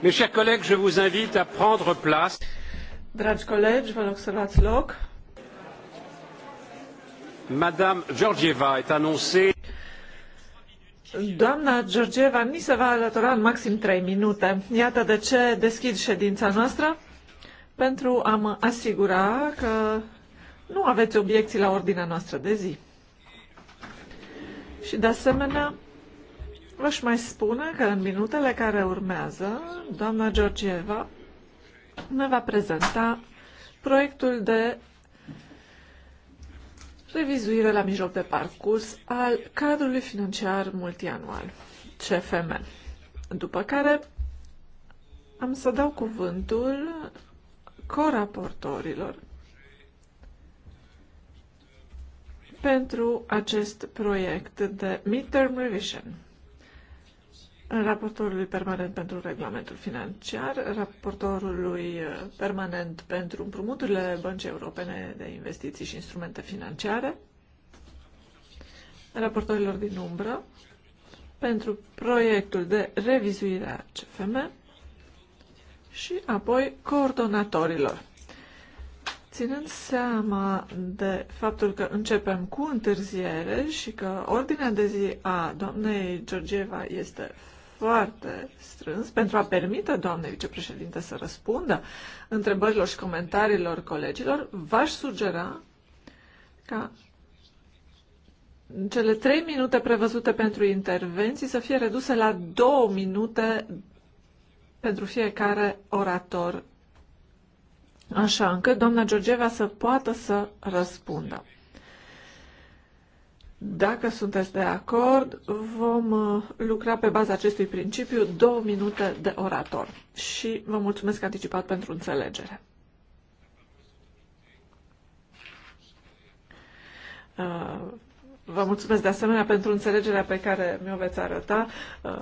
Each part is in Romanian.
Mes chers collègues, je vous invite à prendre place. Dragi colegi, vă rog să luați loc. Madame Georgieva est annoncée. Doamna Georgieva ni se va alătura în maxim 3 minute. Iată de ce deschid ședința noastră pentru a mă asigura că nu aveți obiecții la ordinea noastră de zi. Și de asemenea, Aș mai spune că în minutele care urmează, doamna Georgieva ne va prezenta proiectul de revizuire la mijloc de parcurs al cadrului financiar multianual, CFM. După care am să dau cuvântul coraportorilor pentru acest proiect de midterm revision raportorului permanent pentru regulamentul financiar, raportorului uh, permanent pentru împrumuturile Băncii Europene de Investiții și Instrumente Financiare, raportorilor din umbră pentru proiectul de revizuire a CFM și apoi coordonatorilor. Ținând seama de faptul că începem cu întârziere și că ordinea de zi a doamnei Georgieva este foarte strâns pentru a permite doamnei vicepreședinte să răspundă întrebărilor și comentariilor colegilor, v-aș sugera ca cele trei minute prevăzute pentru intervenții să fie reduse la două minute pentru fiecare orator, așa încât doamna Georgieva să poată să răspundă. Dacă sunteți de acord, vom uh, lucra pe baza acestui principiu două minute de orator și vă mulțumesc anticipat pentru înțelegere. Uh, vă mulțumesc de asemenea pentru înțelegerea pe care mi-o veți arăta. Uh,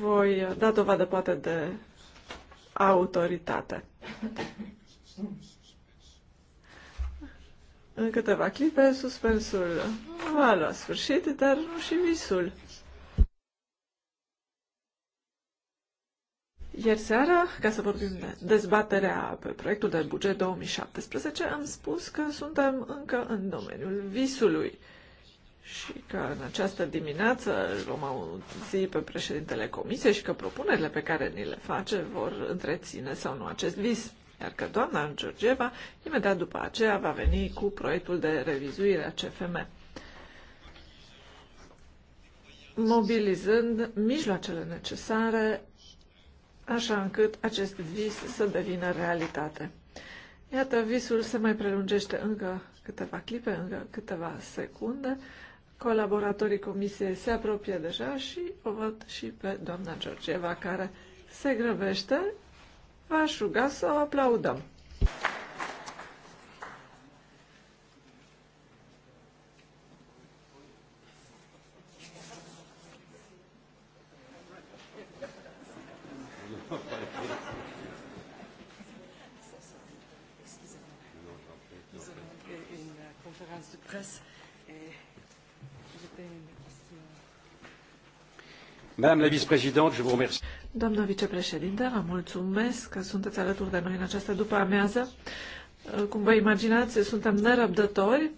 voi da dovadă poate de autoritate. În câteva clipe, suspensul va lua sfârșit, dar nu și visul. Ieri seara, ca să vorbim de dezbaterea pe proiectul de buget 2017, am spus că suntem încă în domeniul visului și că în această dimineață vom auzi pe președintele comisiei și că propunerile pe care ni le face vor întreține sau nu acest vis iar că doamna Georgieva, imediat după aceea, va veni cu proiectul de revizuire a CFM, mobilizând mijloacele necesare așa încât acest vis să devină realitate. Iată, visul se mai prelungește încă câteva clipe, încă câteva secunde. Colaboratorii comisiei se apropie deja și o văd și pe doamna Georgieva, care se grăbește aș ruga să aplaudăm. Madame la vice-présidente, je vous remercie. vicepreședinte, vă mulțumesc că sunteți alături de noi în această după amiază. Cum vă imaginați, suntem nerăbdători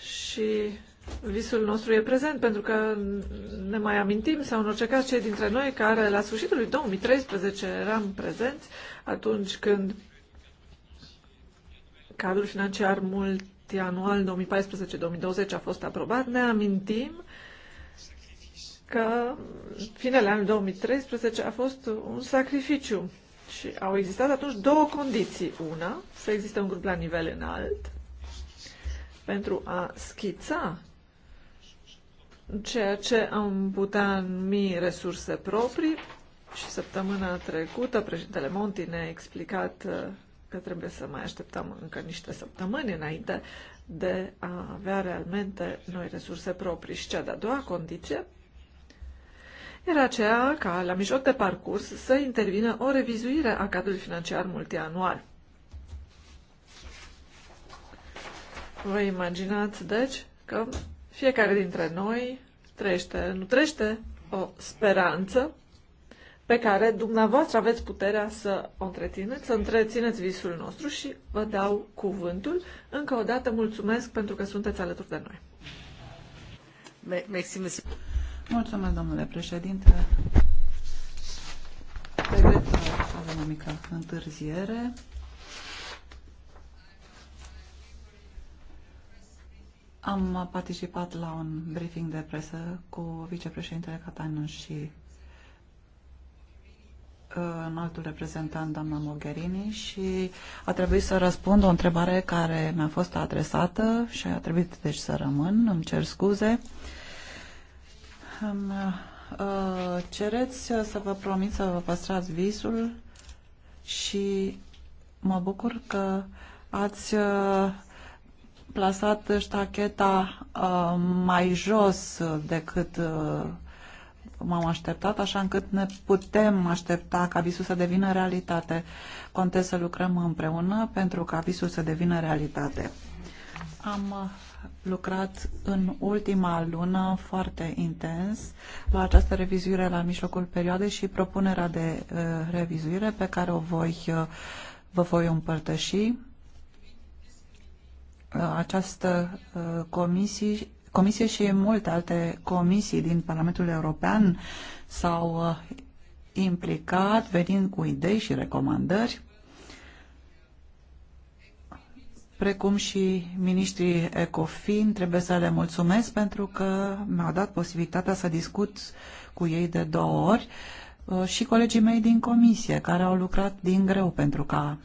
și visul nostru e prezent pentru că ne mai amintim sau în orice caz cei dintre noi care la sfârșitul lui 2013 eram prezenți atunci când cadrul financiar multianual 2014-2020 a fost aprobat, ne amintim că finele anului 2013 a fost un sacrificiu și au existat atunci două condiții. Una, să existe un grup la nivel înalt pentru a schița ceea ce am putea numi resurse proprii și săptămâna trecută președintele Monti ne-a explicat uh, că trebuie să mai așteptăm încă niște săptămâni înainte de a avea realmente noi resurse proprii. Și cea de-a doua condiție era aceea ca la mijloc de parcurs să intervină o revizuire a cadrului financiar multianual. Vă imaginați, deci, că fiecare dintre noi trăiește, nu trăiește o speranță pe care dumneavoastră aveți puterea să o întrețineți, să întrețineți visul nostru și vă dau cuvântul. Încă o dată mulțumesc pentru că sunteți alături de noi. Mulțumesc. Mulțumesc, domnule președinte. Regret că avem o mică întârziere. Am participat la un briefing de presă cu vicepreședintele Catanu și în uh, altul reprezentant, doamna Mogherini, și a trebuit să răspund o întrebare care mi-a fost adresată și a trebuit deci să rămân, îmi cer scuze. Uh, Uh, cereți să vă promit să vă păstrați visul și mă bucur că ați uh, plasat ștacheta uh, mai jos decât m-am așteptat, așa încât ne putem aștepta ca visul să devină realitate. Contez să lucrăm împreună pentru ca visul să devină realitate. Am lucrat în ultima lună foarte intens la această revizuire la mijlocul perioadei și propunerea de uh, revizuire pe care o voi, uh, vă voi împărtăși. Uh, această uh, comisie, comisie și multe alte comisii din Parlamentul European s-au uh, implicat venind cu idei și recomandări precum și ministrii ECOFIN, trebuie să le mulțumesc pentru că mi-au dat posibilitatea să discut cu ei de două ori uh, și colegii mei din comisie, care au lucrat din greu pentru ca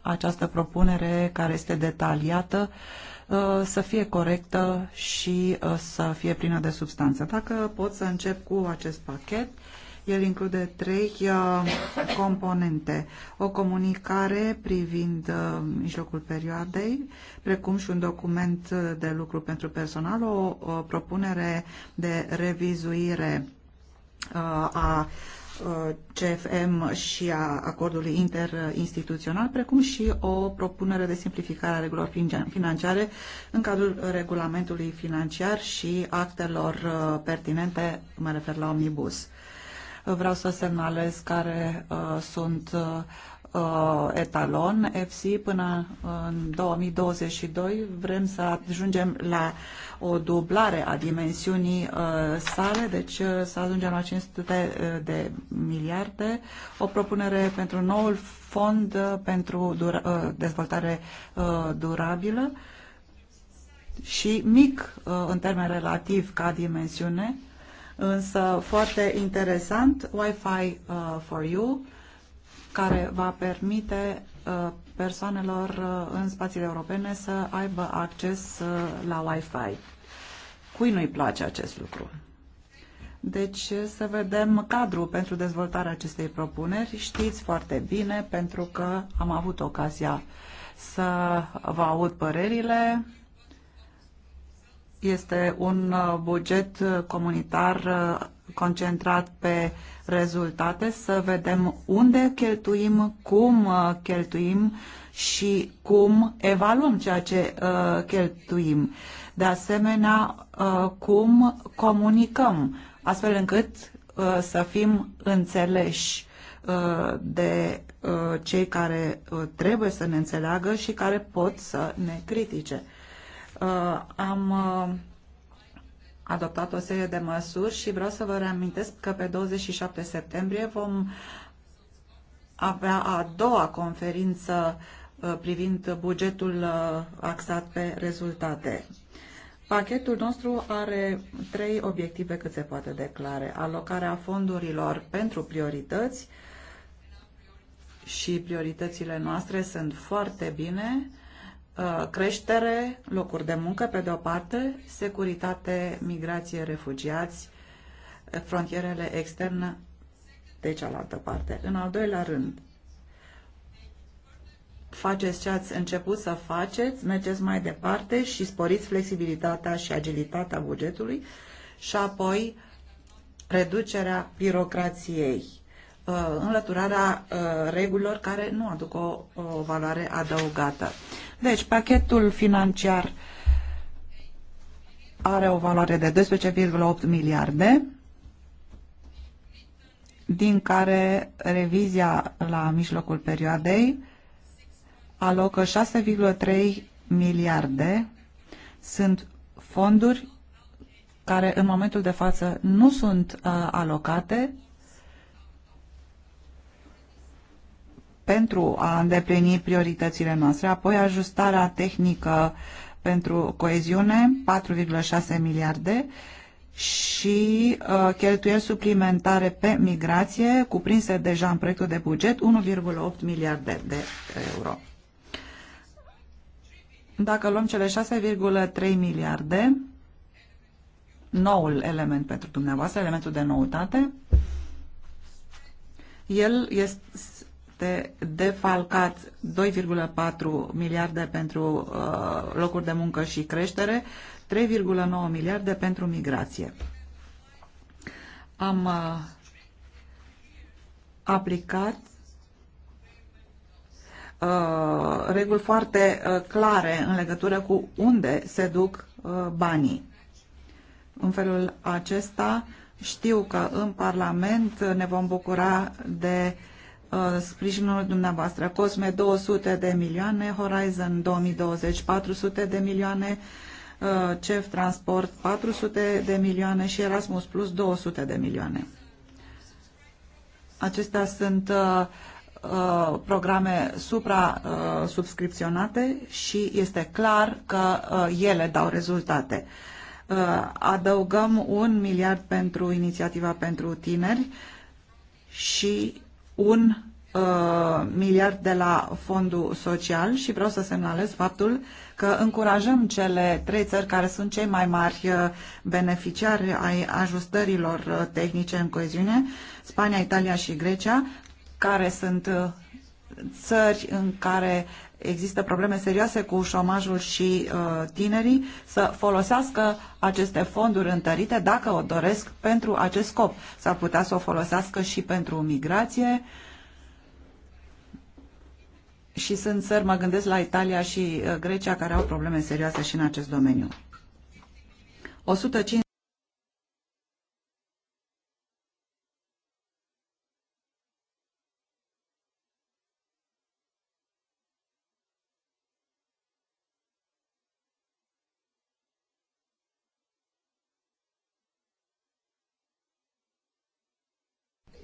această propunere, care este detaliată, uh, să fie corectă și uh, să fie plină de substanță. Dacă pot să încep cu acest pachet, el include trei uh, componente. O comunicare privind uh, mijlocul perioadei, precum și un document de lucru pentru personal, o, o propunere de revizuire uh, a CFM și a acordului interinstituțional, precum și o propunere de simplificare a regulilor financiare în cadrul regulamentului financiar și actelor pertinente, mă refer la omnibus. Vreau să semnalez care uh, sunt uh, etalon FC până în 2022. Vrem să ajungem la o dublare a dimensiunii uh, sale, deci să ajungem la 500 de miliarde. O propunere pentru noul fond pentru dura dezvoltare durabilă și mic în termen relativ ca dimensiune însă foarte interesant, Wi-Fi uh, for You, care va permite uh, persoanelor uh, în spațiile europene să aibă acces la Wi-Fi. Cui nu-i place acest lucru? Deci să vedem cadrul pentru dezvoltarea acestei propuneri. Știți foarte bine, pentru că am avut ocazia să vă aud părerile este un uh, buget uh, comunitar uh, concentrat pe rezultate, să vedem unde cheltuim, cum cheltuim și cum evaluăm ceea ce cheltuim. De asemenea, cum comunicăm, astfel încât să fim înțeleși de cei care trebuie să ne înțeleagă și care pot să ne critique. Uh, am uh, adoptat o serie de măsuri și vreau să vă reamintesc că pe 27 septembrie vom avea a doua conferință uh, privind bugetul axat pe rezultate. Pachetul nostru are trei obiective cât se poate declare. Alocarea fondurilor pentru priorități și prioritățile noastre sunt foarte bine Uh, creștere, locuri de muncă, pe de o parte, securitate, migrație, refugiați, frontierele externe, de cealaltă parte. În al doilea rând, faceți ce ați început să faceți, mergeți mai departe și sporiți flexibilitatea și agilitatea bugetului și apoi reducerea birocrației, uh, înlăturarea uh, regulilor care nu aduc o, o valoare adăugată. Deci, pachetul financiar are o valoare de 12,8 miliarde, din care revizia la mijlocul perioadei alocă 6,3 miliarde. Sunt fonduri care în momentul de față nu sunt uh, alocate pentru a îndeplini prioritățile noastre, apoi ajustarea tehnică pentru coeziune, 4,6 miliarde, și uh, cheltuieli suplimentare pe migrație, cuprinse deja în proiectul de buget, 1,8 miliarde de euro. Dacă luăm cele 6,3 miliarde, noul element pentru dumneavoastră, elementul de noutate, el este, contracte defalcat 2,4 miliarde pentru uh, locuri de muncă și creștere, 3,9 miliarde pentru migrație. Am uh, aplicat uh, reguli foarte uh, clare în legătură cu unde se duc uh, banii. În felul acesta știu că în Parlament ne vom bucura de uh, Uh, sprijinul dumneavoastră. Cosme 200 de milioane, Horizon 2020 400 de milioane, uh, CEF Transport 400 de milioane și Erasmus Plus 200 de milioane. Acestea sunt uh, uh programe supra-subscripționate uh, și este clar că ele dau rezultate. Adăugăm un miliard pentru inițiativa pentru tineri și un uh, miliard de la fondul social și vreau să semnalez faptul că încurajăm cele trei țări care sunt cei mai mari uh, beneficiari ai ajustărilor uh, tehnice în coeziune, Spania, Italia și Grecia, care sunt uh, țări în care există probleme serioase cu șomajul și uh, tinerii, să folosească aceste fonduri întărite, dacă o doresc, pentru acest scop. S-ar putea să o folosească și pentru migrație. Și sunt țări, mă gândesc la Italia și uh, Grecia, care au probleme serioase și în acest domeniu. 150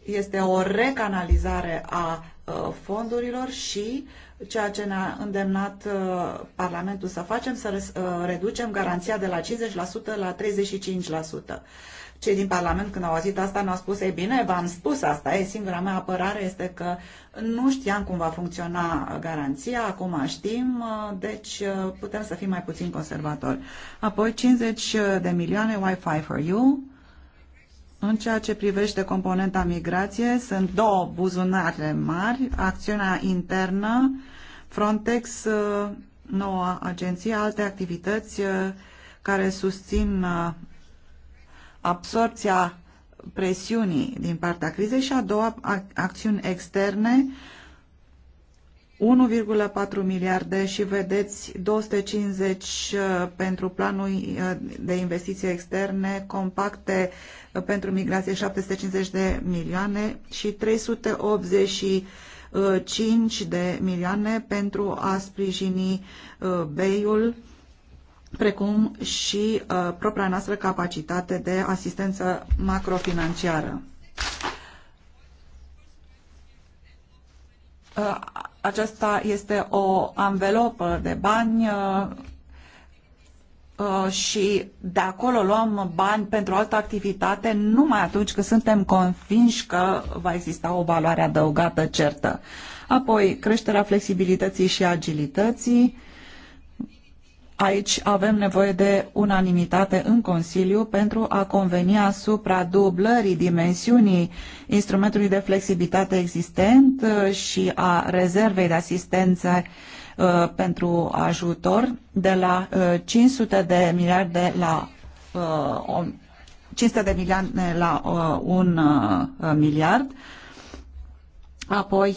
este o recanalizare a uh, fondurilor și ceea ce ne-a îndemnat uh, Parlamentul să facem, să uh, reducem garanția de la 50% la 35%. Cei din Parlament, când au auzit asta, ne-au spus, ei bine, v-am spus asta, e singura mea apărare este că nu știam cum va funcționa garanția, acum știm, deci putem să fim mai puțin conservatori. Apoi 50 de milioane Wi-Fi for You, în ceea ce privește componenta migrație, sunt două buzunare mari, acțiunea internă, Frontex, uh, noua agenție, alte activități uh, care susțin uh, absorpția presiunii din partea crizei și a doua acțiuni externe, 1,4 miliarde și vedeți 250 pentru planul de investiții externe, compacte pentru migrație 750 de milioane și 385 de milioane pentru a sprijini uh, beiul precum și uh, propria noastră capacitate de asistență macrofinanciară. Uh, aceasta este o anvelopă de bani Uh, și de acolo luăm bani pentru altă activitate numai atunci când suntem convinși că va exista o valoare adăugată certă. Apoi, creșterea flexibilității și agilității. Aici avem nevoie de unanimitate în Consiliu pentru a conveni asupra dublării dimensiunii instrumentului de flexibilitate existent uh, și a rezervei de asistență uh, Uh, pentru ajutor de la 500 uh, de miliarde la 500 uh, de miliarde la un miliard. Apoi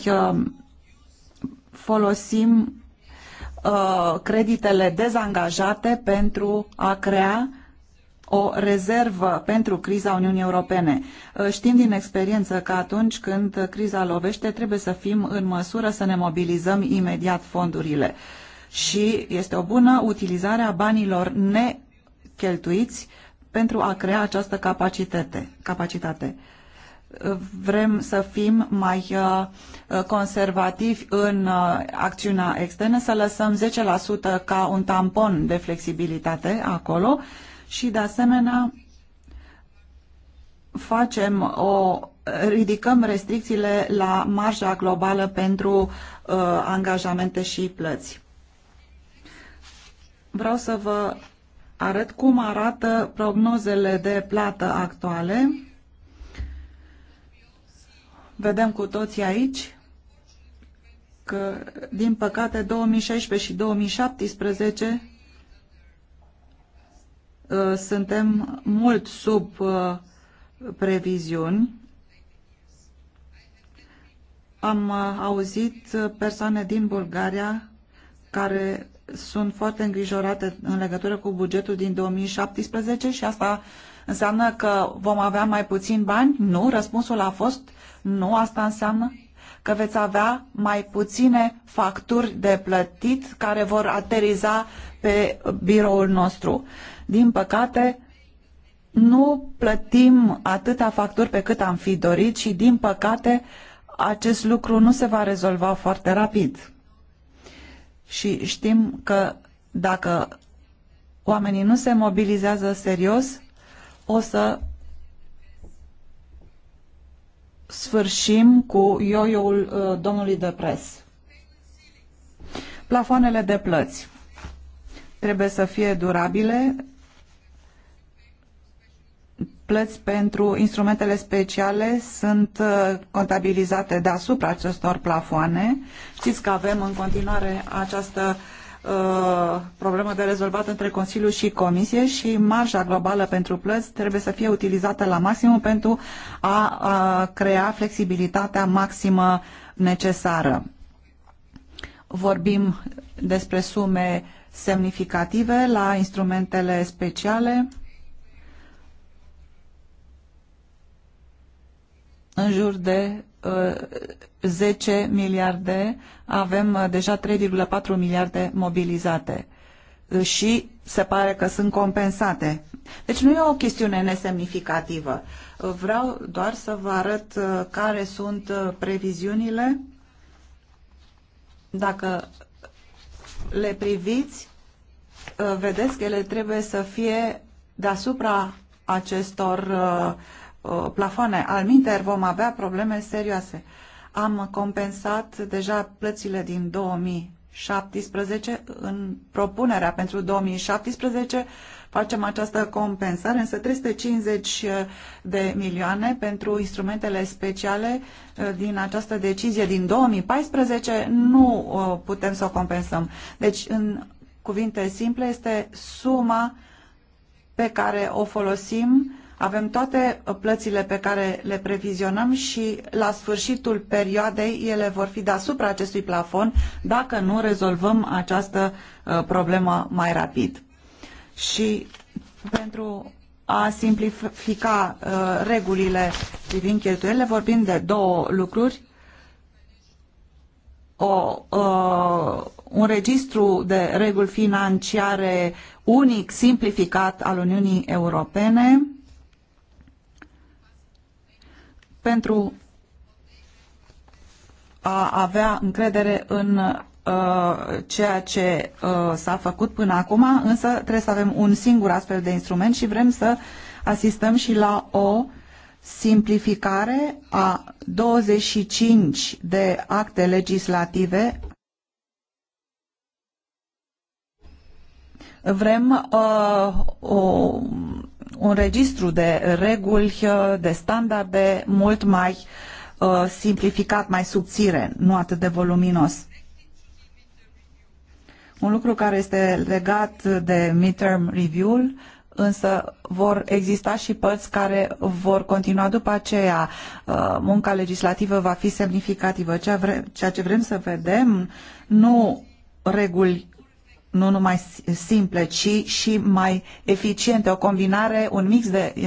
folosim creditele dezangajate pentru a crea o rezervă pentru criza Uniunii Europene. Ă, știm din experiență că atunci când criza lovește, trebuie să fim în măsură să ne mobilizăm imediat fondurile. Și este o bună utilizare a banilor necheltuiți pentru a crea această capacitate. capacitate ă, vrem să fim mai ă, conservativi în acțiunea externă, să lăsăm 10% ca un tampon de flexibilitate acolo și de asemenea facem o ridicăm restricțiile la marja globală pentru uh, angajamente și plăți. Vreau să vă arăt cum arată prognozele de plată actuale. Vedem cu toții aici că, din păcate, 2016 și 2017 Uh, suntem mult sub uh, previziuni. Am uh, auzit persoane din Bulgaria care sunt foarte îngrijorate în legătură cu bugetul din 2017 și asta înseamnă că vom avea mai puțin bani? Nu, răspunsul a fost nu, asta înseamnă că veți avea mai puține facturi de plătit care vor ateriza pe biroul nostru. Din păcate, nu plătim atâta facturi pe cât am fi dorit și, din păcate, acest lucru nu se va rezolva foarte rapid. Și știm că dacă oamenii nu se mobilizează serios, o să sfârșim cu ioiul uh, domnului de pres. Plafoanele de plăți trebuie să fie durabile, plăți pentru instrumentele speciale sunt uh, contabilizate deasupra acestor plafoane. Știți că avem în continuare această uh, problemă de rezolvat între Consiliu și Comisie și marja globală pentru plăți trebuie să fie utilizată la maximum pentru a, a crea flexibilitatea maximă necesară. Vorbim despre sume semnificative la instrumentele speciale în jur de uh, 10 miliarde, avem uh, deja 3,4 miliarde mobilizate uh, și se pare că sunt compensate. Deci nu e o chestiune nesemnificativă. Uh, vreau doar să vă arăt uh, care sunt uh, previziunile. Dacă le priviți, vedeți că ele trebuie să fie deasupra acestor uh, Uh, plafoane. Al minter vom avea probleme serioase. Am compensat deja plățile din 2017 în propunerea pentru 2017 facem această compensare, însă 350 de milioane pentru instrumentele speciale uh, din această decizie din 2014 nu uh, putem să o compensăm. Deci, în cuvinte simple, este suma pe care o folosim avem toate uh, plățile pe care le previzionăm și la sfârșitul perioadei ele vor fi deasupra acestui plafon dacă nu rezolvăm această uh, problemă mai rapid. Și pentru a simplifica uh, regulile privind cheltuielile vorbim de două lucruri. O, un registru de reguli financiare unic, simplificat al Uniunii Europene pentru a avea încredere în uh, ceea ce uh, s-a făcut până acum, însă trebuie să avem un singur astfel de instrument și vrem să asistăm și la o simplificare a 25 de acte legislative. Vrem uh, o un registru de reguli, uh, de standarde mult mai uh, simplificat, mai subțire, nu atât de voluminos. Un lucru care este legat de midterm review însă vor exista și părți care vor continua după aceea. Uh, munca legislativă va fi semnificativă. Ceea ce vrem să vedem nu reguli nu numai simple, ci și mai eficiente, o combinare, un mix de uh,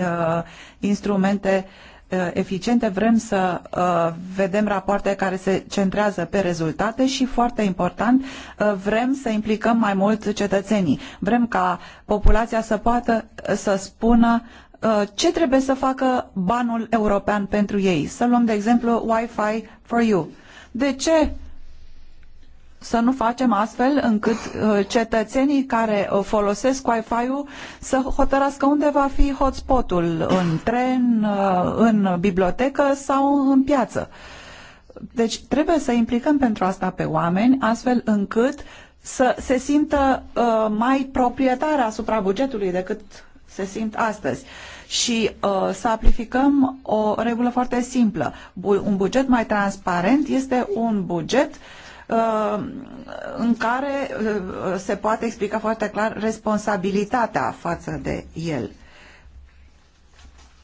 instrumente uh, eficiente. Vrem să uh, vedem rapoarte care se centrează pe rezultate și, foarte important, uh, vrem să implicăm mai mult cetățenii. Vrem ca populația să poată să spună uh, ce trebuie să facă banul european pentru ei. Să luăm, de exemplu, Wi-Fi for You. De ce să nu facem astfel încât uh, cetățenii care uh, folosesc Wi-Fi-ul să hotărască unde va fi hotspotul, în tren, uh, în bibliotecă sau în piață. Deci trebuie să implicăm pentru asta pe oameni, astfel încât să se simtă mai proprietari asupra bugetului decât se simt astăzi și uh, să aplicăm o regulă foarte simplă. Bu un buget mai transparent este un buget uh, Uh, în care uh, se poate explica foarte clar responsabilitatea față de el.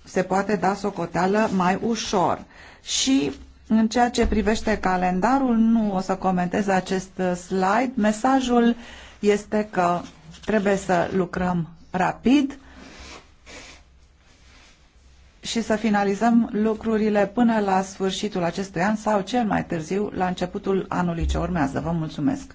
Se poate da socoteală mai ușor. Și în ceea ce privește calendarul, nu o să comentez acest uh, slide. Mesajul este că trebuie să lucrăm rapid, și să finalizăm lucrurile până la sfârșitul acestui an sau cel mai târziu la începutul anului ce urmează. Vă mulțumesc!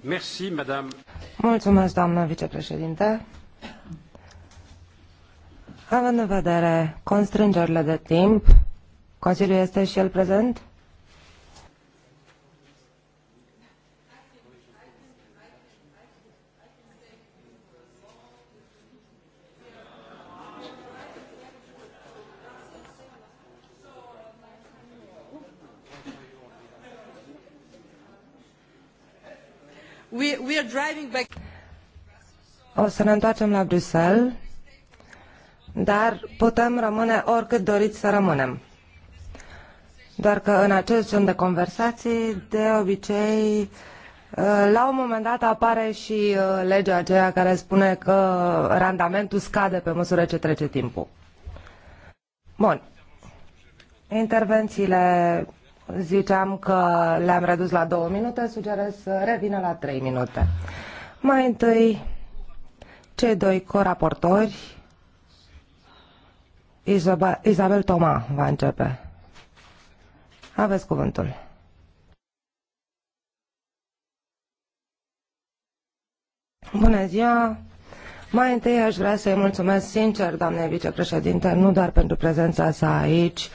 Merci, madame. Mulțumesc, doamnă vicepreședinte. Având în vedere constrângerile de timp, Consiliul este și el prezent? O să ne întoarcem la Bruxelles, dar putem rămâne oricât doriți să rămânem. Doar că în acest gen de conversații, de obicei, uh, la un moment dat apare și uh, legea aceea care spune că randamentul scade pe măsură ce trece timpul. Bun. Intervențiile ziceam că le-am redus la două minute, sugerez să revină la trei minute. Mai întâi, cei doi coraportori, Isabel Toma va începe. Aveți cuvântul. Bună ziua! Mai întâi aș vrea să-i mulțumesc sincer, doamne vicepreședinte, nu doar pentru prezența sa aici,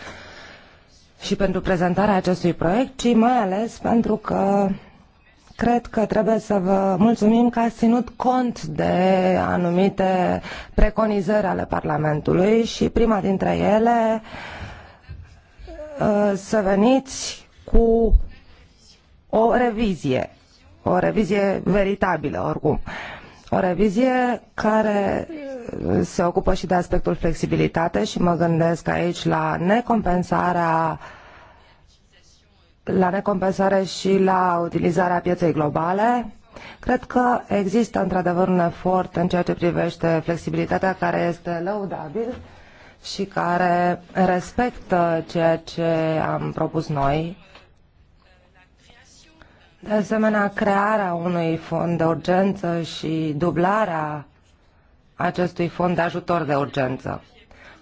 și pentru prezentarea acestui proiect, ci mai ales pentru că cred că trebuie să vă mulțumim că ați ținut cont de anumite preconizări ale Parlamentului și prima dintre ele uh, să veniți cu o revizie, o revizie veritabilă oricum. Uh, o revizie care uh, se ocupă și de aspectul flexibilitate și mă gândesc aici la necompensarea la necompensare și la utilizarea pieței globale. Cred că există într-adevăr un efort în ceea ce privește flexibilitatea care este lăudabil și care respectă ceea ce am propus noi de asemenea, crearea unui fond de urgență și dublarea acestui fond de ajutor de urgență.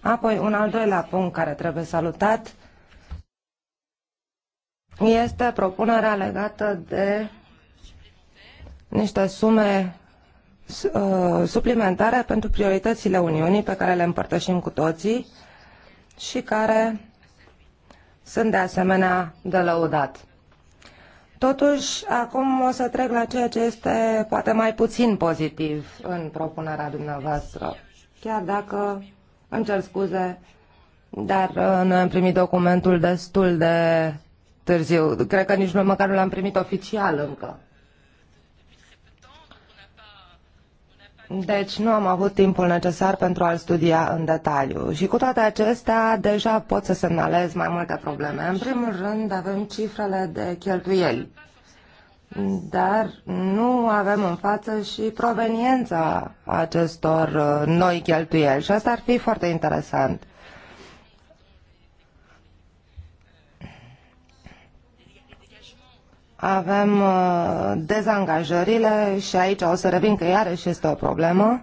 Apoi, un al doilea punct care trebuie salutat este propunerea legată de niște sume uh, suplimentare pentru prioritățile Uniunii pe care le împărtășim cu toții și care sunt de asemenea de lăudat. Totuși, acum o să trec la ceea ce este poate mai puțin pozitiv în propunerea dumneavoastră. Chiar dacă îmi cer scuze, dar uh, noi am primit documentul destul de târziu. Cred că nici măcar nu l-am primit oficial încă. Deci nu am avut timpul necesar pentru a-l studia în detaliu și cu toate acestea deja pot să semnalez mai multe probleme. În primul rând avem cifrele de cheltuieli, dar nu avem în față și proveniența acestor uh, noi cheltuieli și asta ar fi foarte interesant. avem uh, dezangajările și aici o să revin că iarăși este o problemă.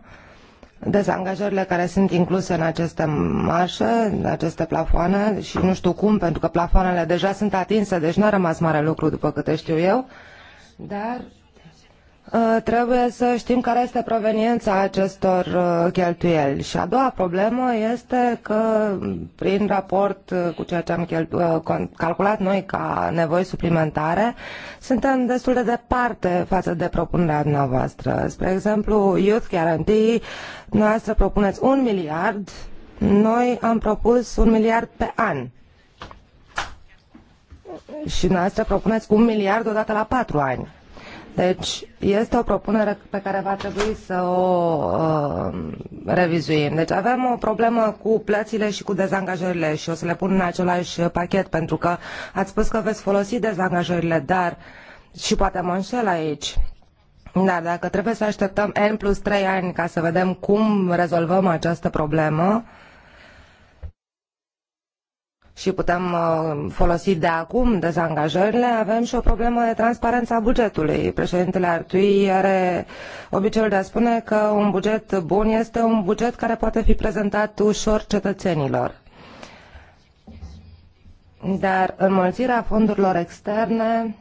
Dezangajările care sunt incluse în aceste marșe, în aceste plafoane și nu știu cum, pentru că plafoanele deja sunt atinse, deci n-a rămas mare lucru după câte știu eu, dar Uh, trebuie să știm care este proveniența acestor uh, cheltuieli. Și a doua problemă este că prin raport uh, cu ceea ce am calculat noi ca nevoi suplimentare, suntem destul de departe față de propunerea noastră. Spre exemplu, Youth Guarantee, dumneavoastră propuneți un miliard, noi am propus un miliard pe an. Și dumneavoastră propuneți un miliard odată la patru ani. Deci este o propunere pe care va trebui să o uh, revizuim. Deci avem o problemă cu plățile și cu dezangajările și o să le pun în același pachet pentru că ați spus că veți folosi dezangajările, dar și poate mă înșel aici. Da, dacă trebuie să așteptăm N plus 3 ani ca să vedem cum rezolvăm această problemă, uh, și putem uh, folosi de acum dezangajările, avem și o problemă de transparență a bugetului. Președintele Artui are obiceiul de a spune că un buget bun este un buget care poate fi prezentat ușor cetățenilor. Dar înmulțirea fondurilor externe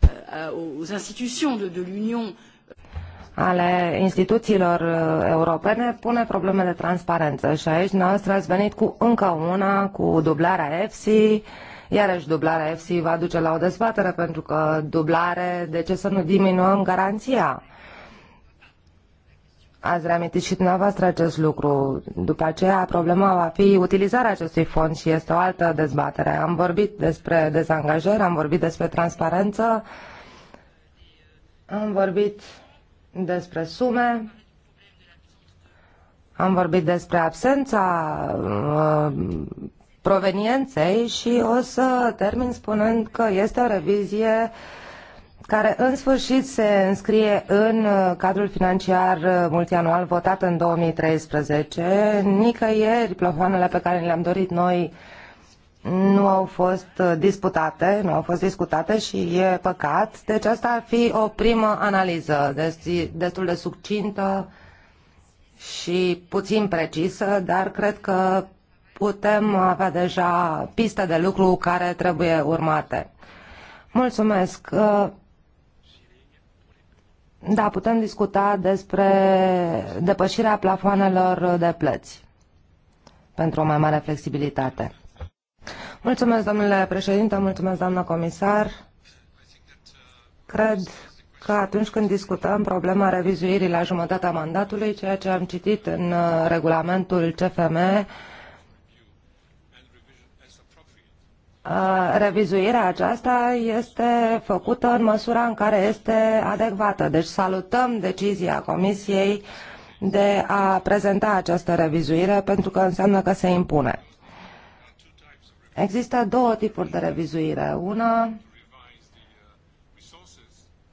euh, aux institutions de, de l'Union ale instituțiilor uh, europene pune probleme de transparență și aici noastră ați venit cu încă una, cu dublarea EFSI, iarăși dublarea EFSI va duce la o dezbatere pentru că dublare, de ce să nu diminuăm garanția? Ați reamintit și dumneavoastră acest lucru. După aceea, problema va fi utilizarea acestui fond și este o altă dezbatere. Am vorbit despre dezangajări, am vorbit despre transparență, am vorbit despre sume, am vorbit despre absența uh, provenienței și o să termin spunând că este o revizie care în sfârșit se înscrie în uh, cadrul financiar uh, multianual votat în 2013. Nicăieri plafoanele pe care le-am dorit noi uh, nu au fost uh, disputate, nu au fost discutate și e păcat. Deci asta ar fi o primă analiză destul de succintă și puțin precisă, dar cred că putem avea deja piste de lucru care trebuie urmate. Mulțumesc! Uh, da, putem discuta despre depășirea plafoanelor de plăți pentru o mai mare flexibilitate. Mulțumesc, domnule președinte, mulțumesc, doamnă comisar. Cred că atunci când discutăm problema revizuirii la jumătatea mandatului, ceea ce am citit în uh, regulamentul CFM, uh, revizuirea aceasta este făcută în măsura în care este adecvată. Deci salutăm decizia Comisiei de a prezenta această revizuire pentru că înseamnă că se impune. Există două tipuri de revizuire. Una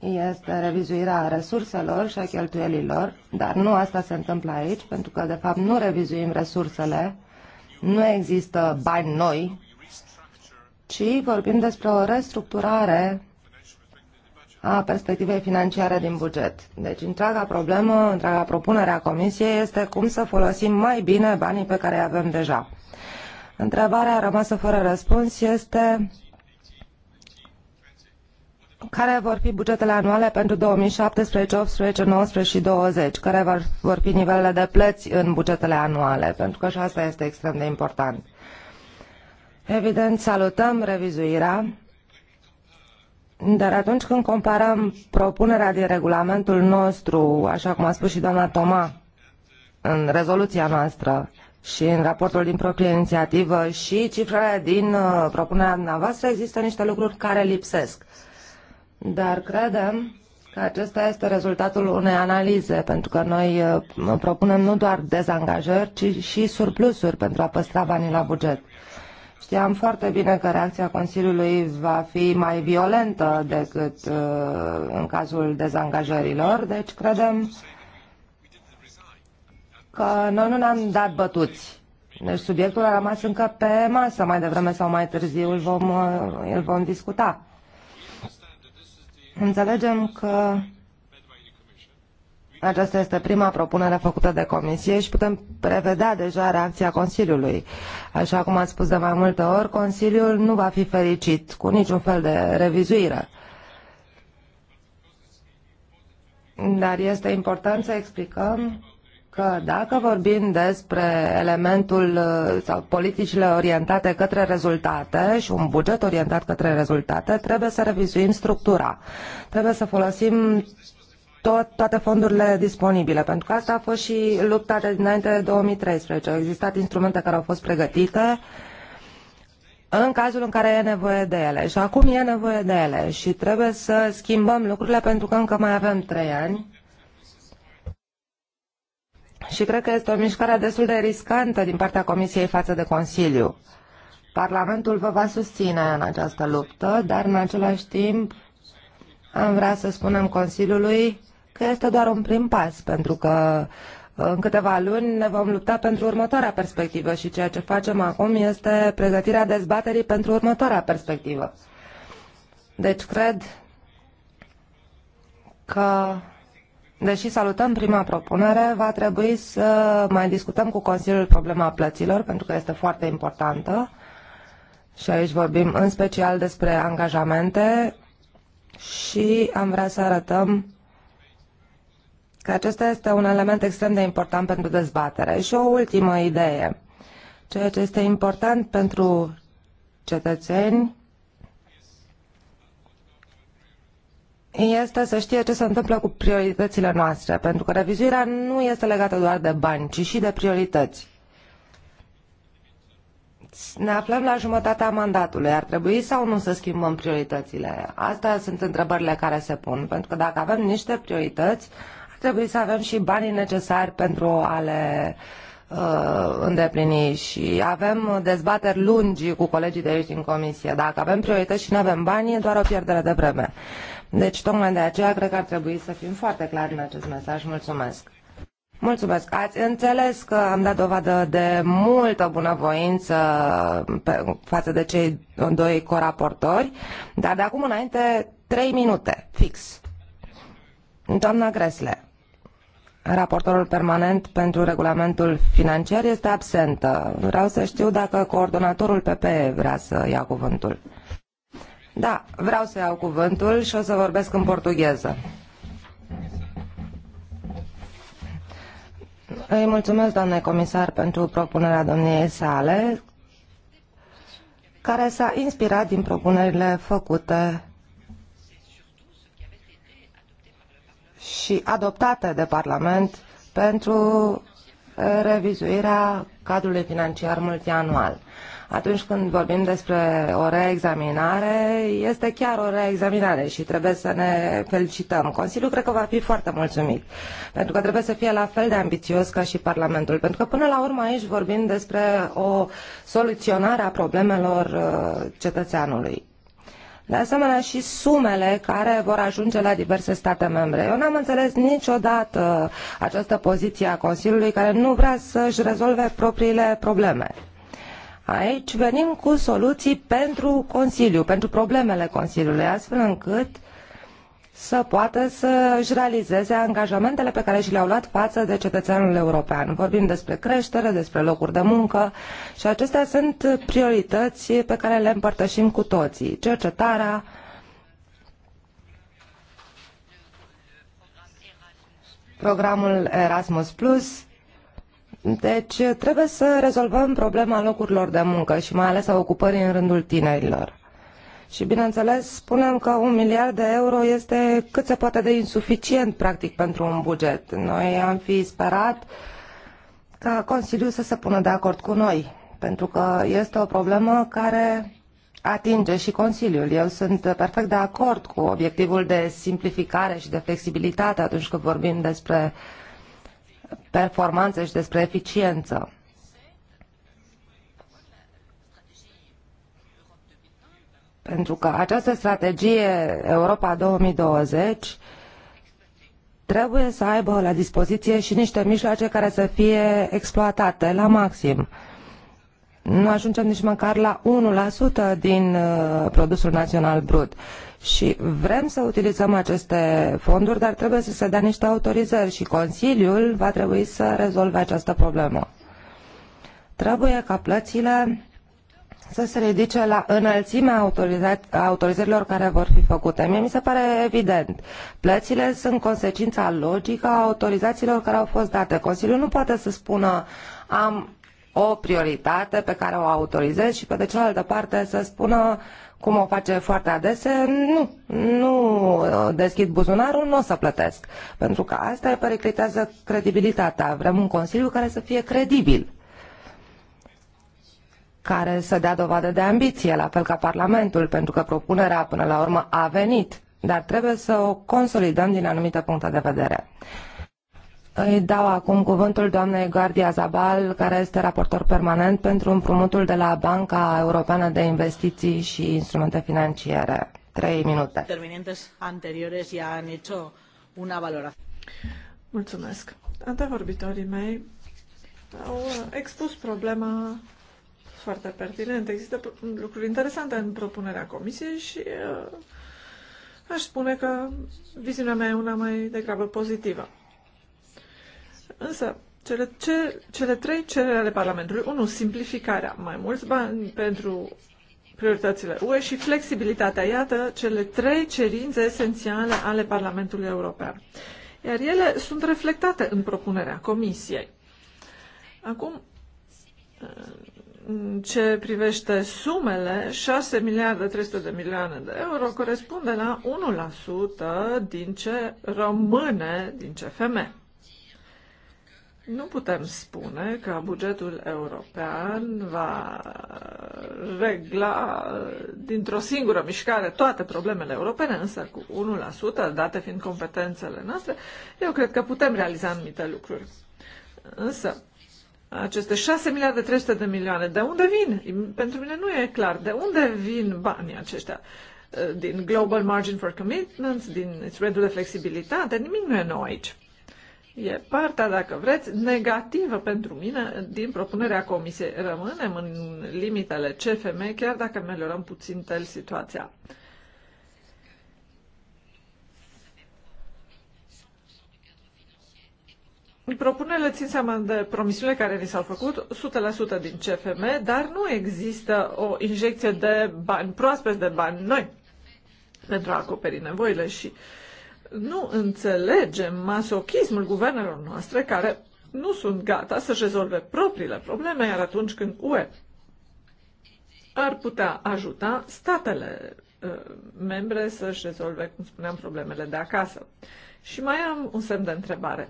este revizuirea resurselor și a cheltuielilor, dar nu asta se întâmplă aici, pentru că, de fapt, nu revizuim resursele, nu există bani noi, ci vorbim despre o restructurare a perspectivei financiare din buget. Deci, întreaga problemă, întreaga propunere a Comisiei este cum să folosim mai bine banii pe care îi avem deja. Întrebarea rămasă fără răspuns este care vor fi bugetele anuale pentru 2017, 18, 19 și 20? Care vor, vor fi nivelele de plăți în bugetele anuale? Pentru că și asta este extrem de important. Evident, salutăm revizuirea, dar atunci când comparăm propunerea din regulamentul nostru, așa cum a spus și doamna Toma, în rezoluția noastră, și în raportul din proprie inițiativă și cifrele din uh, propunerea dumneavoastră, există niște lucruri care lipsesc. Dar credem că acesta este rezultatul unei analize, pentru că noi uh, propunem nu doar dezangajări, ci și surplusuri pentru a păstra banii la buget. Știam foarte bine că reacția Consiliului va fi mai violentă decât uh, în cazul dezangajărilor, deci credem că noi nu ne-am dat bătuți. Deci subiectul a rămas încă pe masă, mai devreme sau mai târziu îl vom, uh, îl vom discuta. Înțelegem că aceasta este prima propunere făcută de Comisie și putem prevedea deja reacția Consiliului. Așa cum ați spus de mai multe ori, Consiliul nu va fi fericit cu niciun fel de revizuire. Dar este important să explicăm că dacă vorbim despre elementul uh, sau politicile orientate către rezultate și un buget orientat către rezultate, trebuie să revizuim structura. Trebuie să folosim tot, toate fondurile disponibile, pentru că asta a fost și lupta de dinainte de 2013. Au existat instrumente care au fost pregătite în cazul în care e nevoie de ele. Și acum e nevoie de ele și trebuie să schimbăm lucrurile pentru că încă mai avem trei ani și cred că este o mișcare destul de riscantă din partea Comisiei față de Consiliu. Parlamentul vă va susține în această luptă, dar în același timp am vrea să spunem Consiliului că este doar un prim pas, pentru că uh, în câteva luni ne vom lupta pentru următoarea perspectivă și ceea ce facem acum este pregătirea dezbaterii pentru următoarea perspectivă. Deci cred că Deși salutăm prima propunere, va trebui să mai discutăm cu Consiliul problema plăților, pentru că este foarte importantă. Și aici vorbim în special despre angajamente și am vrea să arătăm că acesta este un element extrem de important pentru dezbatere. Și o ultimă idee. Ceea ce este important pentru cetățeni este să știe ce se întâmplă cu prioritățile noastre, pentru că revizuirea nu este legată doar de bani, ci și de priorități. Ne aflăm la jumătatea mandatului. Ar trebui sau nu să schimbăm prioritățile? Astea sunt întrebările care se pun, pentru că dacă avem niște priorități, ar trebui să avem și banii necesari pentru a le uh, îndeplini și avem dezbateri lungi cu colegii de aici din comisie. Dacă avem priorități și nu avem bani, e doar o pierdere de vreme. Deci, tocmai de aceea, cred că ar trebui să fim foarte clari în acest mesaj. Mulțumesc! Mulțumesc. Ați înțeles că am dat dovadă de multă bunăvoință pe, față de cei doi coraportori, dar de acum înainte trei minute, fix. Doamna Gresle, raportorul permanent pentru regulamentul financiar este absentă. Vreau să știu dacă coordonatorul PP vrea să ia cuvântul. Da, vreau să iau cuvântul și o să vorbesc în portugheză. Îi mulțumesc, doamne comisar, pentru propunerea domniei sale, care s-a inspirat din propunerile făcute și adoptate de Parlament pentru revizuirea cadrului financiar multianual. Atunci când vorbim despre o reexaminare, este chiar o reexaminare și trebuie să ne felicităm. Consiliul cred că va fi foarte mulțumit, pentru că trebuie să fie la fel de ambițios ca și Parlamentul, pentru că până la urmă aici vorbim despre o soluționare a problemelor uh, cetățeanului. De asemenea și sumele care vor ajunge la diverse state membre. Eu n-am înțeles niciodată această poziție a Consiliului care nu vrea să-și rezolve propriile probleme. Aici venim cu soluții pentru Consiliu, pentru problemele Consiliului, astfel încât uh, să poată să își realizeze angajamentele pe care și le-au luat față de cetățeanul european. Vorbim despre creștere, despre locuri de muncă și acestea sunt priorități pe care le împărtășim cu toții. Cercetarea, programul Erasmus+, Plus, deci trebuie să rezolvăm problema locurilor de muncă și mai ales a ocupării în rândul tinerilor. Și bineînțeles, spunem că un miliard de euro este cât se poate de insuficient, practic, pentru un buget. Noi am fi sperat ca Consiliul să se pună de acord cu noi, pentru că este o problemă care atinge și Consiliul. Eu sunt perfect de acord cu obiectivul de simplificare și de flexibilitate atunci când vorbim despre performanță și despre eficiență. Pentru că această strategie Europa 2020 trebuie să aibă la dispoziție și niște mijloace care să fie exploatate la maxim. Nu ajungem nici măcar la 1% din uh, produsul național brut. Și vrem să utilizăm aceste fonduri, dar trebuie să se dea niște autorizări și Consiliul va trebui să rezolve această problemă. Trebuie ca plățile să se ridice la înălțimea autorizărilor care vor fi făcute. Mie mi se pare evident. Plățile sunt consecința logică a autorizațiilor care au fost date. Consiliul nu poate să spună am o prioritate pe care o autorizez și pe de cealaltă parte să spună cum o face foarte adesea, nu, nu uh, deschid buzunarul, nu o să plătesc. Pentru că asta îi periclitează credibilitatea. Vrem un Consiliu care să fie credibil care să dea dovadă de ambiție, la fel ca Parlamentul, pentru că propunerea până la urmă a venit, dar trebuie să o consolidăm din anumite puncte de vedere. Îi dau acum cuvântul doamnei Guardia Zabal, care este raportor permanent pentru împrumutul de la Banca Europeană de Investiții și Instrumente Financiare. Trei minute. Mulțumesc. Antevorbitorii mei au expus problema foarte pertinent. Există lucruri interesante în propunerea comisiei și uh, aș spune că viziunea mea e una mai degrabă pozitivă. Însă, cele, ce, cele trei cereri ale Parlamentului, unu, simplificarea, mai mulți bani pentru prioritățile UE și flexibilitatea, iată, cele trei cerințe esențiale ale Parlamentului European. Iar ele sunt reflectate în propunerea Comisiei. Acum, ce privește sumele, 6 miliarde 300 de milioane de euro corespunde la 1% din ce rămâne din CFM. Nu putem spune că bugetul european va regla dintr-o singură mișcare toate problemele europene, însă cu 1%, date fiind competențele noastre, eu cred că putem realiza anumite lucruri. Însă, aceste 6 miliarde 300 de milioane, de unde vin? Pentru mine nu e clar. De unde vin banii aceștia? Eh, din Global Margin for Commitments, din instrumentul de flexibilitate, nimic nu e nou aici. E partea, dacă vreți, negativă pentru mine din propunerea comisiei. Rămânem în limitele CFM, chiar dacă ameliorăm puțin tel situația. Propunerile țin seama de promisiunile care ni s-au făcut, 100% din CFM, dar nu există o injecție de bani proaspeți, de bani noi, pentru a acoperi nevoile și nu înțelegem masochismul guvernelor noastre care nu sunt gata să rezolve propriile probleme, iar atunci când UE ar putea ajuta statele uh, membre să-și rezolve, cum spuneam, problemele de acasă. Și mai am un semn de întrebare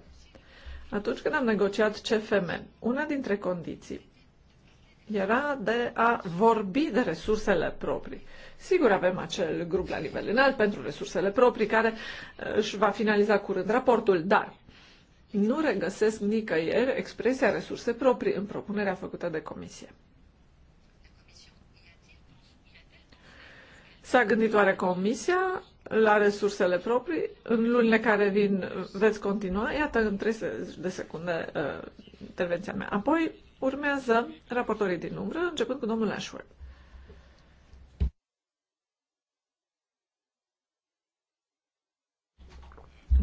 atunci când am negociat CFM, una dintre condiții era de a vorbi de resursele proprii. Sigur, avem acel grup la nivel înalt pentru resursele proprii care uh, își va finaliza curând raportul, dar nu regăsesc nicăieri expresia resurse proprii în propunerea făcută de comisie. S-a gândit oare Comisia la resursele proprii? În lunile care vin veți continua? Iată, în 30 de secunde uh, intervenția mea. Apoi urmează raportorii din umbră, începând cu domnul Ashworth.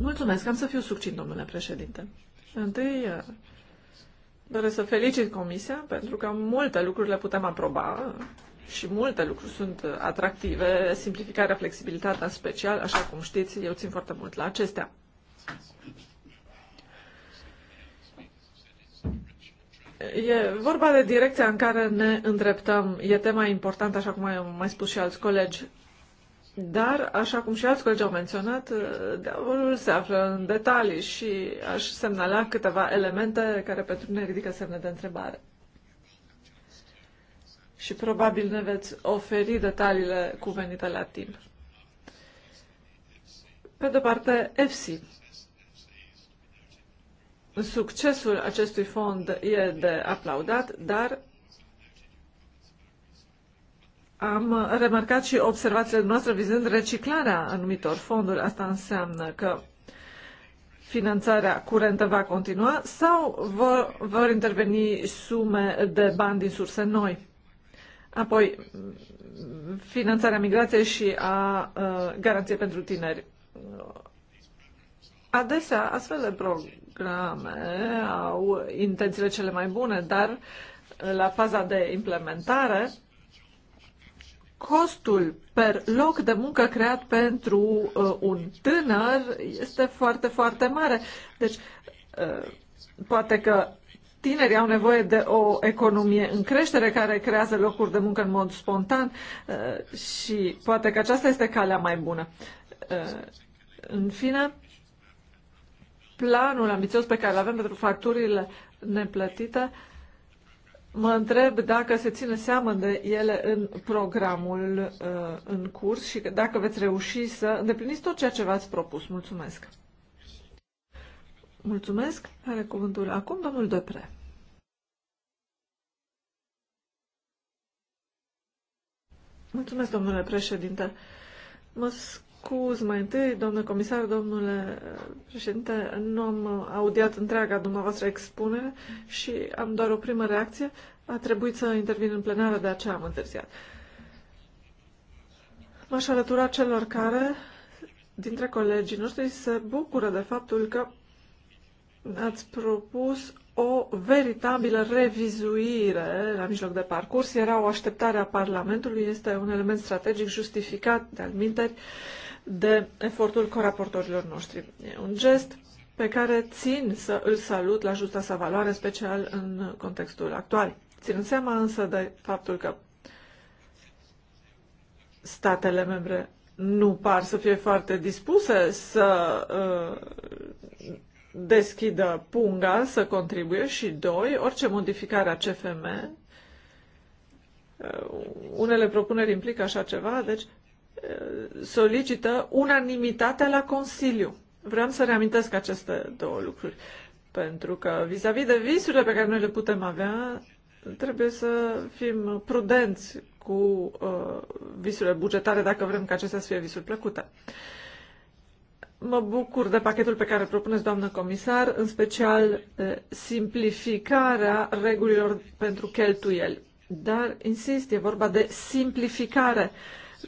Mulțumesc, am să fiu succint, domnule președinte. Întâi, uh, doresc să felicit Comisia pentru că multe lucruri le putem aproba și multe lucruri sunt uh, atractive, simplificarea, flexibilitatea în special, așa cum știți, eu țin foarte mult la acestea. E vorba de direcția în care ne îndreptăm. E tema importantă, așa cum au mai spus și alți colegi. Dar, așa cum și alți colegi au menționat, uh, diavolul se află în detalii și aș semnala câteva elemente care pentru mine ridică semne de întrebare și probabil ne veți oferi detaliile cuvenite la timp. Pe de parte, EFSI. Succesul acestui fond e de aplaudat, dar am remarcat și observațiile noastre vizând reciclarea anumitor fonduri. Asta înseamnă că finanțarea curentă va continua sau vor, vor interveni sume de bani din surse noi? Apoi, finanțarea migrației și a uh, garanției pentru tineri. Adesea, astfel de programe au intențiile cele mai bune, dar uh, la faza de implementare, costul per loc de muncă creat pentru uh, un tânăr este foarte, foarte mare. Deci, uh, poate că Tinerii au nevoie de o economie în creștere care creează locuri de muncă în mod spontan uh, și poate că aceasta este calea mai bună. Uh, în fine, planul ambițios pe care îl avem pentru facturile neplătite Mă întreb dacă se ține seamă de ele în programul uh, în curs și dacă veți reuși să îndepliniți tot ceea ce v-ați propus. Mulțumesc! Mulțumesc. Are cuvântul acum domnul Depre. Mulțumesc, domnule președinte. Mă scuz mai întâi, domnule comisar, domnule președinte, nu am audiat întreaga dumneavoastră expunere și am doar o primă reacție. A trebuit să intervin în plenară, de aceea am întârziat. M-aș alătura celor care, dintre colegii noștri, se bucură de faptul că ați propus o veritabilă revizuire la mijloc de parcurs. Era o așteptare a Parlamentului, este un element strategic justificat de alminteri de efortul coraportorilor noștri. E un gest pe care țin să îl salut la justa sa valoare, special în contextul actual. Ținând seama însă de faptul că statele membre nu par să fie foarte dispuse să uh, deschidă punga să contribuie și, doi, orice modificare a CFM, eh, unele propuneri implică așa ceva, deci eh, solicită unanimitatea la Consiliu. Vreau să reamintesc aceste două lucruri, pentru că vis-a-vis -vis de visurile pe care noi le putem avea, trebuie să fim prudenți cu uh, visurile bugetare dacă vrem ca acestea să fie visuri plăcute. Uh, Mă bucur de pachetul pe care îl propuneți, doamnă comisar, în special eh, simplificarea regulilor pentru cheltuieli. Dar, insist, e vorba de simplificare,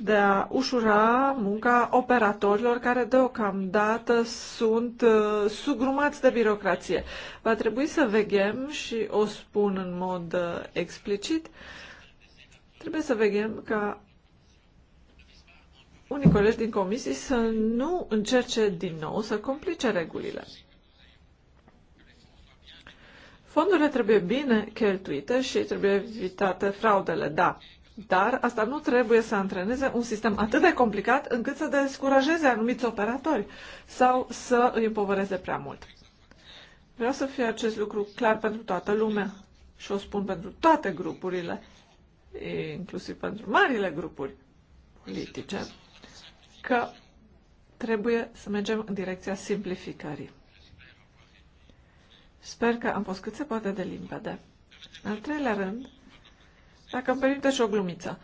de a ușura munca operatorilor care deocamdată sunt eh, sugrumați de birocrație. Va trebui să veghem și o spun în mod eh, explicit, trebuie să veghem ca unii colegi din comisii să nu încerce din nou să complice regulile. Fondurile trebuie bine cheltuite și trebuie evitate fraudele, da. Dar asta nu trebuie să antreneze un sistem atât de complicat încât să descurajeze anumiți operatori sau să îi împovăreze prea mult. Vreau să fie acest lucru clar pentru toată lumea și o spun pentru toate grupurile, inclusiv pentru marile grupuri politice că trebuie să mergem în direcția simplificării. Sper că am fost cât se poate de limpede. În al treilea rând, dacă îmi permite și o glumiță,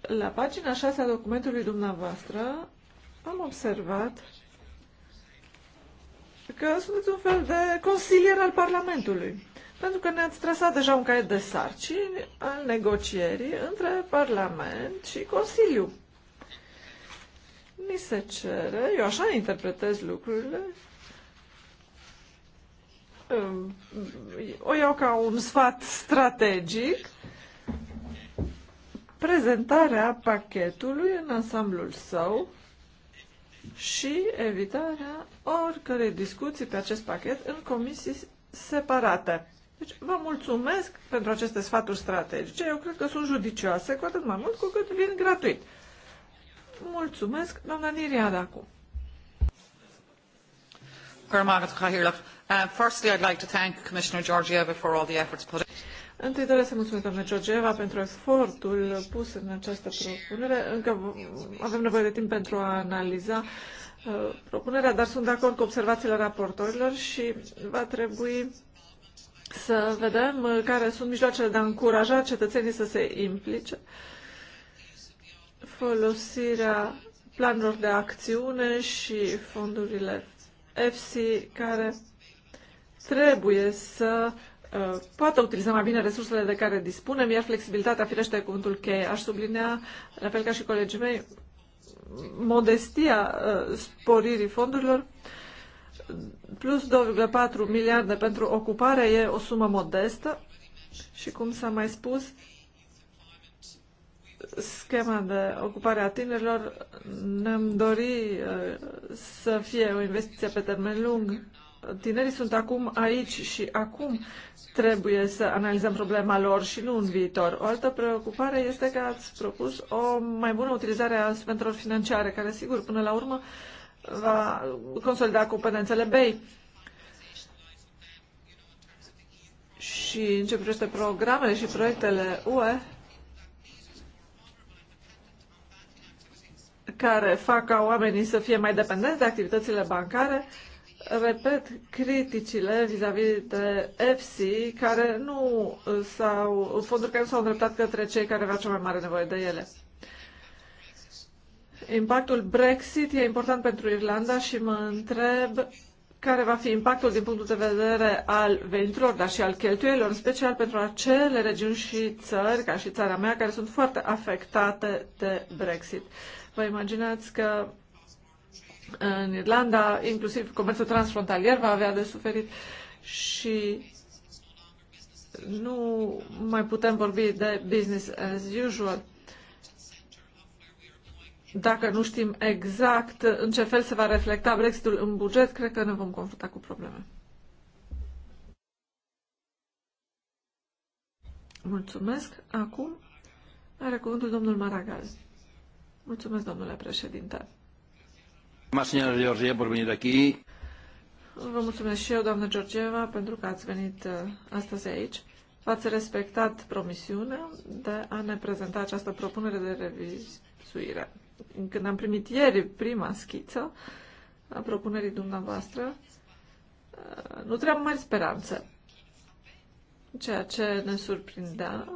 la pagina 6 a documentului dumneavoastră am observat că sunteți un fel de consilier al Parlamentului pentru că ne-ați trasat deja un caiet de sarcini al negocierii între Parlament și Consiliu. Ni se cere, eu așa interpretez lucrurile, um, o iau ca un sfat strategic, prezentarea pachetului în ansamblul său și evitarea oricărei discuții pe acest pachet în comisii separate. Deci vă mulțumesc pentru aceste sfaturi strategice. Eu cred că sunt judicioase, cu atât mai mult cu cât vin gratuit. Mulțumesc, doamna Niriad, acum. Întâi doresc să mulțumesc, doamna Georgieva, pentru efortul pus în această propunere. Încă avem nevoie de timp pentru a analiza uh, propunerea, dar sunt de acord cu observațiile raportorilor și va trebui să vedem uh, care sunt mijloacele de a încuraja cetățenii să se implice, folosirea planurilor de acțiune și fondurile EFSI care trebuie să uh, poată utiliza mai bine resursele de care dispunem, iar flexibilitatea firește cuvântul cheie. Aș sublinea, la fel ca și colegii mei, modestia uh, sporirii fondurilor plus 2,4 miliarde pentru ocupare e o sumă modestă și, cum s-a mai spus, schema de ocupare a tinerilor ne-am dori uh, să fie o investiție pe termen lung. Tinerii sunt acum aici și acum trebuie să analizăm problema lor și nu în viitor. O altă preocupare este că ați propus o mai bună utilizare a instrumentelor financiare, care, sigur, până la urmă, va consolida competențele BEI. Și în ce privește programele și proiectele UE, care fac ca oamenii să fie mai dependenți de activitățile bancare, repet criticile vis-a-vis -vis de EFSI, care nu s-au, fonduri care nu s-au îndreptat către cei care aveau cea mai mare nevoie de ele. Impactul Brexit e important pentru Irlanda și mă întreb care va fi impactul din punctul de vedere al veniturilor, dar și al cheltuielor, în special pentru acele regiuni și țări, ca și țara mea, care sunt foarte afectate de Brexit. Vă imaginați că în Irlanda, inclusiv comerțul transfrontalier va avea de suferit și nu mai putem vorbi de business as usual dacă nu știm exact în ce fel se va reflecta Brexitul în buget, cred că ne vom confrunta cu probleme. Mulțumesc. Acum are cuvântul domnul Maragall. Mulțumesc, domnule președinte. Vă mulțumesc și eu, doamnă Georgieva, pentru că ați venit uh, astăzi aici. V-ați respectat promisiunea de a ne prezenta această propunere de revizuire când am primit ieri prima schiță a propunerii dumneavoastră, nu trebuie mai speranță, Ceea ce ne surprindea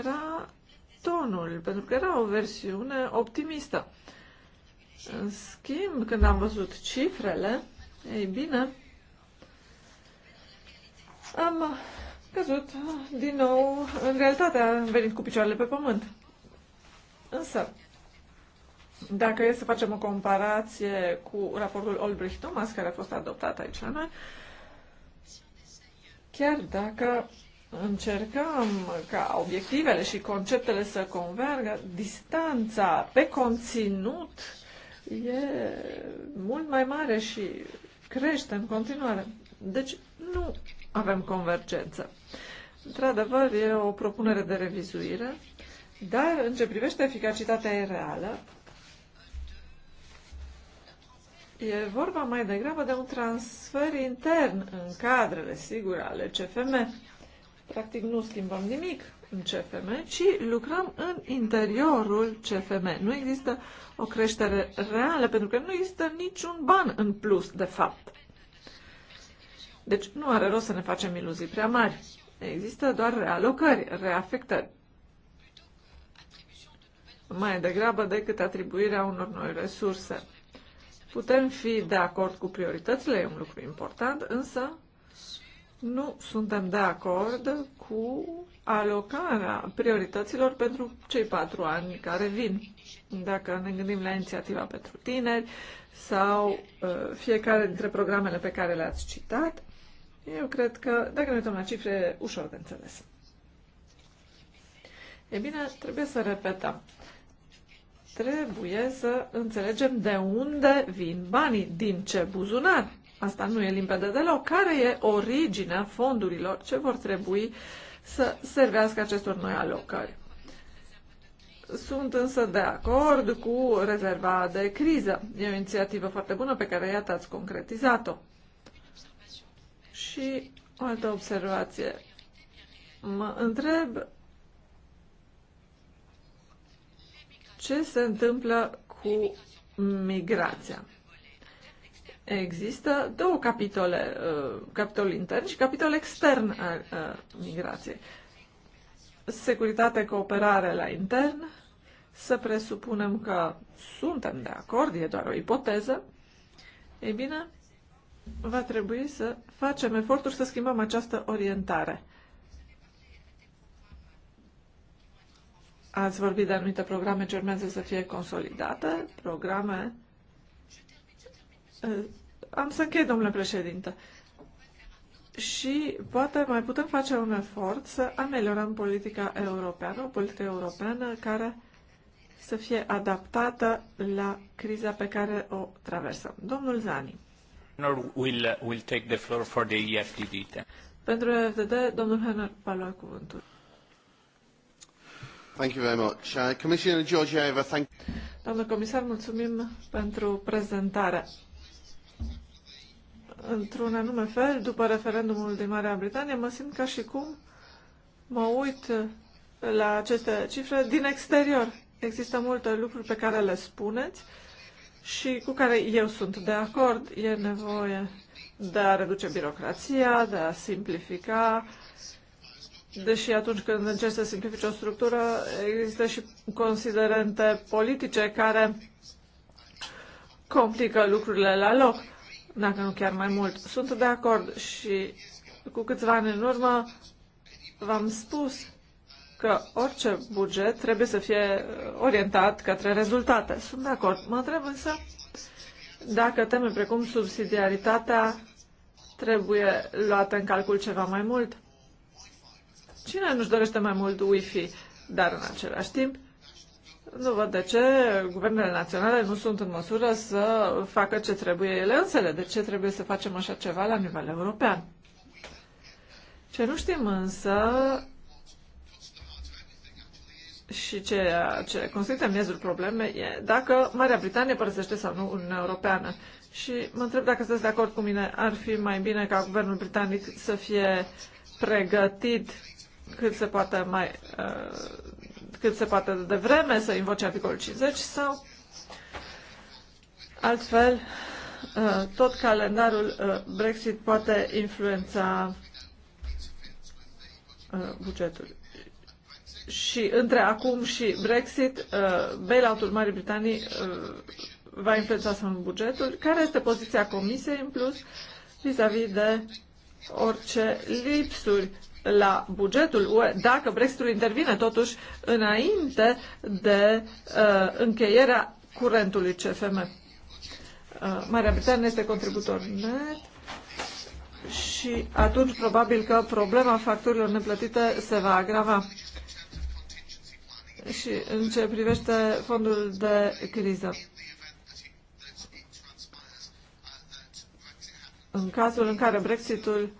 era tonul, pentru că era o versiune optimistă. În schimb, când am văzut cifrele, ei bine, am căzut din nou în realitate, am venit cu picioarele pe pământ. Însă, dacă e să facem o comparație cu raportul Olbrich-Thomas, care a fost adoptat aici la noi, chiar dacă încercăm ca obiectivele și conceptele să convergă, distanța pe conținut e mult mai mare și crește în continuare. Deci nu avem convergență. Într-adevăr, e o propunere de revizuire, dar în ce privește eficacitatea reală, E vorba mai degrabă de un transfer intern în cadrele, sigur, ale CFM. Practic nu schimbăm nimic în CFM, ci lucrăm în interiorul CFM. Nu există o creștere reală, pentru că nu există niciun ban în plus, de fapt. Deci nu are rost să ne facem iluzii prea mari. Există doar realocări, reafectări. Mai degrabă decât atribuirea unor noi resurse. Putem fi de acord cu prioritățile, e un lucru important, însă nu suntem de acord cu alocarea priorităților pentru cei patru ani care vin. Dacă ne gândim la inițiativa pentru tineri sau uh, fiecare dintre programele pe care le-ați citat, eu cred că, dacă ne uităm la cifre, ușor de înțeles. E bine, trebuie să repetăm trebuie să înțelegem de unde vin banii, din ce buzunar. Asta nu e limpede deloc. Care e originea fondurilor ce vor trebui să servească acestor noi alocări? Sunt însă de acord cu rezerva de criză. E o inițiativă foarte bună pe care, iată, ați concretizat-o. Și o altă observație. Mă întreb ce se întâmplă cu migrația. Există două capitole, uh, capitol intern și capitol extern al uh, migrației. Securitate, cooperare la intern, să presupunem că suntem de acord, e doar o ipoteză, ei bine, va trebui să facem eforturi să schimbăm această orientare. Ați vorbit de anumite programe ce urmează să fie consolidate, programe... Eh, am să închei, domnule președinte. Și poate mai putem face un efort să ameliorăm politica europeană, o politică europeană care să fie adaptată la criza pe care o traversăm. Domnul Zani. Will, will take the floor for the EFTD. Pentru FDD, domnul Henner va lua cuvântul. Thank you very much. Uh, Commissioner Georgieva, thank Doamnă comisar, mulțumim pentru prezentare. Într-un anume fel, după referendumul din Marea Britanie, mă simt ca și cum mă uit la aceste cifre din exterior. Există multe lucruri pe care le spuneți și cu care eu sunt de acord. E nevoie de a reduce birocrația, de a simplifica uh, deși atunci când încerci să simplifici o structură, există și considerente politice care complică lucrurile la loc, dacă nu chiar mai mult. Sunt de acord și cu câțiva ani în urmă v-am spus că orice buget trebuie să fie orientat către rezultate. Sunt de acord. Mă întreb însă dacă teme precum subsidiaritatea trebuie luată în calcul ceva mai mult Cine nu-și dorește mai mult Wi-Fi? Dar în același timp, nu văd de ce guvernele naționale nu sunt în măsură să facă ce trebuie ele însele. De ce trebuie să facem așa ceva la nivel european? Ce nu știm însă și ce, ce constituie miezul problemei e dacă Marea Britanie părăsește sau nu Uniunea Europeană. Și mă întreb dacă sunteți de acord cu mine, ar fi mai bine ca guvernul britanic să fie pregătit cât se poate mai uh, cât se poate de vreme să invoce articolul 50 sau altfel uh, tot calendarul uh, Brexit poate influența bugetul. Și între acum și Brexit, bailout-ul Marii Britanii va influența sau bugetul. Care este poziția Comisiei în plus vis-a-vis -vis de orice lipsuri la bugetul UE, dacă Brexitul intervine totuși înainte de uh, încheierea curentului CFM. Uh, Marea Britanie este contributor net și atunci probabil că problema facturilor neplătite se va agrava. Și în ce privește fondul de criză. În cazul în care Brexitul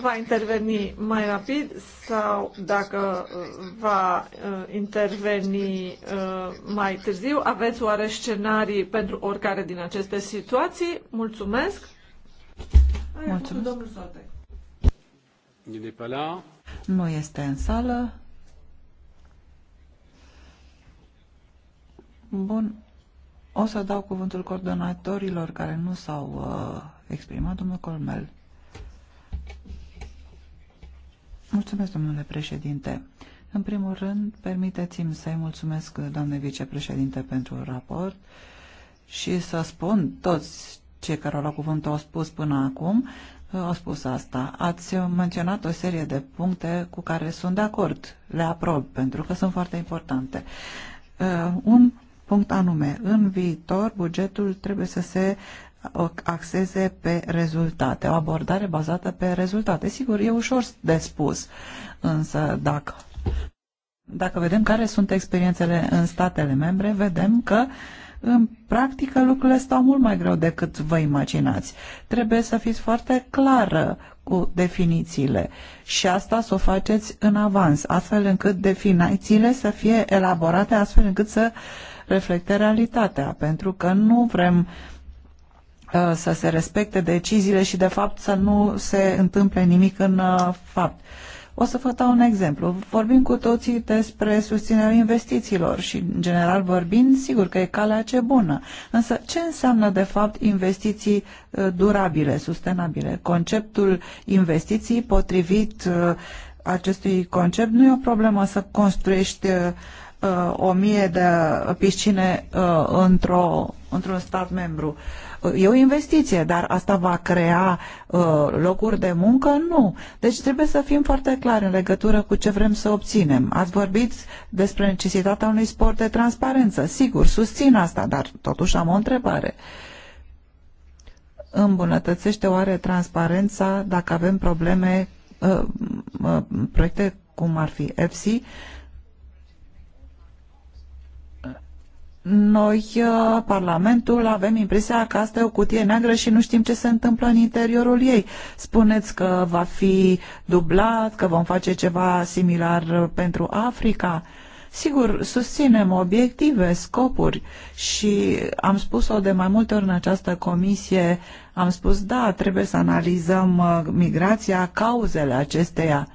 va interveni mai rapid sau dacă uh, va uh, interveni uh, mai târziu. Aveți oare scenarii pentru oricare din aceste situații? Mulțumesc! Mulțumesc. Nu este în sală. Bun. O să dau cuvântul coordonatorilor care nu s-au uh, exprimat, domnul Colmel. Mulțumesc, domnule președinte. În primul rând, permiteți-mi să-i mulțumesc, doamne vicepreședinte, pentru un raport și să spun, toți cei care au luat cuvântul au spus până acum, au spus asta. Ați menționat o serie de puncte cu care sunt de acord, le aprob, pentru că sunt foarte importante. Uh, un punct anume, în viitor bugetul trebuie să se axeze pe rezultate, o abordare bazată pe rezultate. Sigur, e ușor de spus, însă dacă, dacă vedem care sunt experiențele în statele membre, vedem că în practică lucrurile stau mult mai greu decât vă imaginați. Trebuie să fiți foarte clară cu definițiile și asta să o faceți în avans, astfel încât definițiile să fie elaborate astfel încât să reflecte realitatea, pentru că nu vrem uh, Uh, să se respecte deciziile și, de fapt, să nu se întâmple nimic în uh, fapt. O să vă dau un exemplu. Vorbim cu toții despre susținerea investițiilor și, în general vorbind, sigur că e calea ce bună. Însă, ce înseamnă, de fapt, investiții uh, durabile, sustenabile? Conceptul investiții, potrivit acestui concept, nu e o problemă să construiești o mie de piscine într-un într stat membru. Uh, E o investiție, dar asta va crea uh, locuri de muncă? Nu. Deci trebuie să fim foarte clari în legătură cu ce vrem să obținem. Ați vorbit despre necesitatea unui sport de transparență. Sigur, susțin asta, dar totuși am o întrebare îmbunătățește oare transparența dacă avem probleme, uh, uh, proiecte cum ar fi EFSI, Noi, uh, Parlamentul, avem impresia că asta e o cutie neagră și nu știm ce se întâmplă în interiorul ei. Spuneți că va fi dublat, că vom face ceva similar pentru Africa. Sigur, susținem obiective, scopuri și am spus-o de mai multe ori în această comisie, am spus da, trebuie să analizăm uh, migrația, cauzele acesteia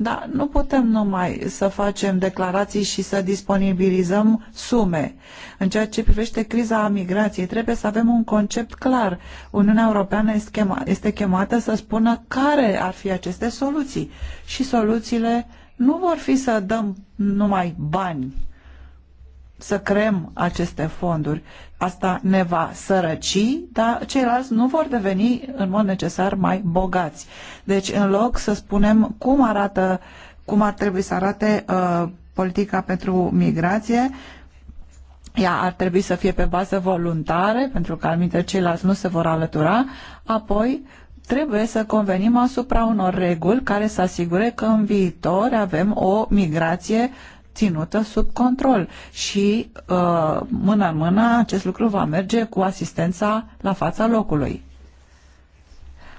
dar nu putem numai să facem declarații și să disponibilizăm sume. În ceea ce privește criza migrației, trebuie să avem un concept clar. Uniunea Europeană este, chema, este chemată să spună care ar fi aceste soluții. Și soluțiile nu vor fi să dăm numai bani să creăm aceste fonduri. Asta ne va sărăci, dar ceilalți nu vor deveni în mod necesar mai bogați. Deci, în loc să spunem cum arată, cum ar trebui să arate uh, politica pentru migrație, ea ar trebui să fie pe bază voluntare, pentru că anumite ceilalți nu se vor alătura, apoi trebuie să convenim asupra unor reguli care să asigure că în viitor avem o migrație uh, ținută sub control și uh, mână în mână acest lucru va merge cu asistența la fața locului.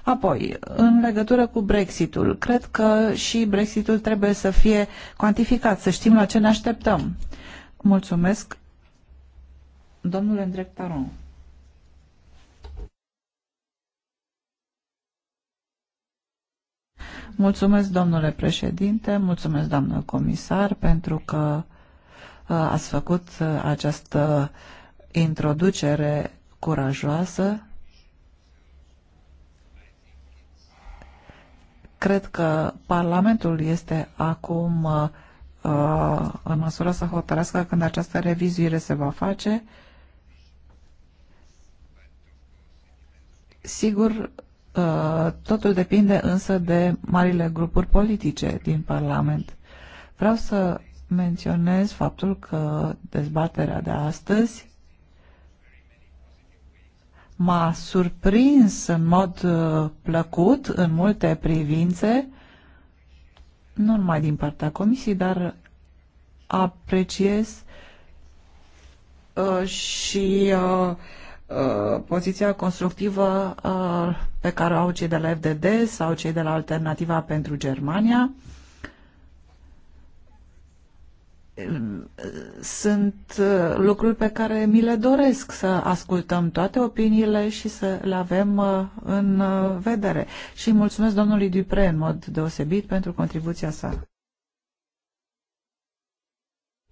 Apoi, în legătură cu Brexitul, cred că și Brexitul trebuie să fie cuantificat, să știm la ce ne așteptăm. Mulțumesc, domnule Andrei Taron. Mulțumesc, domnule președinte, mulțumesc, doamnă comisar, pentru că uh, ați făcut uh, această introducere curajoasă. Cred că Parlamentul este acum uh, în măsură să hotărească când această revizuire se va face. Sigur, Uh, totul depinde însă de marile grupuri politice din Parlament. Vreau să menționez faptul că dezbaterea de astăzi m-a surprins în mod uh, plăcut în multe privințe, nu numai din partea comisiei, dar apreciez uh, și uh, Uh, poziția constructivă uh, pe care au cei de la FDD sau cei de la Alternativa pentru Germania. Sunt uh, lucruri pe care mi le doresc să ascultăm toate opiniile și să le avem în vedere. Și mulțumesc domnului Dupre în mod deosebit pentru contribuția sa.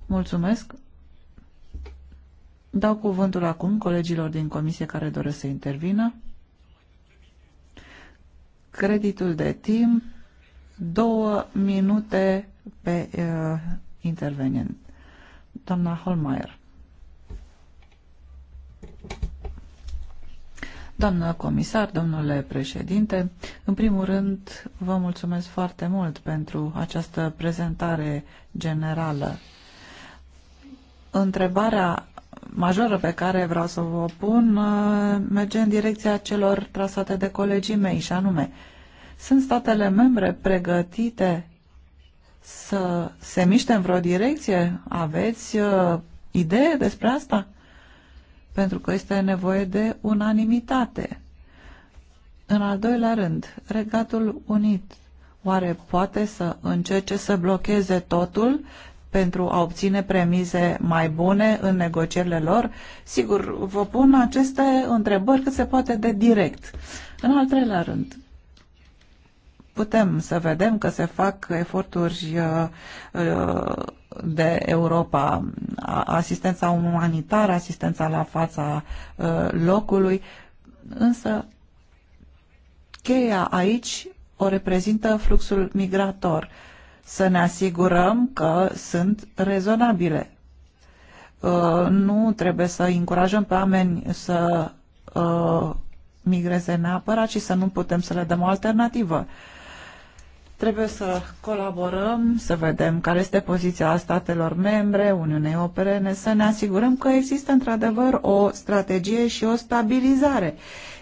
Mulțumesc. Dau cuvântul acum colegilor din comisie care doresc să intervină. Creditul de timp, două minute pe uh, intervenient. Doamna Holmeier. Doamnă comisar, domnule președinte, în primul rând vă mulțumesc foarte mult pentru această prezentare generală. Întrebarea majoră pe care vreau să vă pun uh, merge în direcția celor trasate de colegii mei și anume sunt statele membre pregătite să se miște în vreo direcție? Aveți uh, idee despre asta? Pentru că este nevoie de unanimitate. În al doilea rând, Regatul Unit oare poate să încerce să blocheze totul pentru a obține premize mai bune în negocierile lor? Sigur, vă pun aceste întrebări cât se poate de direct. În al treilea rând, putem să vedem că se fac eforturi uh, uh, de Europa, asistența umanitară, asistența la fața uh, locului, însă cheia aici o reprezintă fluxul migrator să ne asigurăm că sunt rezonabile. Uh, nu trebuie să încurajăm pe oameni să uh, migreze neapărat și să nu putem să le dăm o alternativă. Trebuie să colaborăm, să vedem care este poziția statelor membre, Uniunei Operene, să ne asigurăm că există într-adevăr o strategie și o stabilizare.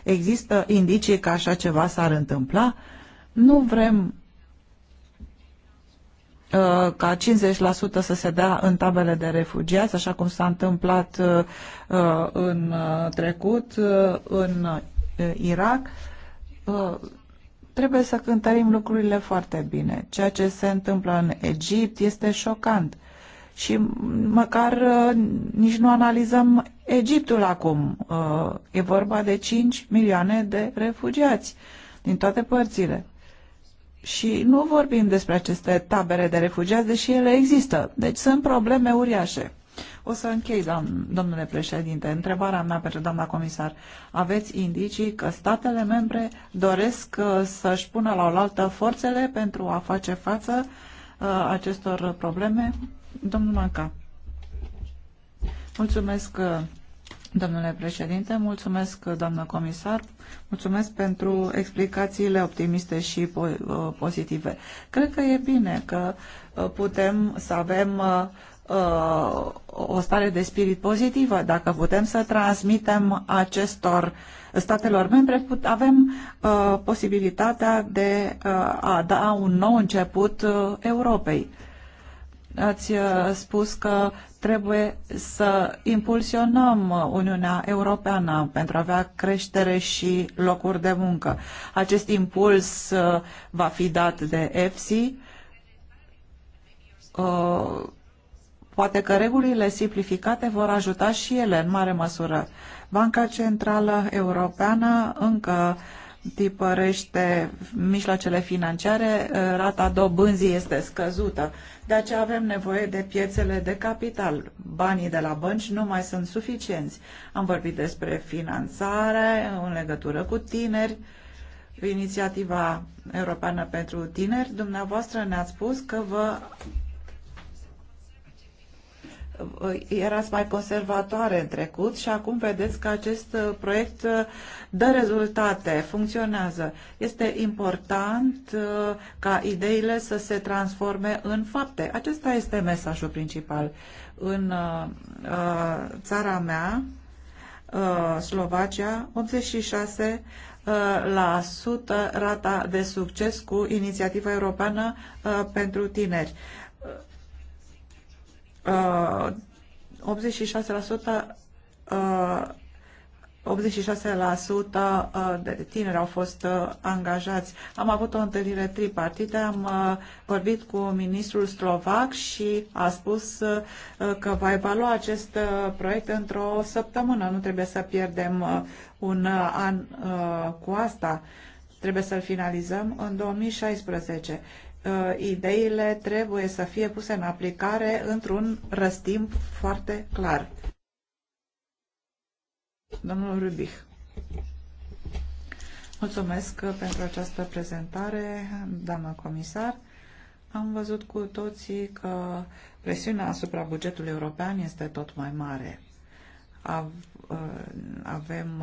Există indicii că așa ceva s-ar întâmpla. Nu vrem Uh, ca 50% să se dea în tabele de refugiați, așa cum s-a întâmplat uh, uh, în trecut în Irak, trebuie să cântărim lucrurile foarte bine. Ceea ce se întâmplă în Egipt este șocant. Și măcar nici nu analizăm Egiptul acum. E vorba de 5 milioane de refugiați din toate părțile. Și nu vorbim despre aceste tabere de refugiați, deși ele există. Deci sunt probleme uriașe. O să închei, domnule președinte. Întrebarea mea pentru doamna comisar. Aveți indicii că statele membre doresc uh, să-și pună la oaltă forțele pentru a face față uh, acestor probleme? Domnul Manca. Mulțumesc, uh, Domnule președinte, mulțumesc, doamnă comisar, mulțumesc pentru explicațiile optimiste și uh, pozitive. Cred că e bine că uh, putem să avem uh, o stare de spirit pozitivă. Dacă putem să transmitem acestor statelor membre, avem posibilitatea de a da un nou început Europei ați uh, spus că trebuie să impulsionăm Uniunea Europeană pentru a avea creștere și locuri de muncă. Acest impuls uh, va fi dat de EFSI. Uh, poate că regulile simplificate vor ajuta și ele în mare măsură. Banca Centrală Europeană încă tipărește mijloacele financiare, rata dobânzii este scăzută de aceea avem nevoie de piețele de capital. Banii de la bănci nu mai sunt suficienți. Am vorbit despre finanțare în legătură cu tineri, inițiativa europeană pentru tineri. Dumneavoastră ne-ați spus că vă erați mai conservatoare în trecut și acum vedeți că acest uh, proiect uh, dă rezultate, funcționează. Este important uh, ca ideile să se transforme în fapte. Acesta este mesajul principal. În țara mea, Slovacia, 86 la sută rata de succes cu inițiativa europeană pentru tineri. 86% uh, 86% uh, uh, de tineri au fost uh, angajați. Am avut o întâlnire tripartită, am vorbit cu ministrul slovac și a spus că va evalua acest proiect într-o săptămână. Nu trebuie să pierdem un an cu asta. Trebuie să-l finalizăm în 2016. Uh, ideile trebuie să fie puse în aplicare într-un răstimp foarte clar. Domnul Rubich. Mulțumesc uh, pentru această prezentare, doamnă comisar. Am văzut cu toții că presiunea asupra bugetului european este tot mai mare. Uh, avem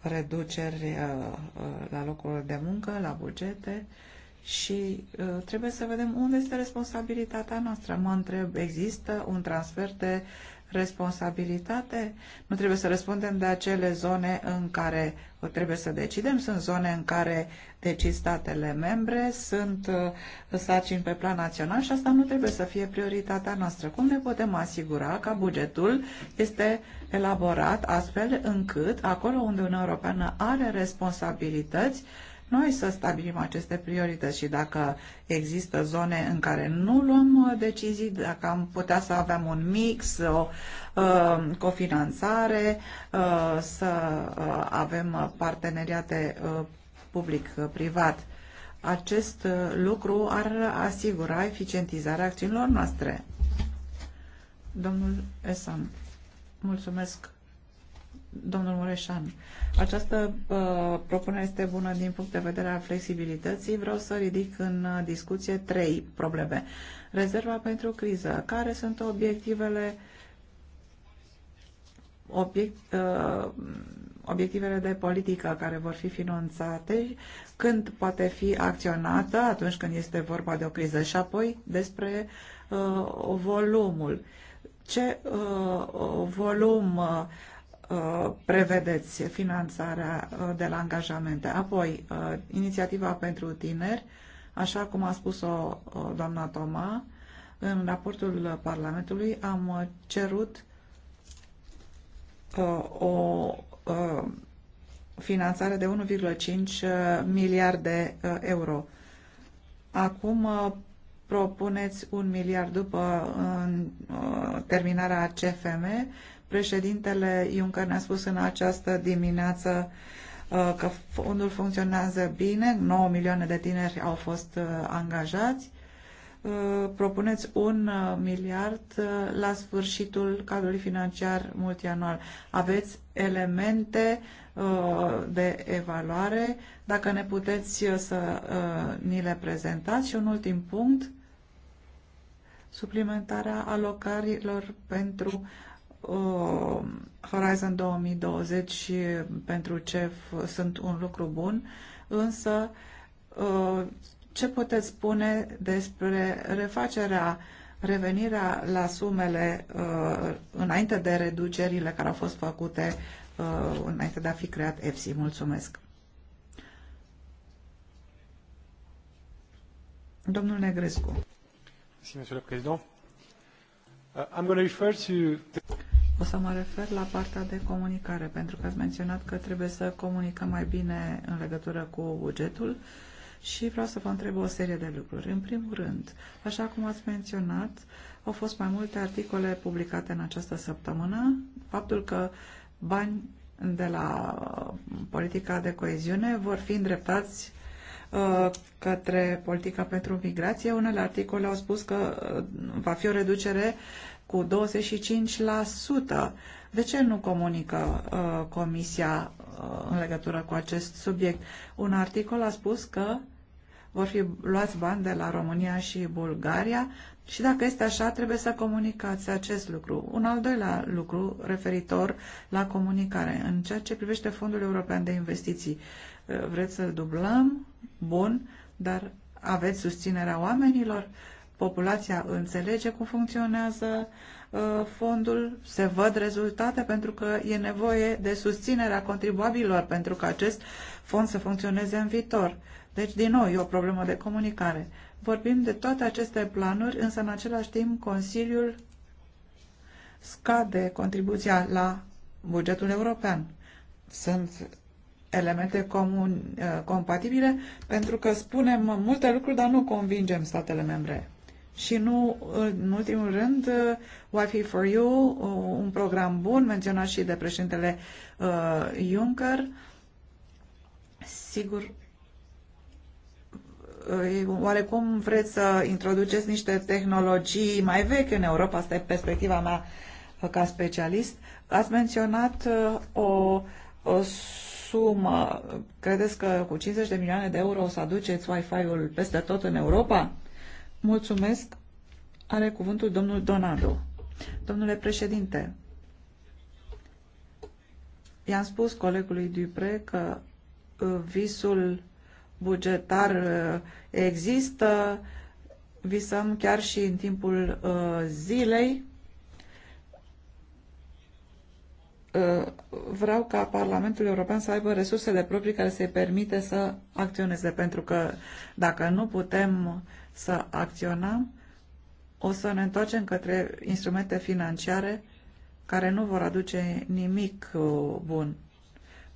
reduceri la locurile de muncă, la bugete, și uh, trebuie să vedem unde este responsabilitatea noastră. Mă întreb, există un transfer de responsabilitate? Nu trebuie să răspundem de acele zone în care uh, trebuie să decidem. Sunt zone în care decid statele membre, sunt uh, sarcini pe plan național și asta nu trebuie să fie prioritatea noastră. Cum ne putem asigura că bugetul este elaborat astfel încât acolo unde Uniunea Europeană are responsabilități, uh, noi să stabilim aceste priorități și dacă există zone în care nu luăm uh, decizii, dacă am putea să avem un mix, o uh, cofinanțare, uh, să avem parteneriate public-privat. Acest lucru ar asigura eficientizarea acțiunilor noastre. Domnul Esan, mulțumesc domnul Mureșan. Această uh, propunere este bună din punct de vedere al flexibilității. Vreau să ridic în uh, discuție trei probleme. Rezerva pentru criză. Care sunt obiectivele obiect, uh, obiectivele de politică care vor fi finanțate, când poate fi acționată atunci când este vorba de o criză și apoi despre uh, volumul. Ce uh, volum uh, Uh, prevedeți finanțarea uh, de la angajamente. Apoi, uh, inițiativa pentru tineri, așa cum a spus-o doamna Toma, în raportul Parlamentului am cerut o finanțare de 1,5 miliarde euro. Acum propuneți un miliard după terminarea CFM Președintele Juncker ne-a spus în această dimineață uh, că fondul funcționează bine, 9 milioane de tineri au fost uh, angajați. Uh, propuneți un miliard la sfârșitul cadrului financiar multianual. Aveți elemente de evaluare, dacă ne puteți să ni le prezentați. Și un ultim punct, suplimentarea alocărilor pentru uh, Horizon 2020 și pentru ce sunt un lucru bun, însă uh, ce puteți spune despre refacerea, revenirea la sumele uh, înainte de reducerile care au fost făcute uh, înainte de a fi creat EFSI? Mulțumesc! Domnul Negrescu. Mulțumesc, domnule președinte. I'm going to refer to... O să mă refer la partea de comunicare, pentru că ați menționat că trebuie să comunicăm mai bine în legătură cu bugetul și vreau să vă întreb o serie de lucruri. În primul rând, așa cum ați menționat, au fost mai multe articole publicate în această săptămână. Faptul că bani de la uh, politica de coeziune vor fi îndreptați uh, către politica pentru migrație. Unele articole au spus că uh, va fi o reducere cu 25%. De ce nu comunică uh, Comisia uh, în legătură cu acest subiect? Un articol a spus că vor fi luați bani de la România și Bulgaria și dacă este așa, trebuie să comunicați acest lucru. Un al doilea lucru referitor la comunicare. În ceea ce privește Fondul European de Investiții, uh, vreți să dublăm? Bun, dar aveți susținerea oamenilor? Uh, populația înțelege cum funcționează uh, fondul, se văd rezultate pentru că e nevoie de susținerea contribuabililor pentru că acest fond să funcționeze în viitor. Deci, din nou, e o problemă de comunicare. Vorbim de toate aceste planuri, însă în același timp Consiliul scade contribuția la bugetul european. Sunt elemente comun, uh, compatibile pentru că spunem multe lucruri, dar nu convingem statele membre și nu, în ultimul rând, uh, WiFi for You, uh, un program bun, menționat și de președintele uh, Juncker. Sigur, uh, oarecum vreți să introduceți niște tehnologii mai vechi în Europa, asta e perspectiva mea ca specialist. Ați menționat o, o sumă, credeți că cu 50 de milioane de euro o să aduceți Wi-Fi-ul peste tot în Europa? Mulțumesc. Are cuvântul domnul Donado. Domnule președinte, i-am spus colegului Dupre că uh, visul bugetar uh, există, visăm chiar și în timpul uh, zilei. Vreau ca Parlamentul European să aibă resursele proprii care să-i permite să acționeze, pentru că dacă nu putem să acționăm, o să ne întoarcem către instrumente financiare care nu vor aduce nimic uh, bun.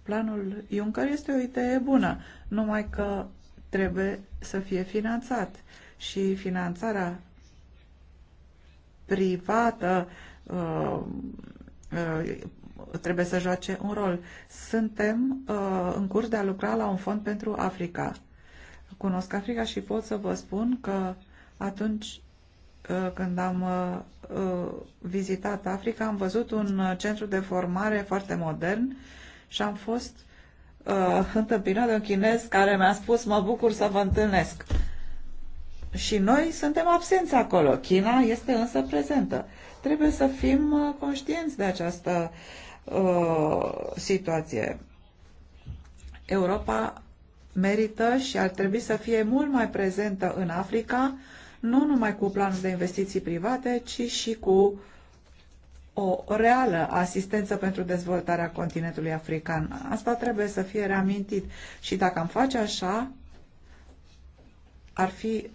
Planul Juncker este o idee bună, numai că trebuie să fie finanțat și finanțarea privată uh, uh, trebuie să joace un rol. Suntem în curs de a lucra la un fond pentru Africa cunosc Africa și pot să vă spun că atunci uh, când am uh, uh, vizitat Africa, am văzut un centru de formare foarte modern și am fost întâmpinat de un chinez care mi-a spus mă bucur să vă întâlnesc. Și noi suntem absenți acolo. China este însă prezentă. Trebuie să fim conștienți de această uh, situație. Europa merită și ar trebui să fie mult mai prezentă în Africa, nu numai cu planul de investiții private, ci și cu o reală asistență pentru dezvoltarea continentului african. Asta trebuie să fie reamintit și dacă am face așa, ar fi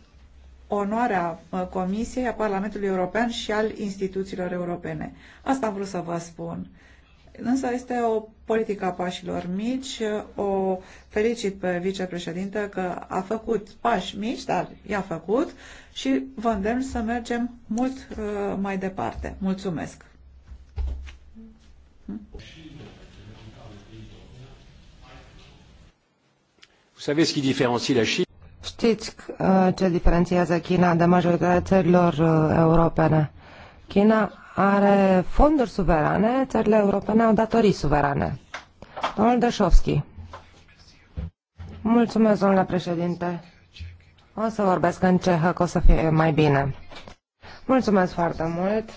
onoarea Comisiei, a Parlamentului European și al instituțiilor europene. Asta am vrut să vă spun. Însă este o politică a pașilor mici. O felicit pe vicepreședintă că a făcut pași mici, dar i-a făcut și vă îndemn să mergem mult uh, mai departe. Mulțumesc! Hm? Știți uh, ce diferențiază China de majoritatea țărilor uh, europene? China are fonduri suverane, țările europene au datorii suverane. Domnul Dășovski. Mulțumesc, domnule președinte. O să vorbesc în cehă, că o să fie mai bine. Mulțumesc foarte mult.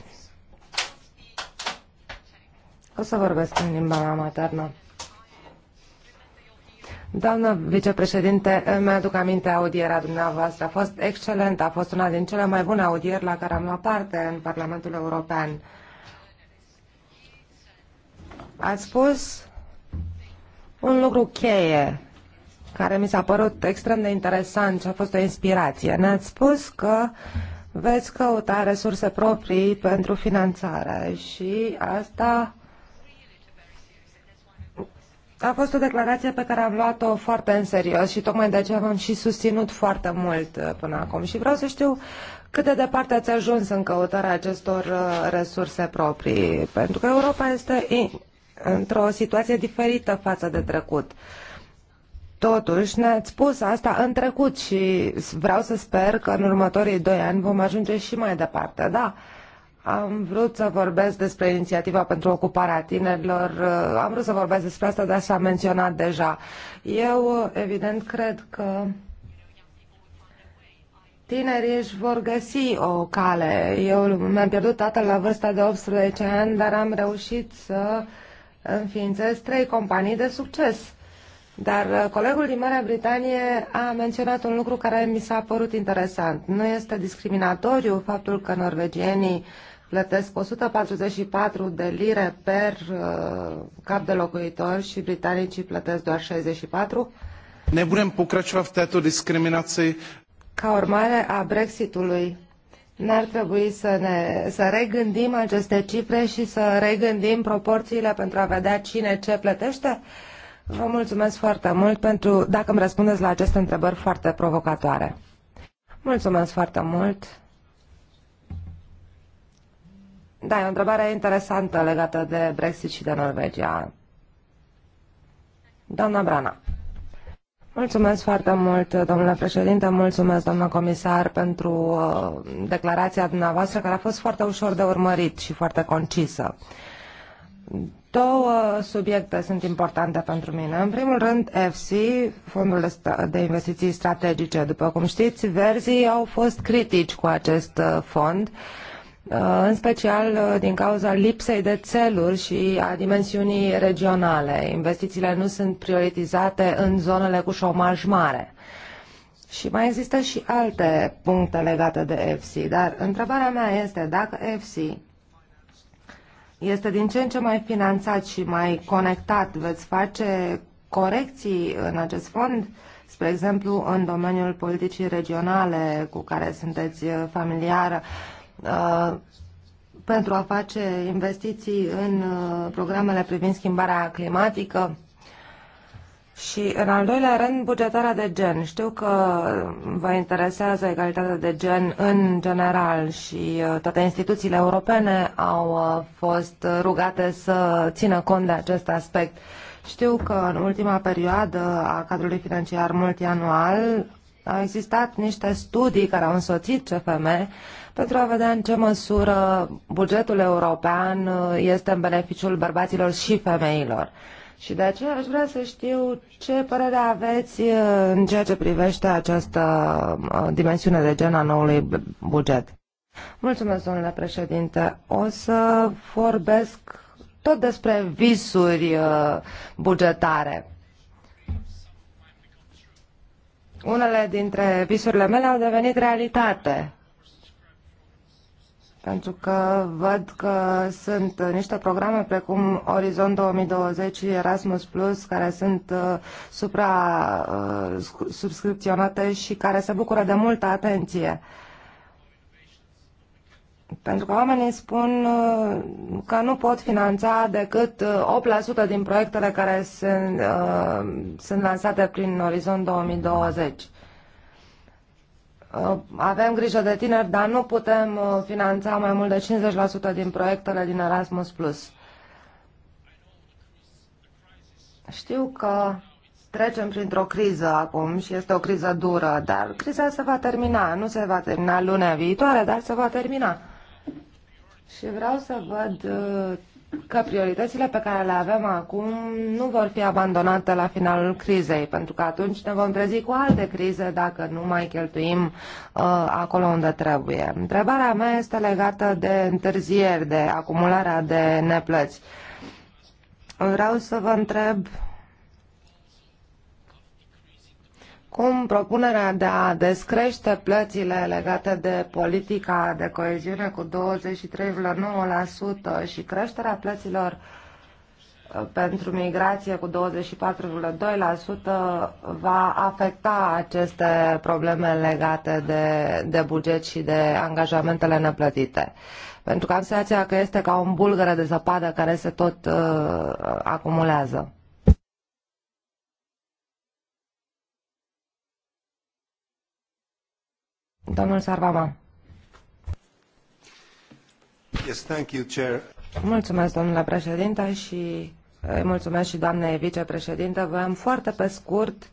O să vorbesc în limba maternă. Doamnă vicepreședinte, îmi aduc aminte audierea dumneavoastră. A fost excelentă, a fost una din cele mai bune audieri la care am luat parte în Parlamentul European. Ați spus un lucru cheie care mi s-a părut extrem de interesant și a fost o inspirație. Ne-ați spus că veți căuta resurse proprii pentru finanțare și asta a fost o declarație pe care am luat-o foarte în serios și tocmai de aceea am și susținut foarte mult uh, până acum și vreau să știu cât de departe ați ajuns în căutarea acestor uh, resurse proprii, pentru că Europa este într-o situație diferită față de trecut. Totuși, ne-ați spus asta în trecut și vreau să sper că în următorii doi ani vom ajunge și mai departe. Da, am vrut să vorbesc despre inițiativa pentru ocuparea tinerilor, uh, am vrut să vorbesc despre asta, dar s-a menționat deja. Eu, uh, evident, cred că tinerii își vor găsi o cale. Eu mi-am pierdut tatăl la vârsta de 18 ani, dar am reușit să înființez trei companii de succes. Dar uh, colegul din Marea Britanie a menționat un lucru care mi s-a părut interesant. Nu este discriminatoriu faptul că norvegienii plătesc 144 de lire per uh, cap de locuitor și britanicii plătesc doar 64. Nebudem pokračovat v této diskriminaci. Ca urmare a Brexitului, n-ar trebui să, ne, să regândim aceste cifre și să regândim proporțiile pentru a vedea cine ce plătește? Vă mulțumesc foarte mult pentru dacă îmi răspundeți la aceste întrebări foarte provocatoare. Mulțumesc foarte mult. Da, e o întrebare interesantă legată de Brexit și de Norvegia. Doamna Brana. Mulțumesc foarte mult, domnule președinte, mulțumesc, doamnă comisar, pentru uh, declarația dumneavoastră, care a fost foarte ușor de urmărit și foarte concisă. Două subiecte sunt importante pentru mine. În primul rând, FC, Fondul de Investiții Strategice. După cum știți, verzii au fost critici cu acest uh, fond. Uh, Uh, în special uh, din cauza lipsei de țeluri și a dimensiunii regionale. Investițiile nu sunt prioritizate în zonele cu șomaj mare. Și mai există și alte puncte legate de EFSI, dar întrebarea mea este dacă EFSI este din ce în ce mai finanțat și mai conectat, veți face corecții în acest fond, spre exemplu în domeniul politicii regionale cu care sunteți familiară, Uh, pentru a face investiții în uh, programele privind schimbarea climatică. Și în al doilea rând, bugetarea de gen. Știu că vă interesează egalitatea de gen în general și uh, toate instituțiile europene au fost rugate să țină cont de acest aspect. Știu că în ultima perioadă a cadrului financiar multianual au existat niște studii care au însoțit CFM pentru a vedea în ce măsură bugetul european uh, este în beneficiul bărbaților și femeilor. Și de aceea aș vrea să știu ce părere aveți uh, în ceea ce privește această uh, dimensiune de gen a noului buget. Mulțumesc, domnule președinte. O să vorbesc tot despre visuri bugetare. Unele dintre visurile mele au devenit realitate pentru că văd că sunt niște programe precum Orizont 2020 și Erasmus Plus care sunt uh, supra uh, subscripționate și care se bucură de multă atenție. Pentru că oamenii spun uh, că nu pot finanța decât 8% din proiectele care sunt, sunt lansate prin Orizont 2020. Uh, avem grijă de tineri, dar nu putem uh, finanța mai mult de 50% din proiectele din Erasmus+. Știu că trecem printr-o criză acum și este o criză dură, dar criza se va termina. Nu se va termina lunea viitoare, dar se va termina. Și vreau să văd uh, că prioritățile pe care le avem acum nu vor fi abandonate la finalul crizei, pentru că atunci ne vom trezi cu alte crize dacă nu mai cheltuim uh, acolo unde trebuie. Întrebarea mea este legată de întârzieri, de acumularea de neplăți. Vreau să vă întreb Acum, propunerea de a descrește plățile legate de politica de coeziune cu 23,9% și creșterea plăților uh, pentru migrație cu 24,2% va afecta aceste probleme legate de, de buget și de angajamentele neplătite. Pentru că am senzația că este ca un bulgăre de zăpadă care se tot uh, acumulează. Domnul Sarvama. Yes, thank you, Chair. Mulțumesc, domnule președinte, și îi eh, mulțumesc și doamnei vicepreședinte. Voiam foarte pe scurt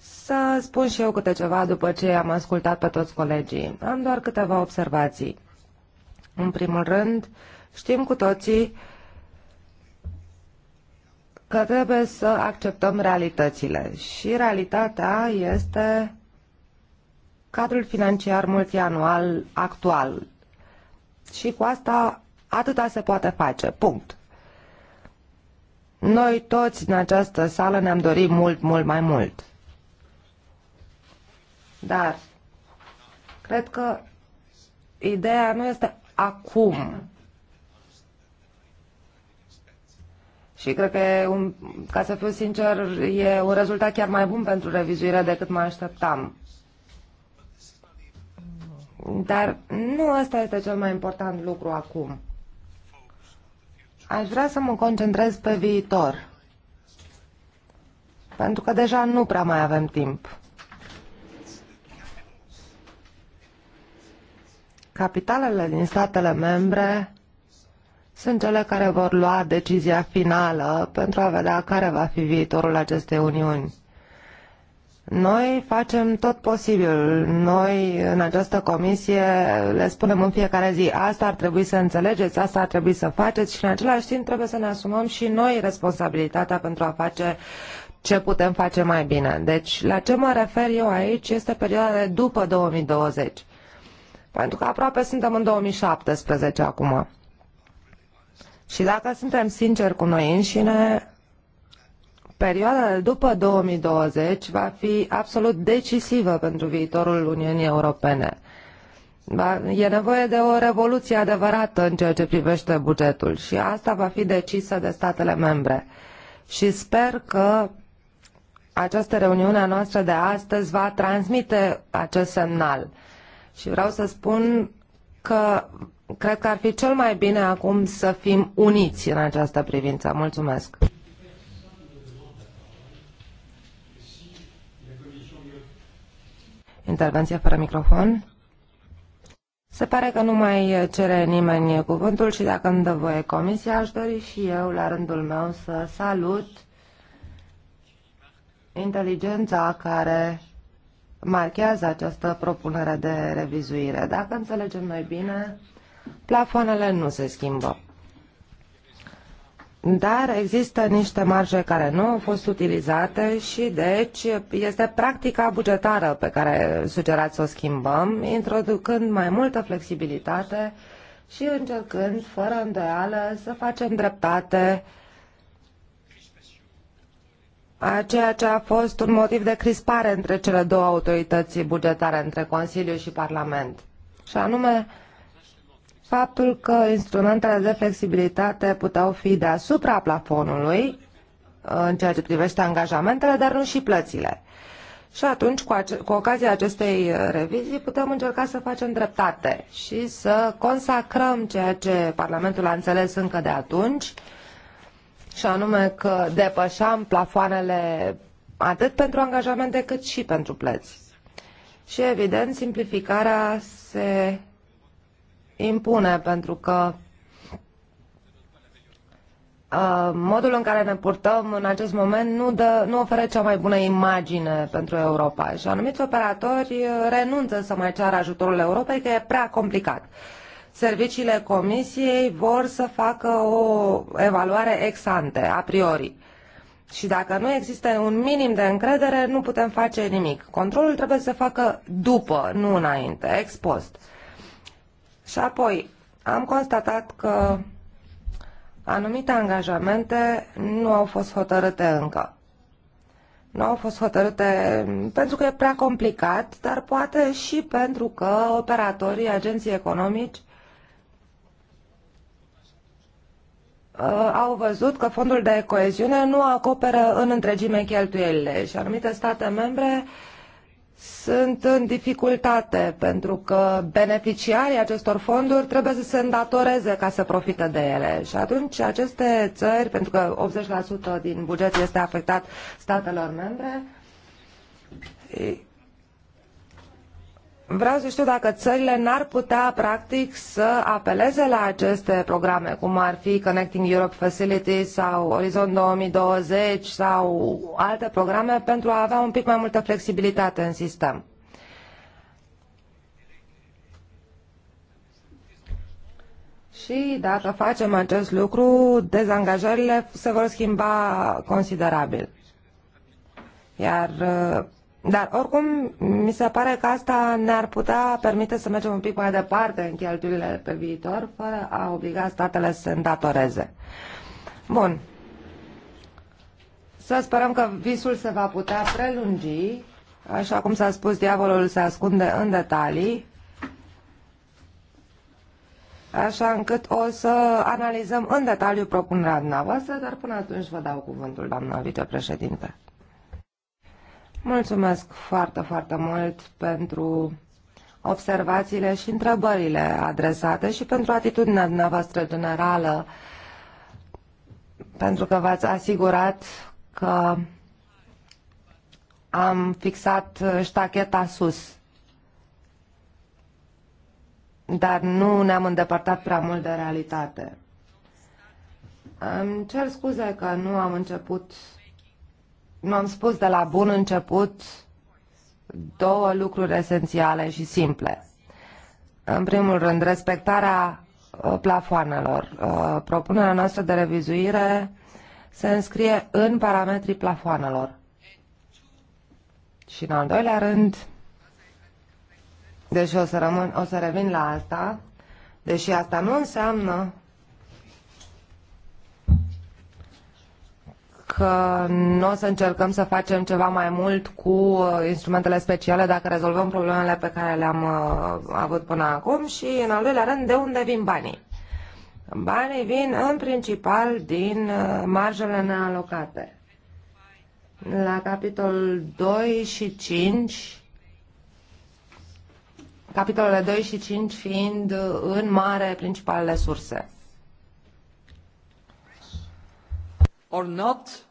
să spun și eu câte ceva după ce am ascultat pe toți colegii. Am doar câteva observații. În primul rând, știm cu toții că trebuie să acceptăm realitățile și realitatea este cadrul financiar multianual actual. Și cu asta atâta se poate face. Punct. Noi toți în această sală ne-am dorit mult, mult mai mult. Dar cred că ideea nu este acum. Și cred că, un, ca să fiu sincer, e un rezultat chiar mai bun pentru revizuire decât mă așteptam. Dar nu ăsta este cel mai important lucru acum. Aș vrea să mă concentrez pe viitor. Pentru că deja nu prea mai avem timp. Capitalele din statele membre sunt cele care vor lua decizia finală pentru a vedea care va fi viitorul acestei uniuni. Noi facem tot posibil. Noi, în această comisie, le spunem în fiecare zi, asta ar trebui să înțelegeți, asta ar trebui să faceți și, în același timp, trebuie să ne asumăm și noi responsabilitatea pentru a face ce putem face mai bine. Deci, la ce mă refer eu aici este perioada de după 2020. Pentru că aproape suntem în 2017 acum. Și dacă suntem sinceri cu noi înșine, perioada de după 2020 va fi absolut decisivă pentru viitorul Uniunii Europene. E nevoie de o revoluție adevărată în ceea ce privește bugetul și asta va fi decisă de statele membre. Și sper că această reuniune a noastră de astăzi va transmite acest semnal. Și vreau să spun că cred că ar fi cel mai bine acum să fim uniți în această privință. Mulțumesc! Intervenție fără microfon. Se pare că nu mai cere nimeni cuvântul și dacă îmi dă voie comisia, aș dori și eu, la rândul meu, să salut inteligența care marchează această propunere de revizuire. Dacă înțelegem noi bine, plafoanele nu se schimbă. Dar există niște marje care nu au fost utilizate și deci este practica bugetară pe care sugerați să o schimbăm, introducând mai multă flexibilitate și încercând, fără îndoială, să facem dreptate a ceea ce a fost un motiv de crispare între cele două autorități bugetare, între Consiliu și Parlament. Și anume, faptul că instrumentele de flexibilitate puteau fi deasupra plafonului uh, în ceea ce privește angajamentele, dar nu și plățile. Și atunci, cu, ace- cu ocazia acestei uh, revizii, putem încerca să facem dreptate și să consacrăm ceea ce Parlamentul a înțeles încă de atunci, și anume că depășeam plafoanele atât pentru angajamente cât și pentru plăți. Și, evident, simplificarea se impune, pentru că modul în care ne purtăm în acest moment nu, dă, nu oferă cea mai bună imagine pentru Europa și anumiți operatori renunță să mai ceară ajutorul Europei că e prea complicat. Serviciile Comisiei vor să facă o evaluare ex ante, a priori. Și dacă nu există un minim de încredere, nu putem face nimic. Controlul trebuie să se facă după, nu înainte, ex post. Și apoi, am constatat că anumite angajamente nu au fost hotărâte încă. Nu au fost hotărâte pentru că e prea complicat, dar poate și pentru că operatorii, agenții economici uh, au văzut că fondul de coeziune nu acoperă în întregime cheltuielile și anumite state membre uh, sunt în dificultate pentru că beneficiarii acestor fonduri trebuie să se îndatoreze ca să profite de ele. Și atunci aceste țări, pentru că 80% din buget este afectat statelor membre, Vreau să știu dacă țările n-ar putea, practic, să apeleze la aceste programe, cum ar fi Connecting Europe Facility sau Orizont 2020 sau alte programe, pentru a avea un pic mai multă flexibilitate în sistem. Și dacă facem acest lucru, dezangajările se vor schimba considerabil. Iar uh, dar oricum, mi se pare că asta ne-ar putea permite să mergem un pic mai departe în cheltuielile pe viitor, fără a obliga statele să îndatoreze. Bun. Să sperăm că visul se va putea prelungi, așa cum s-a spus, diavolul se ascunde în detalii, așa încât o să analizăm în detaliu propunerea dumneavoastră, dar până atunci vă dau cuvântul, doamna vicepreședinte. Mulțumesc foarte, foarte mult pentru observațiile și întrebările adresate și pentru atitudinea dumneavoastră generală, pentru că v-ați asigurat că am fixat ștacheta sus, dar nu ne-am îndepărtat prea mult de realitate. Îmi cer scuze că nu am început am spus de la bun început două lucruri esențiale și simple. În primul rând, respectarea uh, plafoanelor. Uh, propunerea noastră de revizuire se înscrie în parametrii plafoanelor. Și în al doilea rând, deși o să, rămân, o să revin la asta, deși asta nu înseamnă că nu o să încercăm să facem ceva mai mult cu uh, instrumentele speciale dacă rezolvăm problemele pe care le-am uh, avut până acum și, în al doilea rând, de unde vin banii. Banii vin în principal din uh, marjele nealocate. La capitolul 2 și 5 capitolele 2 și 5 fiind în mare principalele surse. Or not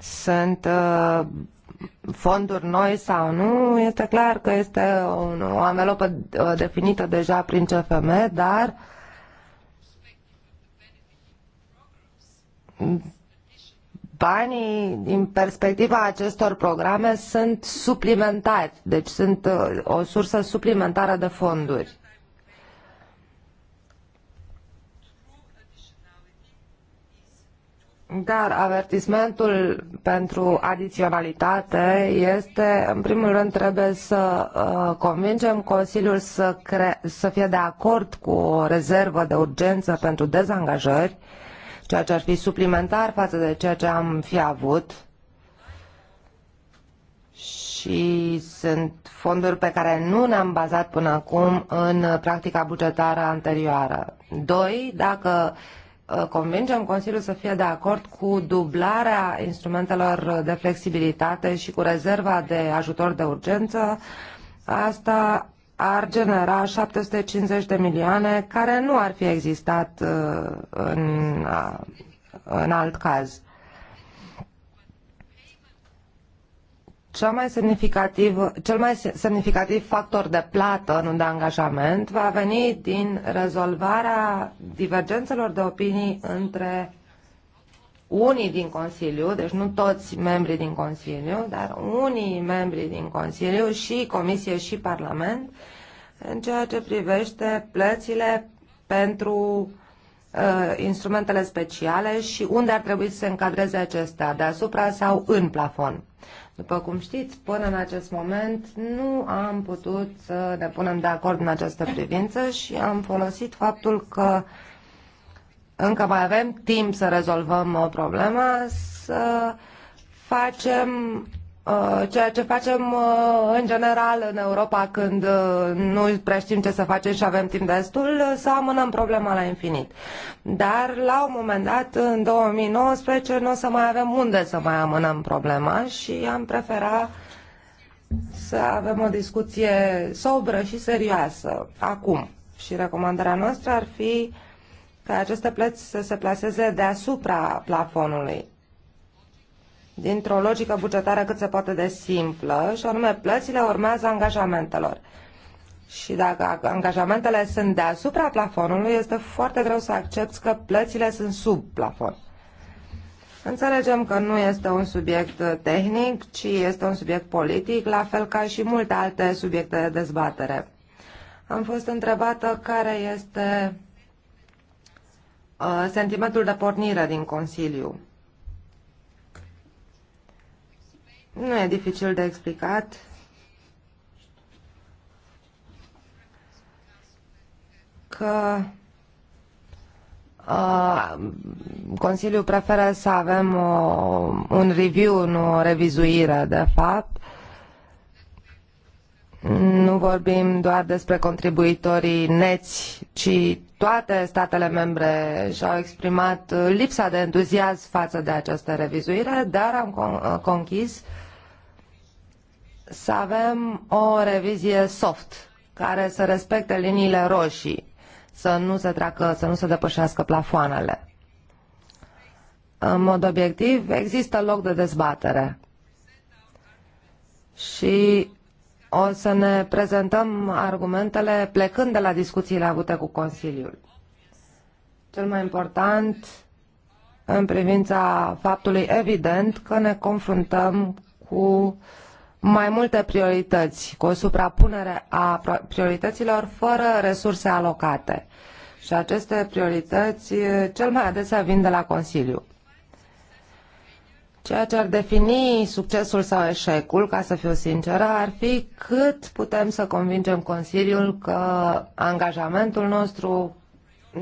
sunt uh, fonduri noi sau nu, este clar că este o, o anvelopă uh, definită deja prin CFM, dar banii din perspectiva acestor programe sunt suplimentari, deci sunt uh, o sursă suplimentară de fonduri. Dar avertismentul pentru adiționalitate este, în primul rând, trebuie să uh, convingem Consiliul să, cre- să fie de acord cu o rezervă de urgență pentru dezangajări, ceea ce ar fi suplimentar față de ceea ce am fi avut. Și sunt fonduri pe care nu ne-am bazat până acum în practica bugetară anterioară. Doi, dacă Uh, convingem Consiliul să fie de acord cu dublarea instrumentelor de flexibilitate și cu rezerva de ajutor de urgență, asta ar genera 750 de milioane care nu ar fi existat uh, în, uh, în alt caz. mai semnificativ, cel mai semnificativ factor de plată, nu de angajament, va veni din rezolvarea divergențelor de opinii între unii din Consiliu, deci nu toți membrii din Consiliu, dar unii membrii din Consiliu și Comisie și Parlament, în ceea ce privește plățile pentru Uh, instrumentele speciale și unde ar trebui să se încadreze acestea, deasupra sau în plafon. După cum știți, până în acest moment nu am putut să ne punem de acord în această privință și am folosit faptul că încă mai avem timp să rezolvăm o uh, problemă, să facem Uh, ceea ce facem uh, în general în Europa când uh, nu prea știm ce să facem și avem timp destul, să amânăm problema la infinit. Dar la un moment dat, în 2019, nu o să mai avem unde să mai amânăm problema și am preferat să avem o discuție sobră și serioasă acum. Și recomandarea noastră ar fi ca aceste plăți să se plaseze deasupra plafonului dintr-o logică bugetară cât se poate de simplă, și anume plățile urmează angajamentelor. Și dacă angajamentele sunt deasupra plafonului, este foarte greu să accepti că plățile sunt sub plafon. Înțelegem că nu este un subiect tehnic, ci este un subiect politic, la fel ca și multe alte subiecte de dezbatere. Am fost întrebată care este uh, sentimentul de pornire din Consiliu. Nu e dificil de explicat. Că Consiliul preferă să avem o, un review, nu o revizuire, de fapt. Nu vorbim doar despre contribuitorii neți, ci toate statele membre și-au exprimat lipsa de entuziasm față de această revizuire, dar am conchis uh, să avem o revizie soft care să respecte liniile roșii, să nu se treacă, să nu se depășească plafoanele. În mod obiectiv, există loc de dezbatere și o să ne prezentăm argumentele plecând de la discuțiile avute cu Consiliul. Cel mai important în privința faptului evident că ne confruntăm cu uh, mai multe priorități, cu o suprapunere a priorităților fără resurse alocate. Și aceste priorități cel mai adesea vin de la Consiliu. Ceea ce ar defini succesul sau eșecul, ca să fiu sinceră, ar fi cât putem să convingem Consiliul că angajamentul nostru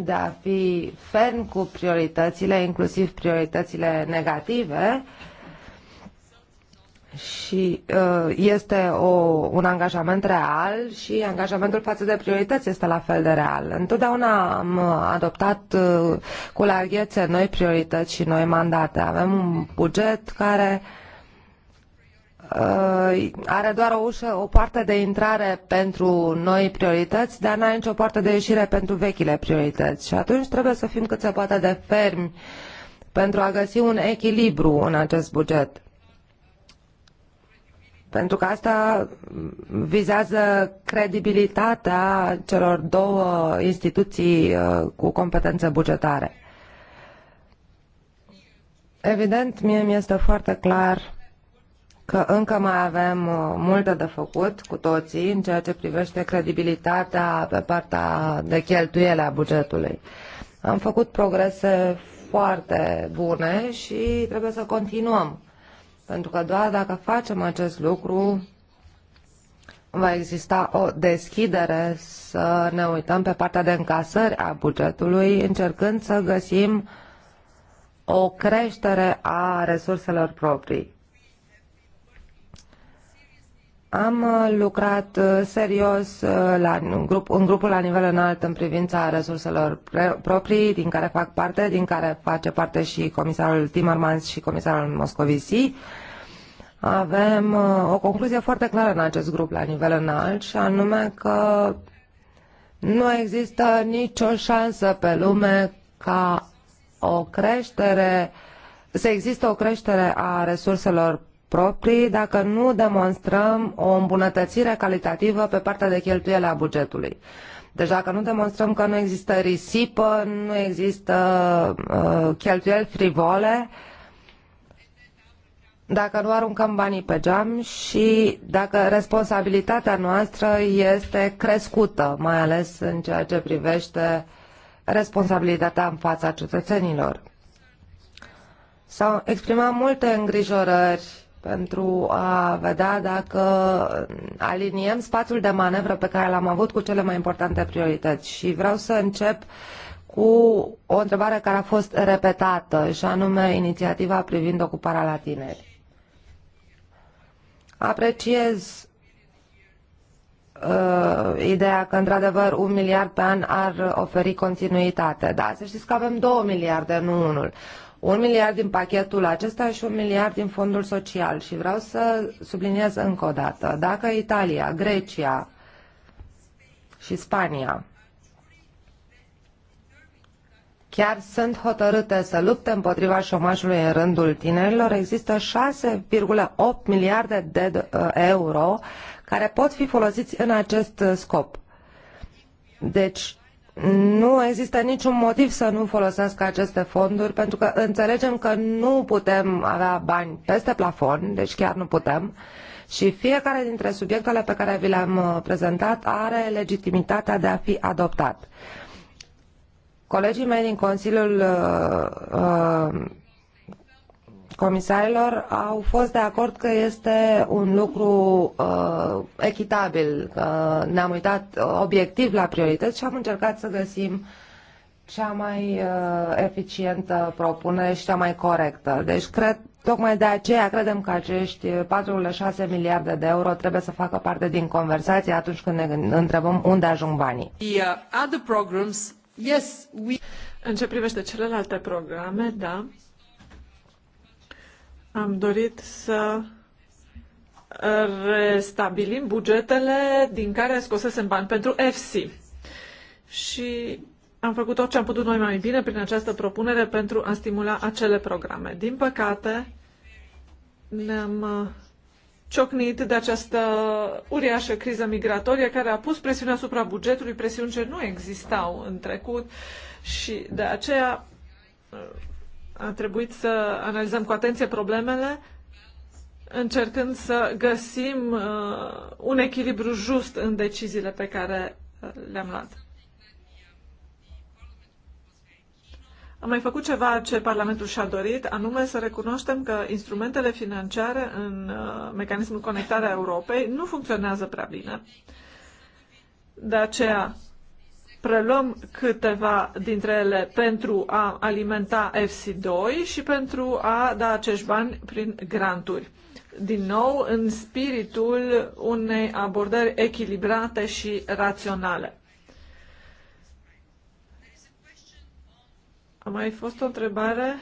de a fi ferm cu prioritățile, inclusiv prioritățile negative, uh, și uh, este o, un angajament real și angajamentul față de priorități este la fel de real. Întotdeauna am adoptat uh, cu larghețe noi priorități și noi mandate. Avem un buget care uh, are doar o ușă, o poartă de intrare pentru noi priorități, dar nu are nicio poartă de ieșire pentru vechile priorități. Și atunci trebuie să fim cât se poate de fermi pentru a găsi un echilibru în acest buget pentru că asta vizează credibilitatea celor două instituții uh, cu competență bugetare. Evident, mie mi-este foarte clar că încă mai avem uh, multe de făcut cu toții în ceea ce privește credibilitatea pe partea de cheltuiele a bugetului. Am făcut progrese foarte bune și trebuie să continuăm. Pentru că doar dacă facem acest lucru, va exista o deschidere să ne uităm pe partea de încasări a bugetului, încercând să găsim o creștere a resurselor proprii. Am uh, lucrat uh, serios uh, la, în, grup, în grupul la nivel înalt în privința resurselor pre, proprii, din care fac parte, din care face parte și comisarul Timmermans și comisarul Moscovici. Avem o concluzie foarte clară în acest grup la nivel înalt și anume că nu există nicio șansă pe lume ca o creștere să există o creștere a resurselor proprii dacă nu demonstrăm o îmbunătățire calitativă pe partea de cheltuiele a bugetului. Deci dacă nu demonstrăm că nu există risipă, nu există uh, cheltuieli frivole, dacă nu aruncăm banii pe geam și dacă responsabilitatea noastră este crescută, mai ales în ceea ce privește responsabilitatea în fața cetățenilor. S-au exprimat multe îngrijorări pentru a vedea dacă aliniem spațiul de manevră pe care l-am avut cu cele mai importante priorități. Și vreau să încep cu o întrebare care a fost repetată, și anume inițiativa privind ocuparea la tineri. Apreciez uh, ideea că, într-adevăr, un miliard pe an ar oferi continuitate. Da, să știți că avem două miliarde, nu unul un miliard din pachetul acesta și un miliard din fondul social. Și vreau să subliniez încă o dată, dacă Italia, Grecia și Spania chiar sunt hotărâte să lupte împotriva șomajului în rândul tinerilor, există 6,8 miliarde de uh, euro care pot fi folosiți în acest scop. Deci, nu există niciun motiv să nu folosească aceste fonduri, pentru că înțelegem că nu putem avea bani peste plafon, deci chiar nu putem, și fiecare dintre subiectele pe care vi le-am uh, prezentat are legitimitatea de a fi adoptat. Colegii mei din Consiliul uh, uh, comisarilor au fost de acord că este un lucru uh, echitabil, că ne-am uitat obiectiv la priorități și am încercat să găsim cea mai uh, eficientă propunere și cea mai corectă. Deci, cred, tocmai de aceea credem că acești 4,6 miliarde de euro trebuie să facă parte din conversație atunci când ne întrebăm unde ajung banii. The, uh, other programs, yes, we... În ce privește celelalte programe, da, am dorit să uh, restabilim bugetele din care scosesem bani pentru FC. Și am făcut tot ce am putut noi mai bine prin această propunere pentru a stimula acele programe. Din păcate, ne-am uh, ciocnit de această uriașă criză migratorie care a pus presiune asupra bugetului, presiuni ce nu existau în trecut și de aceea uh, a trebuit să analizăm cu atenție problemele, încercând să găsim uh, un echilibru just în deciziile pe care uh, le-am luat. Am mai făcut ceva ce Parlamentul și-a dorit, anume să recunoaștem că instrumentele financiare în uh, mecanismul conectarea Europei nu funcționează prea bine. De aceea preluăm câteva dintre ele pentru a alimenta FC2 și pentru a da acești bani prin granturi. Din nou, în spiritul unei abordări echilibrate și raționale. A mai fost o întrebare?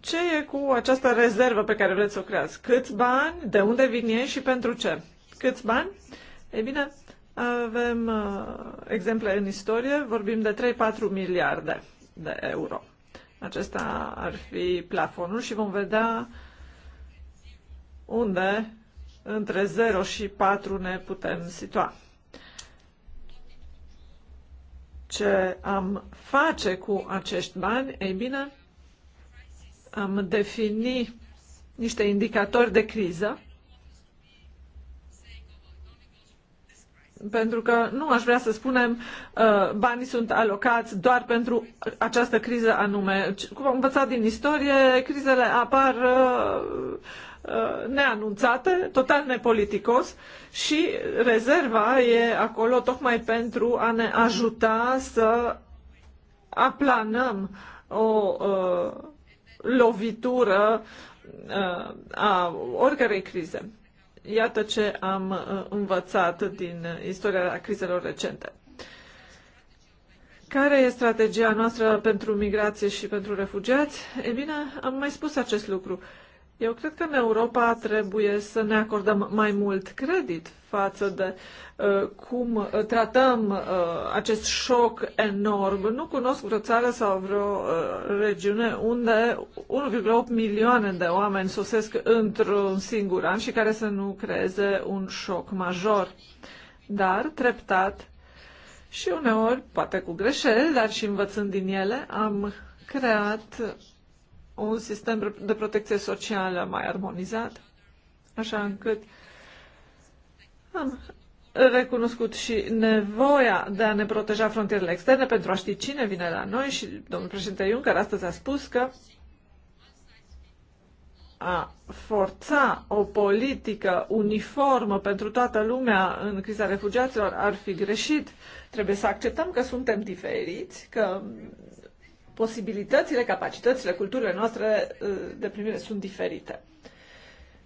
Ce e cu această rezervă pe care vreți să o creați? Câți bani? De unde vin ei și pentru ce? Câți bani? Uh, ei bine, avem uh, exemple în istorie, vorbim de 3-4 miliarde de euro. Acesta ar fi plafonul și vom vedea unde între 0 și 4 ne putem situa. Ce am face cu acești bani? Ei bine, am defini niște indicatori de criză pentru că nu aș vrea să spunem uh, banii sunt alocați doar pentru această criză anume. Cum am învățat din istorie, crizele apar uh, uh, neanunțate, total nepoliticos și rezerva e acolo tocmai pentru a ne ajuta să aplanăm o lovitură a oricărei crize. Iată ce am uh, învățat din uh, istoria crizelor recente. Care e strategia noastră pentru migrație și pentru refugiați? E bine, am mai spus acest lucru. Uh, eu cred că în Europa trebuie să ne acordăm mai mult credit față de uh, cum uh, tratăm uh, acest șoc enorm. Nu cunosc vreo țară sau vreo uh, regiune unde 1,8 milioane de oameni sosesc într-un singur an și care să nu creeze un șoc major. Dar, treptat, și uneori, poate cu greșeli, dar și învățând din ele, am creat un sistem de protecție socială mai armonizat, așa încât am recunoscut și nevoia de a ne proteja frontierele externe pentru a ști cine vine la noi și domnul președinte Juncker astăzi a spus că a forța o politică uniformă pentru toată lumea în criza refugiaților ar fi greșit. Trebuie să acceptăm că suntem diferiți, că posibilitățile, capacitățile, culturile noastre uh, de primire sunt diferite.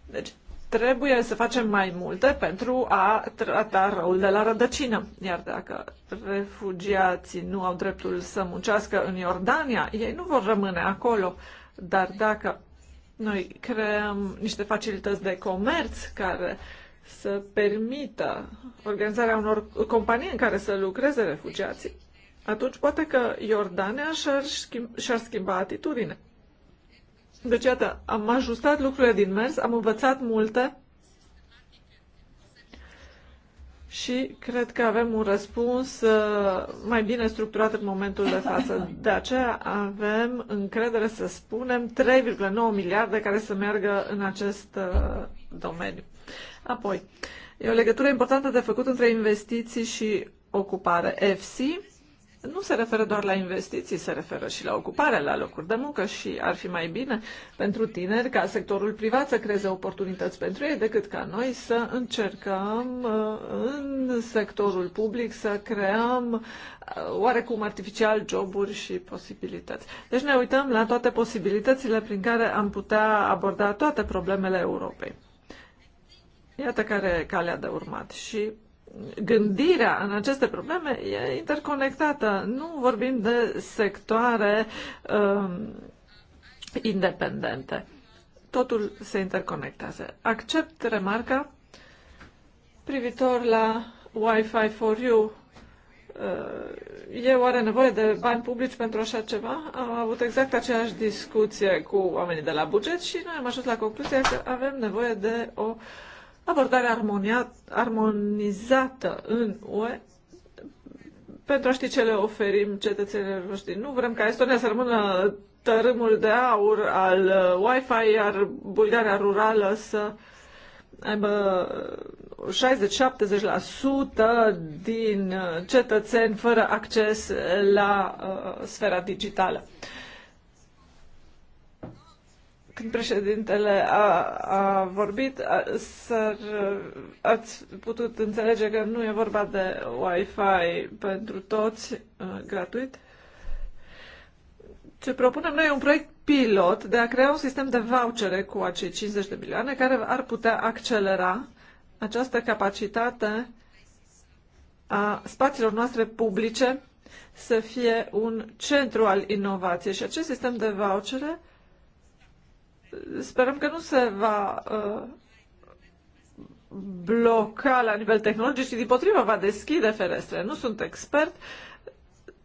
Deci, trebuie să facem mai multe pentru a trata răul de la rădăcină. Iar dacă refugiații nu au dreptul să muncească în Iordania, ei nu vor rămâne acolo. Dar dacă noi creăm niște facilități de comerț care să permită organizarea unor companii în care să lucreze refugiații, atunci poate că Iordania și-ar schim- și schimba atitudine. Deci, iată, am ajustat lucrurile din mers, am învățat multe și cred că avem un răspuns uh, mai bine structurat în momentul de față. De aceea avem încredere să spunem 3,9 miliarde care să meargă în acest uh, domeniu. Apoi, e o legătură importantă de făcut între investiții și ocupare. EFSI nu se referă doar la investiții, se referă și la ocupare, la locuri de muncă și ar fi mai bine pentru tineri ca sectorul privat să creeze oportunități pentru ei decât ca noi să încercăm uh, în sectorul public să creăm uh, oarecum artificial joburi și posibilități. Deci ne uităm la toate posibilitățile prin care am putea aborda toate problemele Europei. Iată care e calea de urmat și gândirea în aceste probleme e interconectată. Nu vorbim de sectoare uh, independente. Totul se interconectează. Accept remarca privitor la Wi-Fi for You. Uh, e oare nevoie de bani publici pentru așa ceva? Am avut exact aceeași discuție cu oamenii de la buget și noi am ajuns la concluzia că avem nevoie de o uh, abordare armonizată în UE pentru a ști ce le oferim cetățenilor noștri. Nu vrem ca Estonia să rămână tărâmul de aur al uh, Wi-Fi, iar Bulgaria rurală să aibă 60-70% din uh, cetățeni fără acces la uh, sfera digitală. Uh, când președintele a, a vorbit, a, s-ar, ați putut înțelege că nu e vorba de Wi-Fi pentru toți, uh, gratuit. Ce propunem noi e un proiect pilot de a crea un sistem de vouchere cu acei 50 de milioane care ar putea accelera această capacitate a spațiilor noastre publice să fie un centru al inovației și acest sistem de vouchere sperăm că nu se va uh, bloca la nivel tehnologic, și din potrivă va deschide ferestre. Nu sunt expert,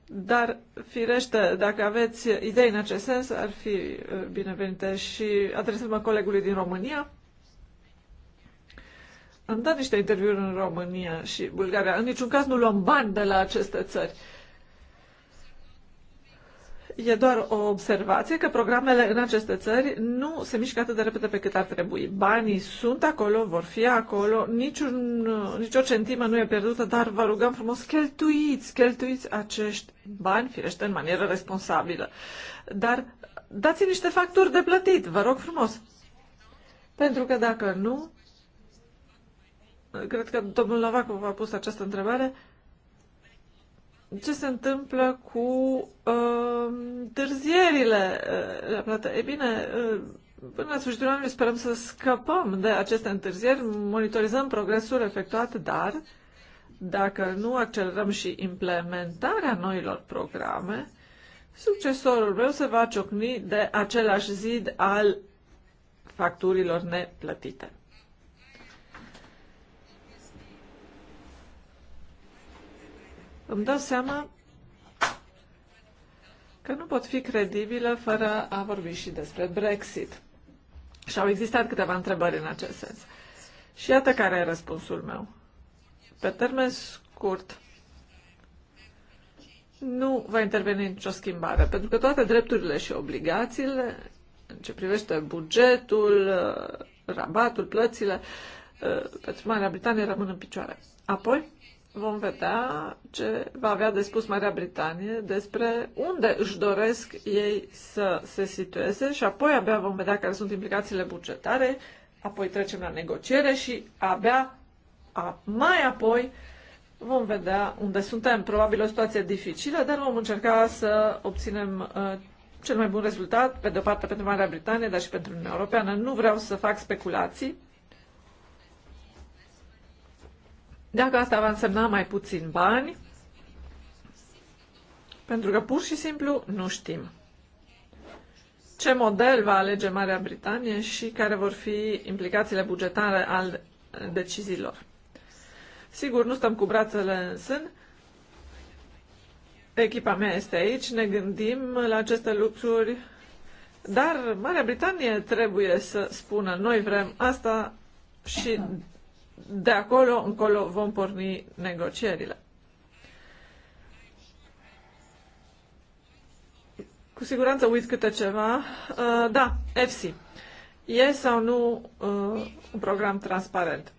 dar firește, dacă aveți idei în acest sens, ar fi uh, binevenite și adresez-mă colegului din România. Am dat niște interviuri în România și Bulgaria. În niciun caz nu luăm bani de la aceste țări. Uh, E doar o observație că programele în aceste țări nu se mișcă atât de repede pe cât ar trebui. Banii sunt acolo, vor fi acolo, niciun, nicio centimă nu e pierdută, dar vă rugăm frumos, cheltuiți, cheltuiți acești bani, firește, în manieră responsabilă. Dar dați niște facturi de plătit, vă rog frumos. Pentru că dacă nu, cred că domnul Lavacu v-a pus această întrebare, ce se întâmplă cu uh, întârzierile uh, la plată. E bine, uh, până la sfârșitul anului sperăm să scăpăm de aceste întârzieri, monitorizăm progresul efectuat, dar dacă nu accelerăm și implementarea noilor programe, succesorul meu se va ciocni de același zid al facturilor neplătite. îmi dau seama că nu pot fi credibilă fără a vorbi și despre Brexit. Și au existat câteva întrebări în acest sens. Și iată care e răspunsul meu. Pe termen scurt, nu va interveni nicio schimbare, pentru că toate drepturile și obligațiile, în ce privește bugetul, rabatul, plățile, uh, pentru Marea Britanie rămân în picioare. Apoi, vom vedea ce va avea de spus Marea Britanie despre unde își doresc ei să se situeze și apoi abia vom vedea care sunt implicațiile bugetare, apoi trecem la negociere și abia a, mai apoi vom vedea unde suntem. Probabil o situație dificilă, dar vom încerca să obținem uh, cel mai bun rezultat, pe de o parte pentru Marea Britanie, dar și pentru Uniunea Europeană. Nu vreau să fac speculații Dacă asta va însemna mai puțin bani, pentru că pur și simplu nu știm ce model va alege Marea Britanie și care vor fi implicațiile bugetare al deciziilor. Sigur, nu stăm cu brațele în sân. Echipa mea este aici, ne gândim la aceste lucruri, dar Marea Britanie trebuie să spună noi vrem asta și de acolo încolo vom porni negocierile. Cu siguranță uit câte ceva. Uh, da, FC. E sau nu uh, un program transparent?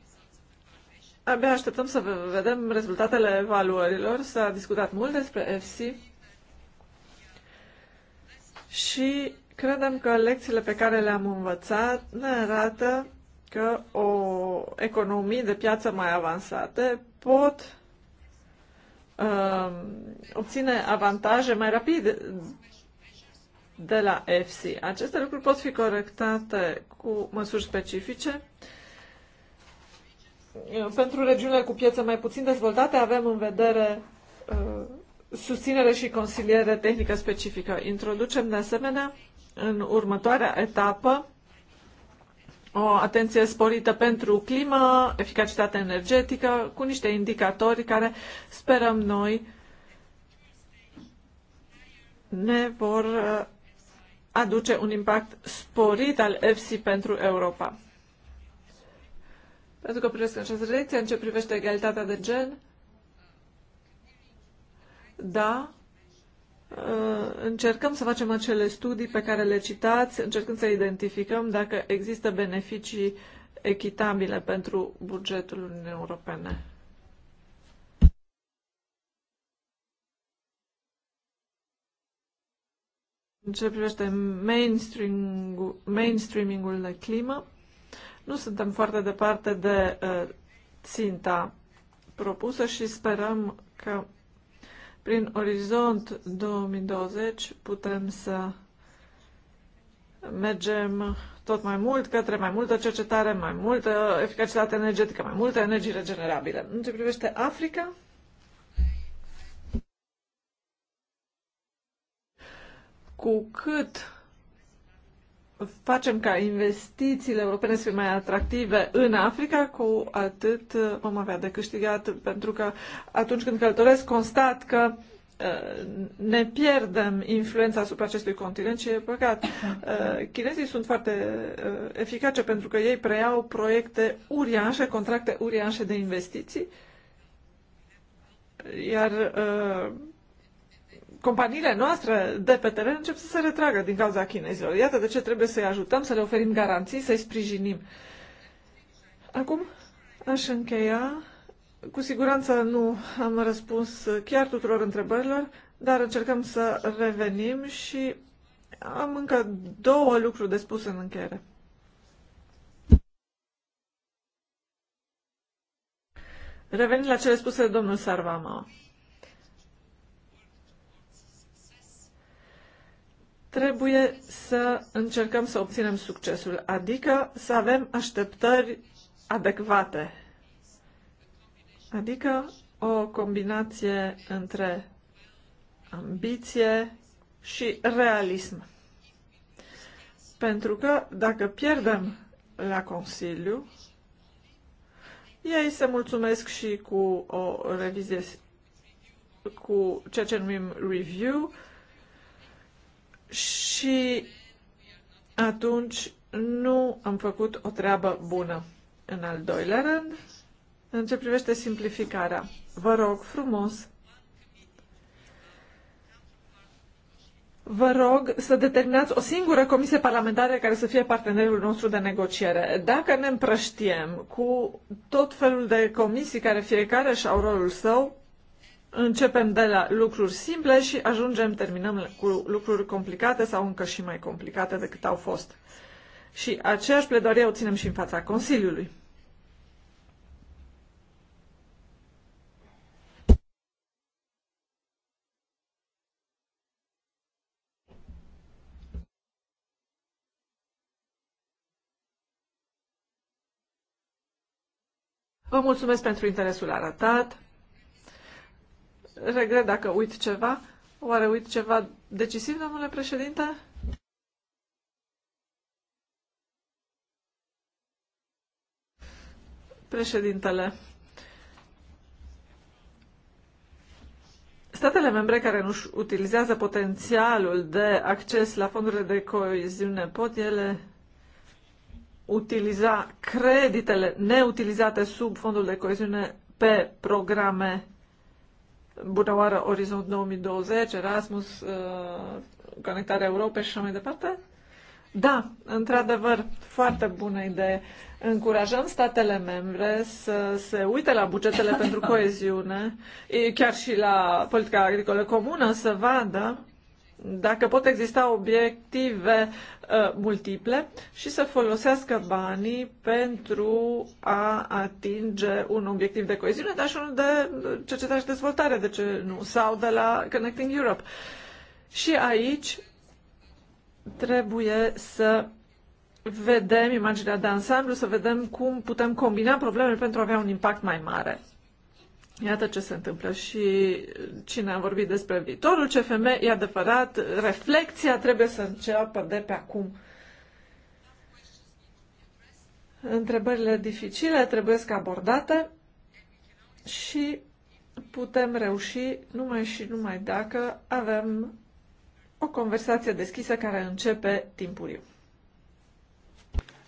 Abia așteptăm să vedem rezultatele evaluărilor. S-a discutat mult despre FC. și credem că lecțiile pe care le-am învățat ne arată că o economii de piață mai avansate pot um, obține avantaje mai rapid de la EFSI. Aceste lucruri pot fi corectate cu măsuri specifice. Pentru regiunile cu piețe mai puțin dezvoltate avem în vedere uh, susținere și consiliere tehnică specifică. Introducem de asemenea în următoarea etapă o atenție sporită pentru climă, eficacitate energetică, cu niște indicatori care sperăm noi ne vor uh, aduce un impact sporit al EFSI pentru Europa. Pentru că privesc în această direcție, în ce privește egalitatea de gen, da, Uh, încercăm să facem acele studii pe care le citați, încercând să identificăm dacă există beneficii echitabile pentru bugetul Uniunii Europene. În ce privește mainstreaming-ul de climă, nu suntem foarte departe de uh, ținta propusă și sperăm că prin Orizont 2020 putem să mergem tot mai mult către mai multă cercetare, mai multă eficacitate energetică, mai multe energii regenerabile. În ce privește Africa, cu cât facem ca investițiile europene să fie mai atractive în Africa, cu atât uh, vom avea de câștigat, pentru că atunci când călătoresc constat că uh, ne pierdem influența asupra acestui continent și e păcat. Uh, chinezii sunt foarte eficace pentru că ei preiau proiecte uriașe, contracte uriașe de investiții, iar companiile noastre de pe teren încep să se retragă din cauza chinezilor. Iată de ce trebuie să-i ajutăm, să le oferim garanții, să-i sprijinim. Acum aș încheia. Cu siguranță nu am răspuns chiar tuturor întrebărilor, dar încercăm să revenim și am încă două lucruri de spus în încheiere. Revenind la cele spuse de domnul Sarvama. trebuie să încercăm să obținem succesul, adică să avem așteptări adecvate. Adică o combinație între ambiție și realism. Pentru că dacă pierdem la Consiliu, ei se mulțumesc și cu o revizie, cu ceea ce numim review, și atunci nu am făcut o treabă bună. În al doilea rând, în ce privește simplificarea, vă rog frumos, vă rog să determinați o singură comisie parlamentară care să fie partenerul nostru de negociere. Dacă ne împrăștiem cu tot felul de comisii care fiecare și au rolul său, Începem de la lucruri simple și ajungem, terminăm cu lucruri complicate sau încă și mai complicate decât au fost. Și aceeași pledoarie o ținem și în fața Consiliului. Vă mulțumesc pentru interesul arătat regret dacă uit ceva. Oare uit ceva decisiv, domnule președinte? Președintele. Statele membre care nu utilizează potențialul de acces la fondurile de coeziune pot ele utiliza creditele neutilizate sub fondul de coeziune pe programe bună oară Orizont 2020, Erasmus, uh, Conectarea Europei și așa mai departe? Da, într-adevăr, foarte bună idee. Încurajăm statele membre să se uite la bugetele pentru coeziune, chiar și la politica agricolă comună, să vadă dacă pot exista obiective uh, multiple și să folosească banii pentru a atinge un obiectiv de coeziune, dar și unul de cercetare și dezvoltare, de ce nu, sau de la Connecting Europe. Și aici trebuie să vedem imaginea de ansamblu, să vedem cum putem combina problemele pentru a avea un impact mai mare. Iată ce se întâmplă și cine a vorbit despre viitorul CFM, e adevărat, reflexia trebuie să înceapă de pe acum. Întrebările dificile trebuie să abordate și putem reuși numai și numai dacă avem o conversație deschisă care începe timpuriu.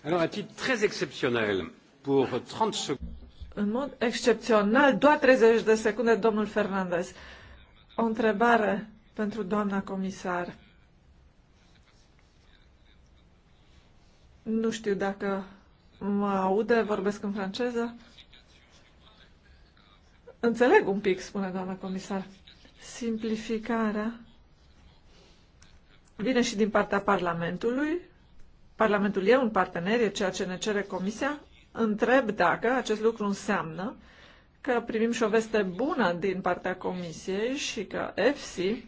Alors, un titre très exceptionnel pour 30 secondes în mod excepțional, doar 30 de secunde, domnul Fernandez. O întrebare pentru doamna comisar. Nu știu dacă mă aude, vorbesc în franceză. Înțeleg un pic, spune doamna comisar. Simplificarea vine și din partea Parlamentului. Parlamentul e un partener, e ceea ce ne cere Comisia întreb dacă acest lucru înseamnă că primim și o veste bună din partea Comisiei și că EFSI,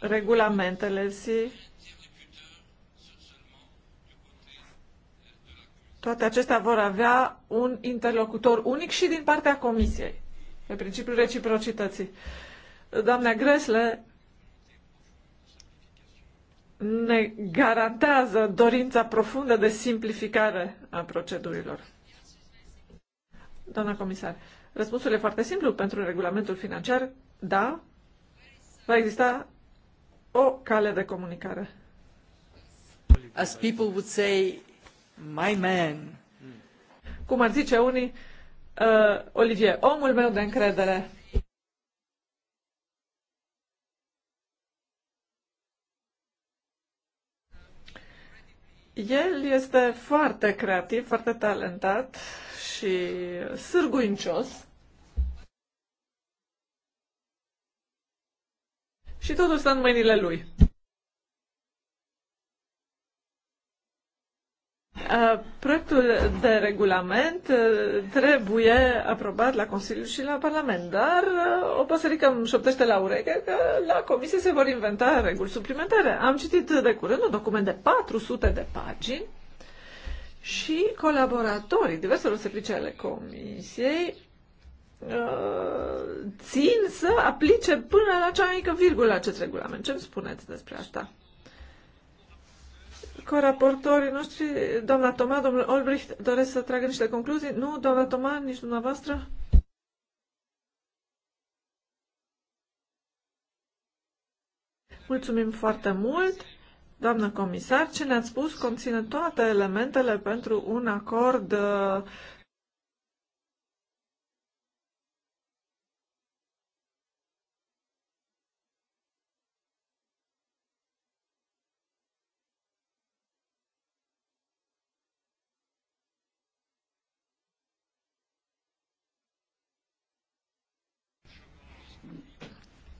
regulamentele EFSI, toate acestea vor avea un interlocutor unic și din partea Comisiei, pe principiul reciprocității. Doamna Gresle ne garantează dorința profundă de simplificare a procedurilor. Doamna comisar, răspunsul e foarte simplu pentru regulamentul financiar. Da, va exista o cale de comunicare. As people would say, my man. Cum ar zice unii, uh, Olivier, omul meu de încredere. El este foarte creativ, foarte talentat și sârguincios. Și totul stă în mâinile lui. Uh, proiectul de regulament uh, trebuie aprobat la Consiliu și la Parlament, dar uh, o păsărică îmi șoptește la ureche că la Comisie se vor inventa reguli suplimentare. Am citit de curând un document de 400 de pagini și colaboratorii diverselor servicii ale Comisiei țin să aplice până la cea mică virgulă acest regulament. Ce îmi spuneți despre asta? Coraportorii noștri, doamna Toma, domnul Olbricht, doresc să tragă niște concluzii? Nu, doamna Toma, nici dumneavoastră? Mulțumim foarte mult! Doamnă comisar, ce ne-ați spus conține toate elementele pentru un acord uh,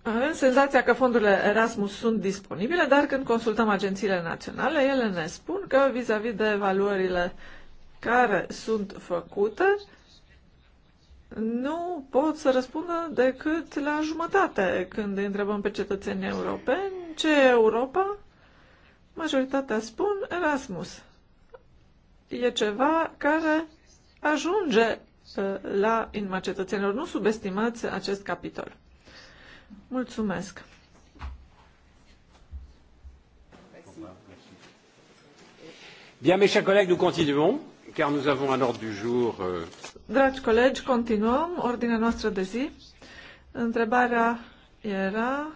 Avem senzația că fondurile Erasmus sunt disponibile, dar când consultăm agențiile naționale, ele ne spun că vis-a-vis -vis de evaluările care sunt făcute, nu pot să răspundă decât la jumătate când îi întrebăm pe cetățenii europeni ce e Europa. Majoritatea spun Erasmus. E ceva care ajunge uh, la inima cetățenilor. Nu subestimați acest capitol. Mulțumesc! Bien, mes chers collègues, nous continuons, car nous avons un ordre du jour. Euh, Dragi colegi, continuăm ordinea noastră de zi. Întrebarea era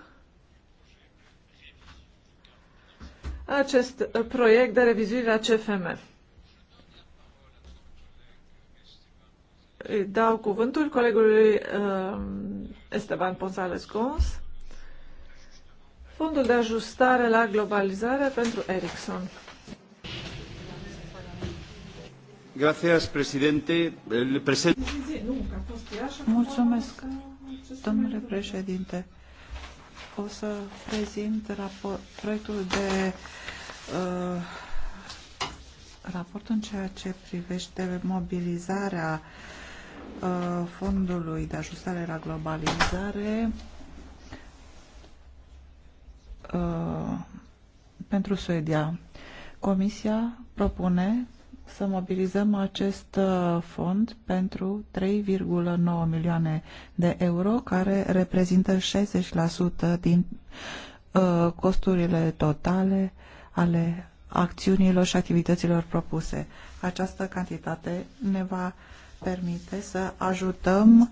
acest proiect de revizuire a CFM. Îi dau cuvântul colegului um, Esteban Ponsales Cons, Fondul de ajustare la globalizare pentru Ericsson. Gracias, presidente. Mulțumesc, domnule președinte. O să prezint raport, proiectul de uh, raport în ceea ce privește mobilizarea uh, Uh, fondului de Ajustare la Globalizare uh, pentru Suedia. Comisia propune să mobilizăm acest uh, fond pentru 3,9 milioane de euro, care reprezintă 60% din costurile totale ale acțiunilor și activităților propuse. Această cantitate ne va uh, permite să ajutăm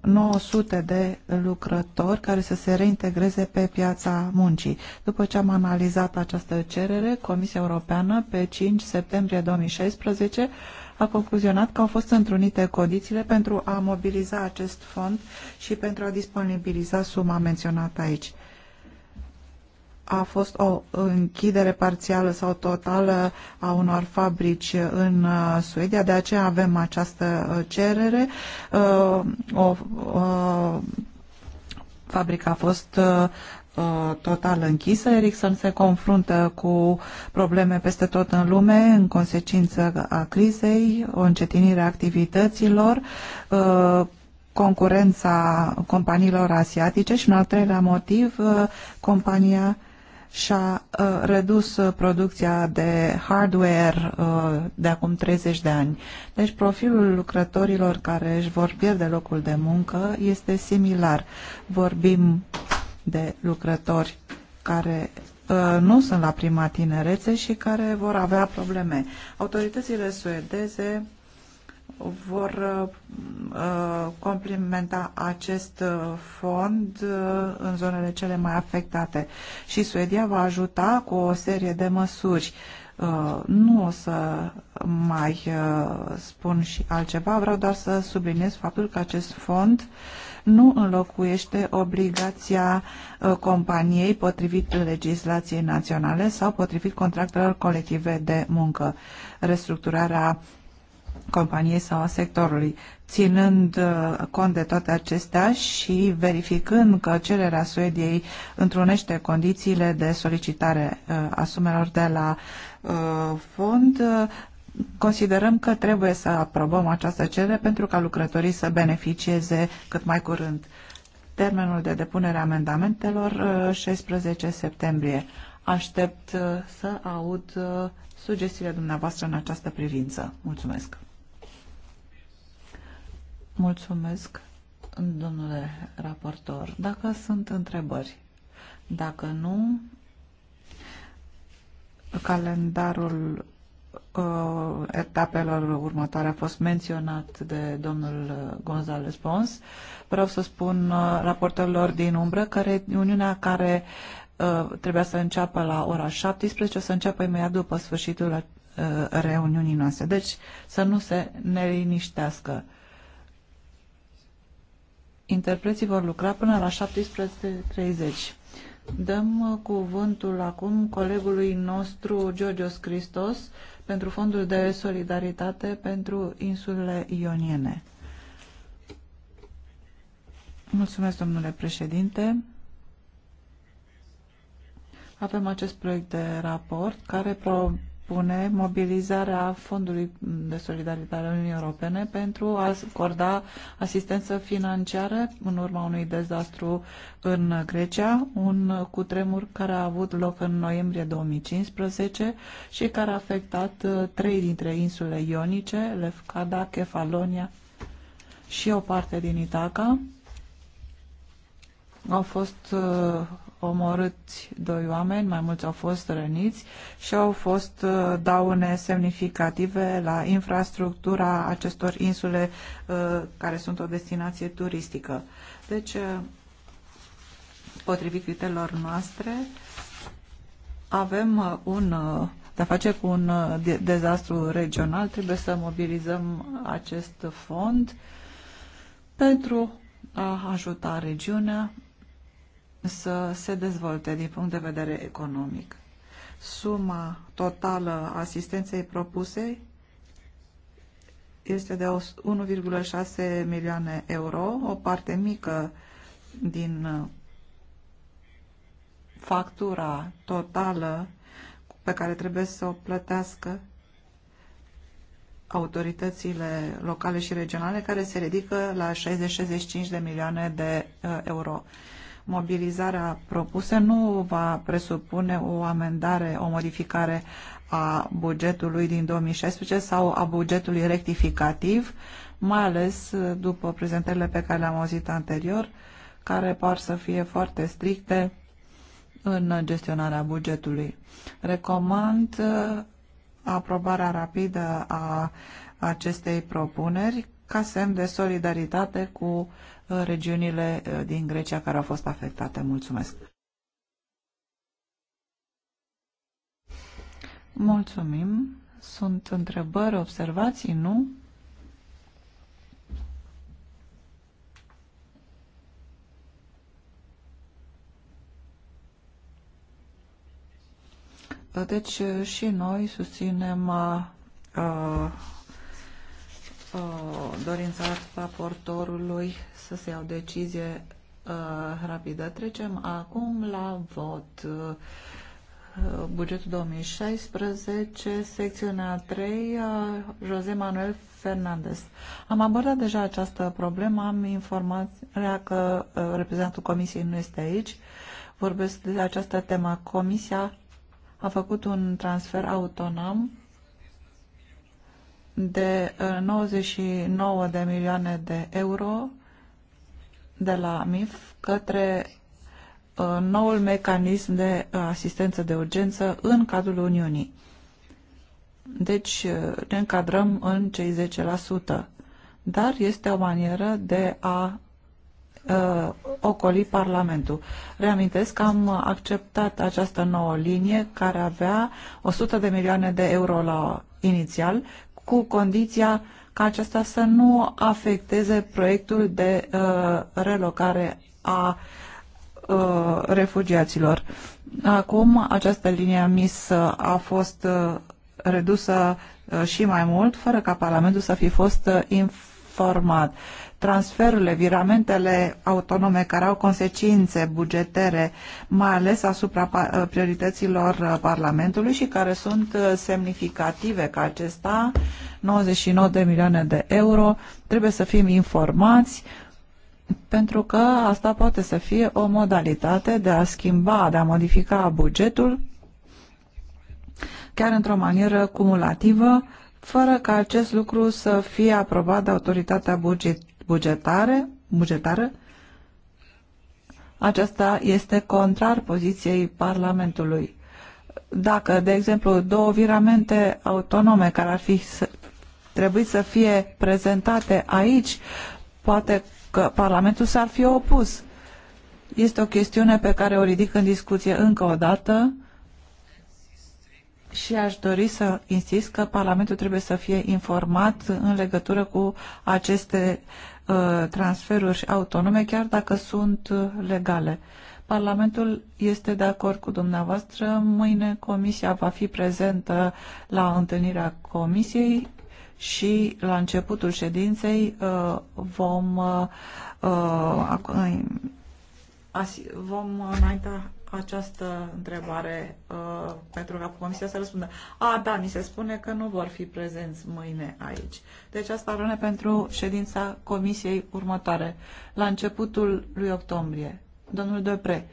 900 uh, de lucrători care să se reintegreze pe piața muncii. După ce am analizat această cerere, Comisia Europeană pe 5 septembrie 2016 a concluzionat că au fost întrunite condițiile pentru a mobiliza acest fond și pentru a disponibiliza suma menționată aici a fost o închidere parțială sau totală a unor fabrici în uh, Suedia, de aceea avem această uh, cerere. Uh, o, fabrică a fost total închisă. Ericsson se confruntă cu probleme peste tot în lume în consecință a crizei, o încetinire a activităților, concurența companiilor asiatice și, un al treilea motiv, compania și-a uh, redus uh, producția de hardware uh, de acum 30 de ani. Deci profilul lucrătorilor care își vor pierde locul de muncă este similar. Vorbim de lucrători care nu sunt la prima tinerețe și care vor avea probleme. Autoritățile suedeze vor uh, uh, complementa acest uh, fond uh, în zonele cele mai afectate și Suedia va ajuta cu o serie de măsuri. Uh, nu o să mai uh, spun și altceva, vreau doar să subliniez faptul că acest fond nu înlocuiește obligația companiei potrivit legislației naționale sau potrivit contractelor colective de muncă. Restructurarea uh, companiei sau a sectorului. Ținând uh, cont de toate acestea și verificând că cererea Suediei întrunește condițiile de solicitare uh, a sumelor de la uh, fond, considerăm că trebuie să aprobăm această cerere pentru ca lucrătorii să beneficieze cât mai curând. Termenul de depunere a amendamentelor 16 septembrie. Aștept să aud sugestiile dumneavoastră în această privință. Mulțumesc! Mulțumesc, domnule raportor. Dacă sunt întrebări, dacă nu, calendarul uh, etapelor următoare a fost menționat de domnul González Pons. Vreau să spun uh, raportorilor din umbră că reuniunea care uh, trebuia să înceapă la ora 17 o să înceapă imediat după sfârșitul uh, reuniunii noastre. Deci să nu se neliniștească. Interpreții vor lucra până la 17.30. Dăm uh, cuvântul acum colegului nostru Georgios Christos pentru Fondul de Solidaritate pentru insulele Ioniene. Mulțumesc, domnule președinte. Avem acest proiect de raport care pro presupune mobilizarea Fondului de Solidaritate al Uniunii Europene pentru a acorda asistență financiară în urma unui dezastru în Grecia, un cutremur care a avut loc în noiembrie 2015 și care a afectat uh, trei dintre insule ionice, Lefkada, Kefalonia și o parte din Itaca. Au fost uh, omorât doi oameni, mai mulți au fost răniți și au fost uh, daune semnificative la infrastructura acestor insule uh, care sunt o destinație turistică. Deci, uh, potrivit criteriilor noastre, avem un de-a face cu un dezastru regional, trebuie să mobilizăm acest fond pentru a ajuta regiunea să se dezvolte din punct de vedere economic. Suma totală a asistenței propuse este de 1,6 milioane euro, o parte mică din uh, factura totală pe care trebuie să o plătească autoritățile locale și regionale, care se ridică la 60-65 de milioane de uh, euro mobilizarea propusă nu va presupune o amendare, o modificare a bugetului din 2016 sau a bugetului rectificativ, mai ales uh, după prezentările pe care le-am auzit anterior, care par să fie foarte stricte în gestionarea bugetului. Recomand uh, aprobarea rapidă a acestei propuneri ca semn de solidaritate cu Uh, regiunile uh, din Grecia care au fost afectate. Mulțumesc! Mulțumim! Sunt întrebări, observații, nu? Deci și noi susținem uh, dorința raportorului să se iau decizie uh, rapidă. Trecem acum la vot. Uh, bugetul 2016, secțiunea 3, uh, José Manuel Fernandez. Am abordat deja această problemă, am informația că reprezentantul comisiei nu este aici. Vorbesc de această temă. Comisia a făcut un transfer autonom de 99 uh, de milioane de euro de la MIF către uh, noul mecanism de uh, asistență de urgență în cadrul Uniunii. Deci ne încadrăm în cei 10%, dar este o manieră de a uh, ocoli Parlamentul. Reamintesc că am acceptat această nouă linie care avea 100 de milioane de euro la inițial, cu condiția ca aceasta să nu afecteze proiectul de uh, relocare a uh, refugiaților. Acum această linie MIS a fost uh, redusă uh, și mai mult, fără ca Parlamentul să fi fost uh, informat transferurile, viramentele autonome care au consecințe bugetare, mai ales asupra uh, priorităților uh, Parlamentului și care sunt uh, semnificative ca acesta, 99 de milioane de euro, trebuie să fim informați pentru că asta poate să fie o modalitate de a schimba, de a modifica bugetul chiar într-o manieră cumulativă, fără ca acest lucru să fie aprobat de autoritatea buget bugetare, bugetară. Aceasta este contrar poziției Parlamentului. Dacă, de exemplu, două viramente autonome care ar fi trebuit să fie prezentate aici, poate că Parlamentul s-ar fi opus. Este o chestiune pe care o ridic în discuție încă o dată și aș dori să insist că Parlamentul trebuie să fie informat în legătură cu aceste Uh, transferuri autonome, chiar dacă sunt uh, legale. Parlamentul este de acord cu dumneavoastră. Mâine Comisia va fi prezentă la întâlnirea Comisiei și la începutul ședinței uh, vom, vom înainta această întrebare uh, pentru ca Comisia să răspundă. A, da, mi se spune că nu vor fi prezenți mâine aici. Deci asta rămâne pentru ședința Comisiei următoare, la începutul lui octombrie. Domnul Depre.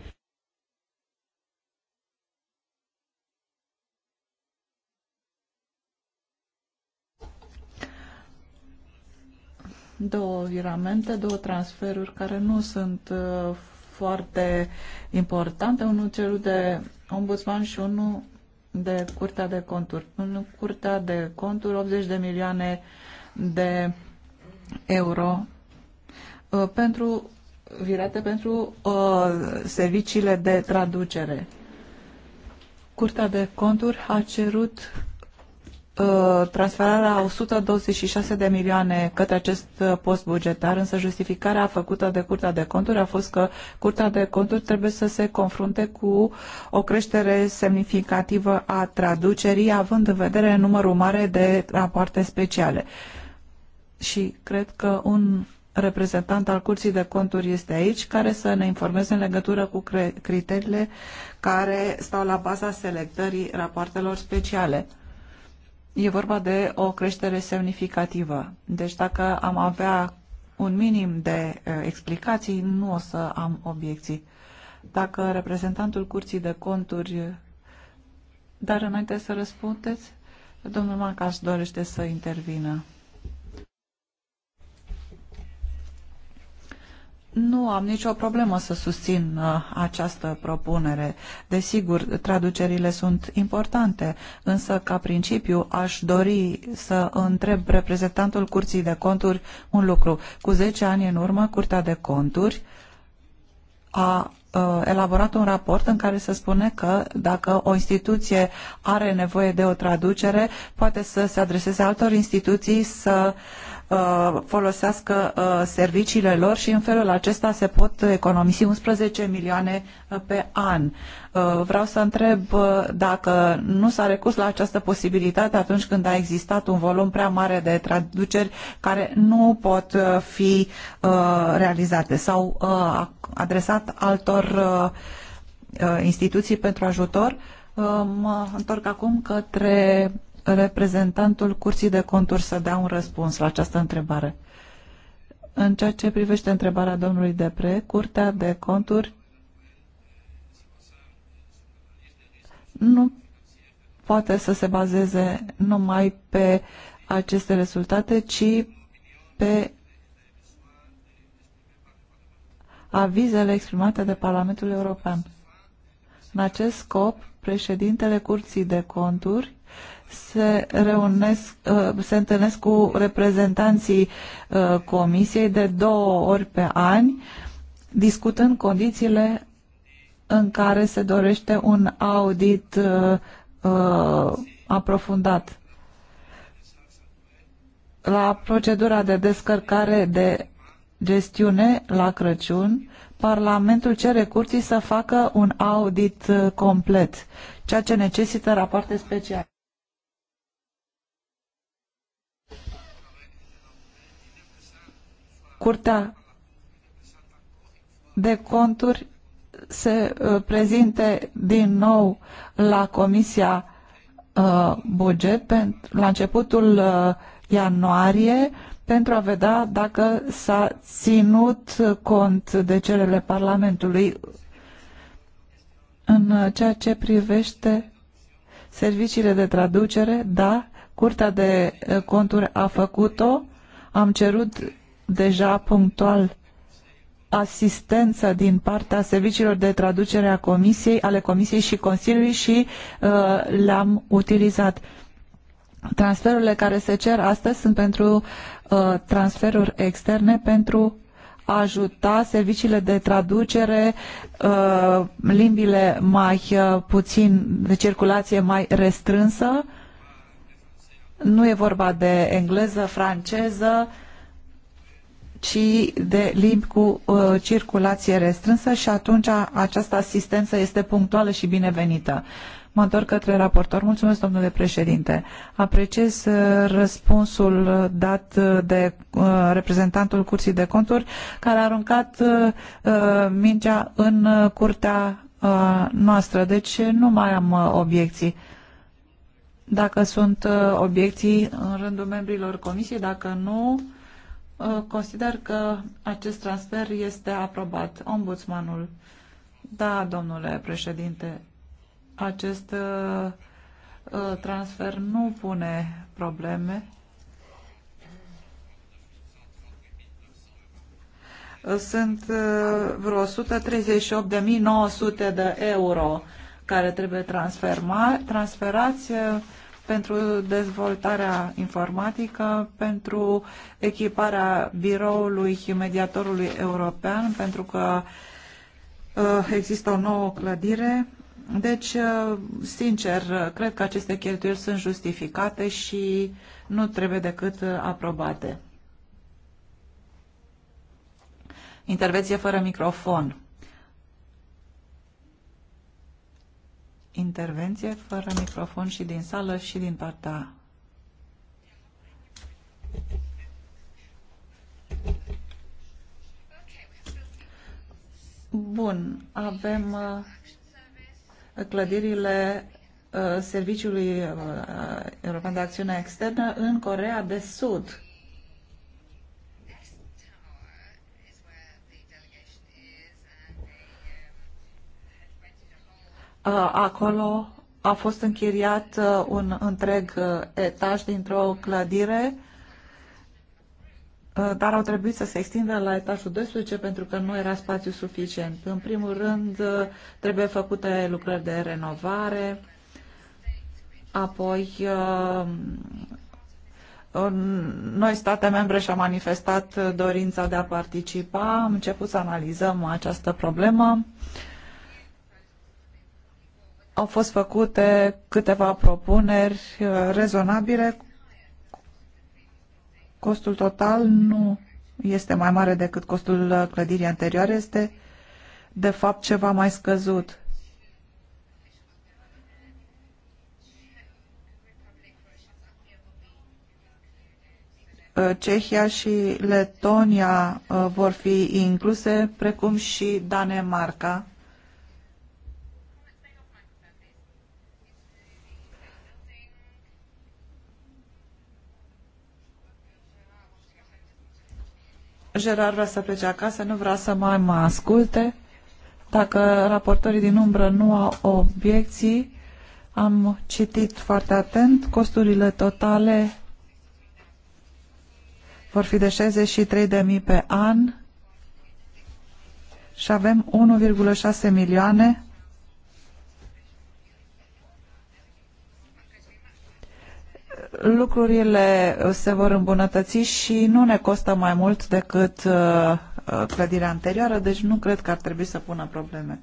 două viramente, două transferuri care nu sunt uh, foarte importante, unul cerut de ombudsman și unul de Curtea de Conturi. În Curtea de Conturi, 80 de milioane de euro uh, pentru virate pentru uh, serviciile de traducere. Curtea de Conturi a cerut Uh, transferarea a 126 de milioane către acest uh, post bugetar, însă justificarea făcută de Curtea de Conturi a fost că Curtea de Conturi trebuie să se confrunte cu o creștere semnificativă a traducerii, având în vedere numărul mare de rapoarte speciale. Și cred că un reprezentant al Curții de Conturi este aici, care să ne informeze în legătură cu criteriile care stau la baza selectării rapoartelor speciale. E vorba de o creștere semnificativă. Deci dacă am avea un minim de uh, explicații, nu o să am obiecții. Dacă reprezentantul Curții de Conturi... Dar înainte să răspundeți, domnul Macaș dorește să intervină. Nu am nicio problemă să susțin uh, această propunere. Desigur, traducerile sunt importante, însă ca principiu aș dori să întreb reprezentantul Curții de Conturi un lucru. Cu 10 ani în urmă, Curtea de Conturi a uh, elaborat un raport în care se spune că dacă o instituție are nevoie de o traducere, poate să se adreseze altor instituții să uh, Uh, folosească uh, serviciile lor și în felul acesta se pot economisi 11 milioane uh, pe an. Vreau să întreb dacă nu s-a recurs la această posibilitate atunci când a existat un volum prea mare de traduceri care nu pot fi realizate sau adresat altor instituții pentru ajutor. Mă întorc acum către reprezentantul Curții de Conturi să dea un răspuns la această întrebare. În ceea ce privește întrebarea domnului Depre, Curtea de Conturi nu poate să se bazeze numai pe aceste rezultate, ci pe avizele exprimate de Parlamentul European. În acest scop, președintele Curții de Conturi se reunesc, uh, se întâlnesc cu reprezentanții uh, comisiei de două ori pe an, discutând condițiile în care se dorește un audit uh, aprofundat. La procedura de descărcare de gestiune la Crăciun, Parlamentul cere curții să facă un audit complet, ceea ce necesită rapoarte speciale. Curtea de conturi se uh, prezinte din nou la Comisia uh, Buget la începutul uh, ianuarie pentru a vedea dacă s-a ținut cont de cererile Parlamentului în ceea ce privește serviciile de traducere, da, Curtea de Conturi a făcut-o, am cerut deja punctual asistență din partea serviciilor de traducere a Comisiei, ale Comisiei și Consiliului și uh, le-am utilizat. Transferurile care se cer astăzi sunt pentru uh, transferuri externe pentru a ajuta serviciile de traducere, uh, limbile mai uh, puțin de circulație mai restrânsă. Nu e vorba de engleză, franceză, uh, ci de limbi cu uh, circulație restrânsă și atunci această asistență este punctuală și binevenită. Mă întorc către raportor. Mulțumesc, domnule președinte. Apreciez uh, răspunsul dat uh, de uh, reprezentantul Curții de Conturi, care a aruncat mingea în curtea noastră. Deci nu mai am obiecții. Dacă sunt obiecții în rândul membrilor comisiei, dacă nu, Uh, consider că acest transfer este aprobat. Ombudsmanul. Da, domnule președinte, acest uh, uh, transfer nu pune probleme. Sunt vreo 138.900 de euro care trebuie transferma, transferați pentru dezvoltarea informatică, pentru echiparea biroului mediatorului european, pentru că uh, există o nouă clădire. Deci, uh, sincer, cred că aceste cheltuieli sunt justificate și nu trebuie decât uh, aprobate. Intervenție fără microfon. intervenție fără microfon și din sală și din partea. Bun, avem uh, clădirile uh, Serviciului uh, European de Acțiune Externă în Corea de Sud. Uh, acolo a fost închiriat uh, un întreg uh, etaj dintr-o clădire, dar au trebuit să se extindă la etajul 12 pentru că nu era spațiu suficient. În primul rând, trebuie făcute lucrări de renovare, apoi noi, state membre, și au manifestat dorința de a participa. Am început să analizăm această problemă. Au fost făcute câteva propuneri uh, rezonabile. Costul total nu este mai mare decât costul uh, clădirii anterioare, este de fapt ceva mai scăzut. Uh, Cehia și Letonia vor fi incluse, precum și Danemarca. Gerard vrea să plece acasă, nu vrea să mai mă asculte. Dacă raportorii din umbră nu au obiecții, am citit foarte atent costurile totale vor fi de 63.000 pe an și avem 1,6 milioane lucrurile se vor îmbunătăți și nu ne costă mai mult decât uh, uh, clădirea anterioară, deci nu cred că ar trebui să pună probleme.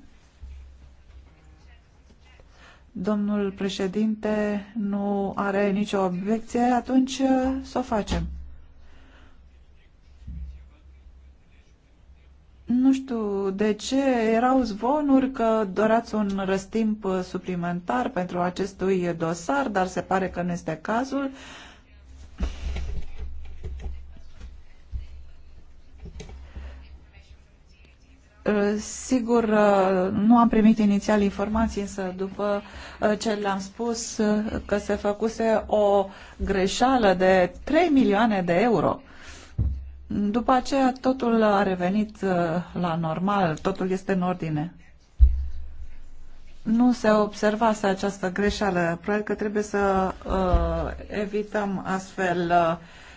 Domnul președinte nu are nicio obiecție, atunci uh, să o facem. Nu știu de ce erau zvonuri că doreați un răstimp uh, suplimentar pentru acestui dosar, dar se pare că nu este cazul. Uh, sigur, uh, nu am primit inițial informații, însă după ce le-am spus că se făcuse o greșeală de 3 milioane de euro după aceea totul a revenit uh, la normal, totul este în ordine. Nu se observase această greșeală. Probabil că trebuie să uh, evităm astfel uh,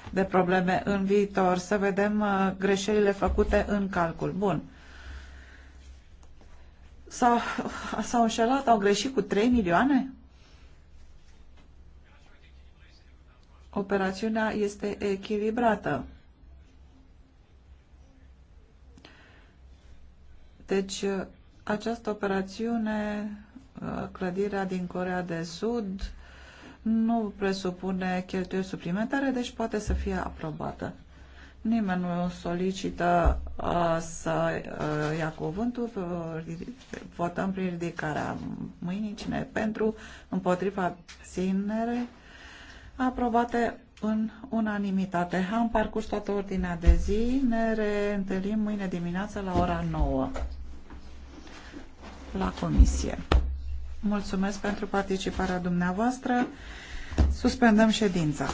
de probleme în viitor, să vedem uh, greșelile făcute în calcul. Bun. S-au, s-au înșelat, au greșit cu 3 milioane? Operațiunea este echilibrată. Deci, uh, această operațiune, uh, clădirea din Corea de Sud, nu presupune cheltuieli suplimentare, deci poate să fie aprobată. Nimeni nu solicită uh, să ia cuvântul. Votăm prin ridicarea mâinii. Cine pentru? Împotriva ținere, Aprobate în unanimitate. Am parcurs toată ordinea de zi. Ne reîntâlnim mâine dimineață la ora 9 la comisie. Mulțumesc pentru participarea dumneavoastră. Suspendăm ședința.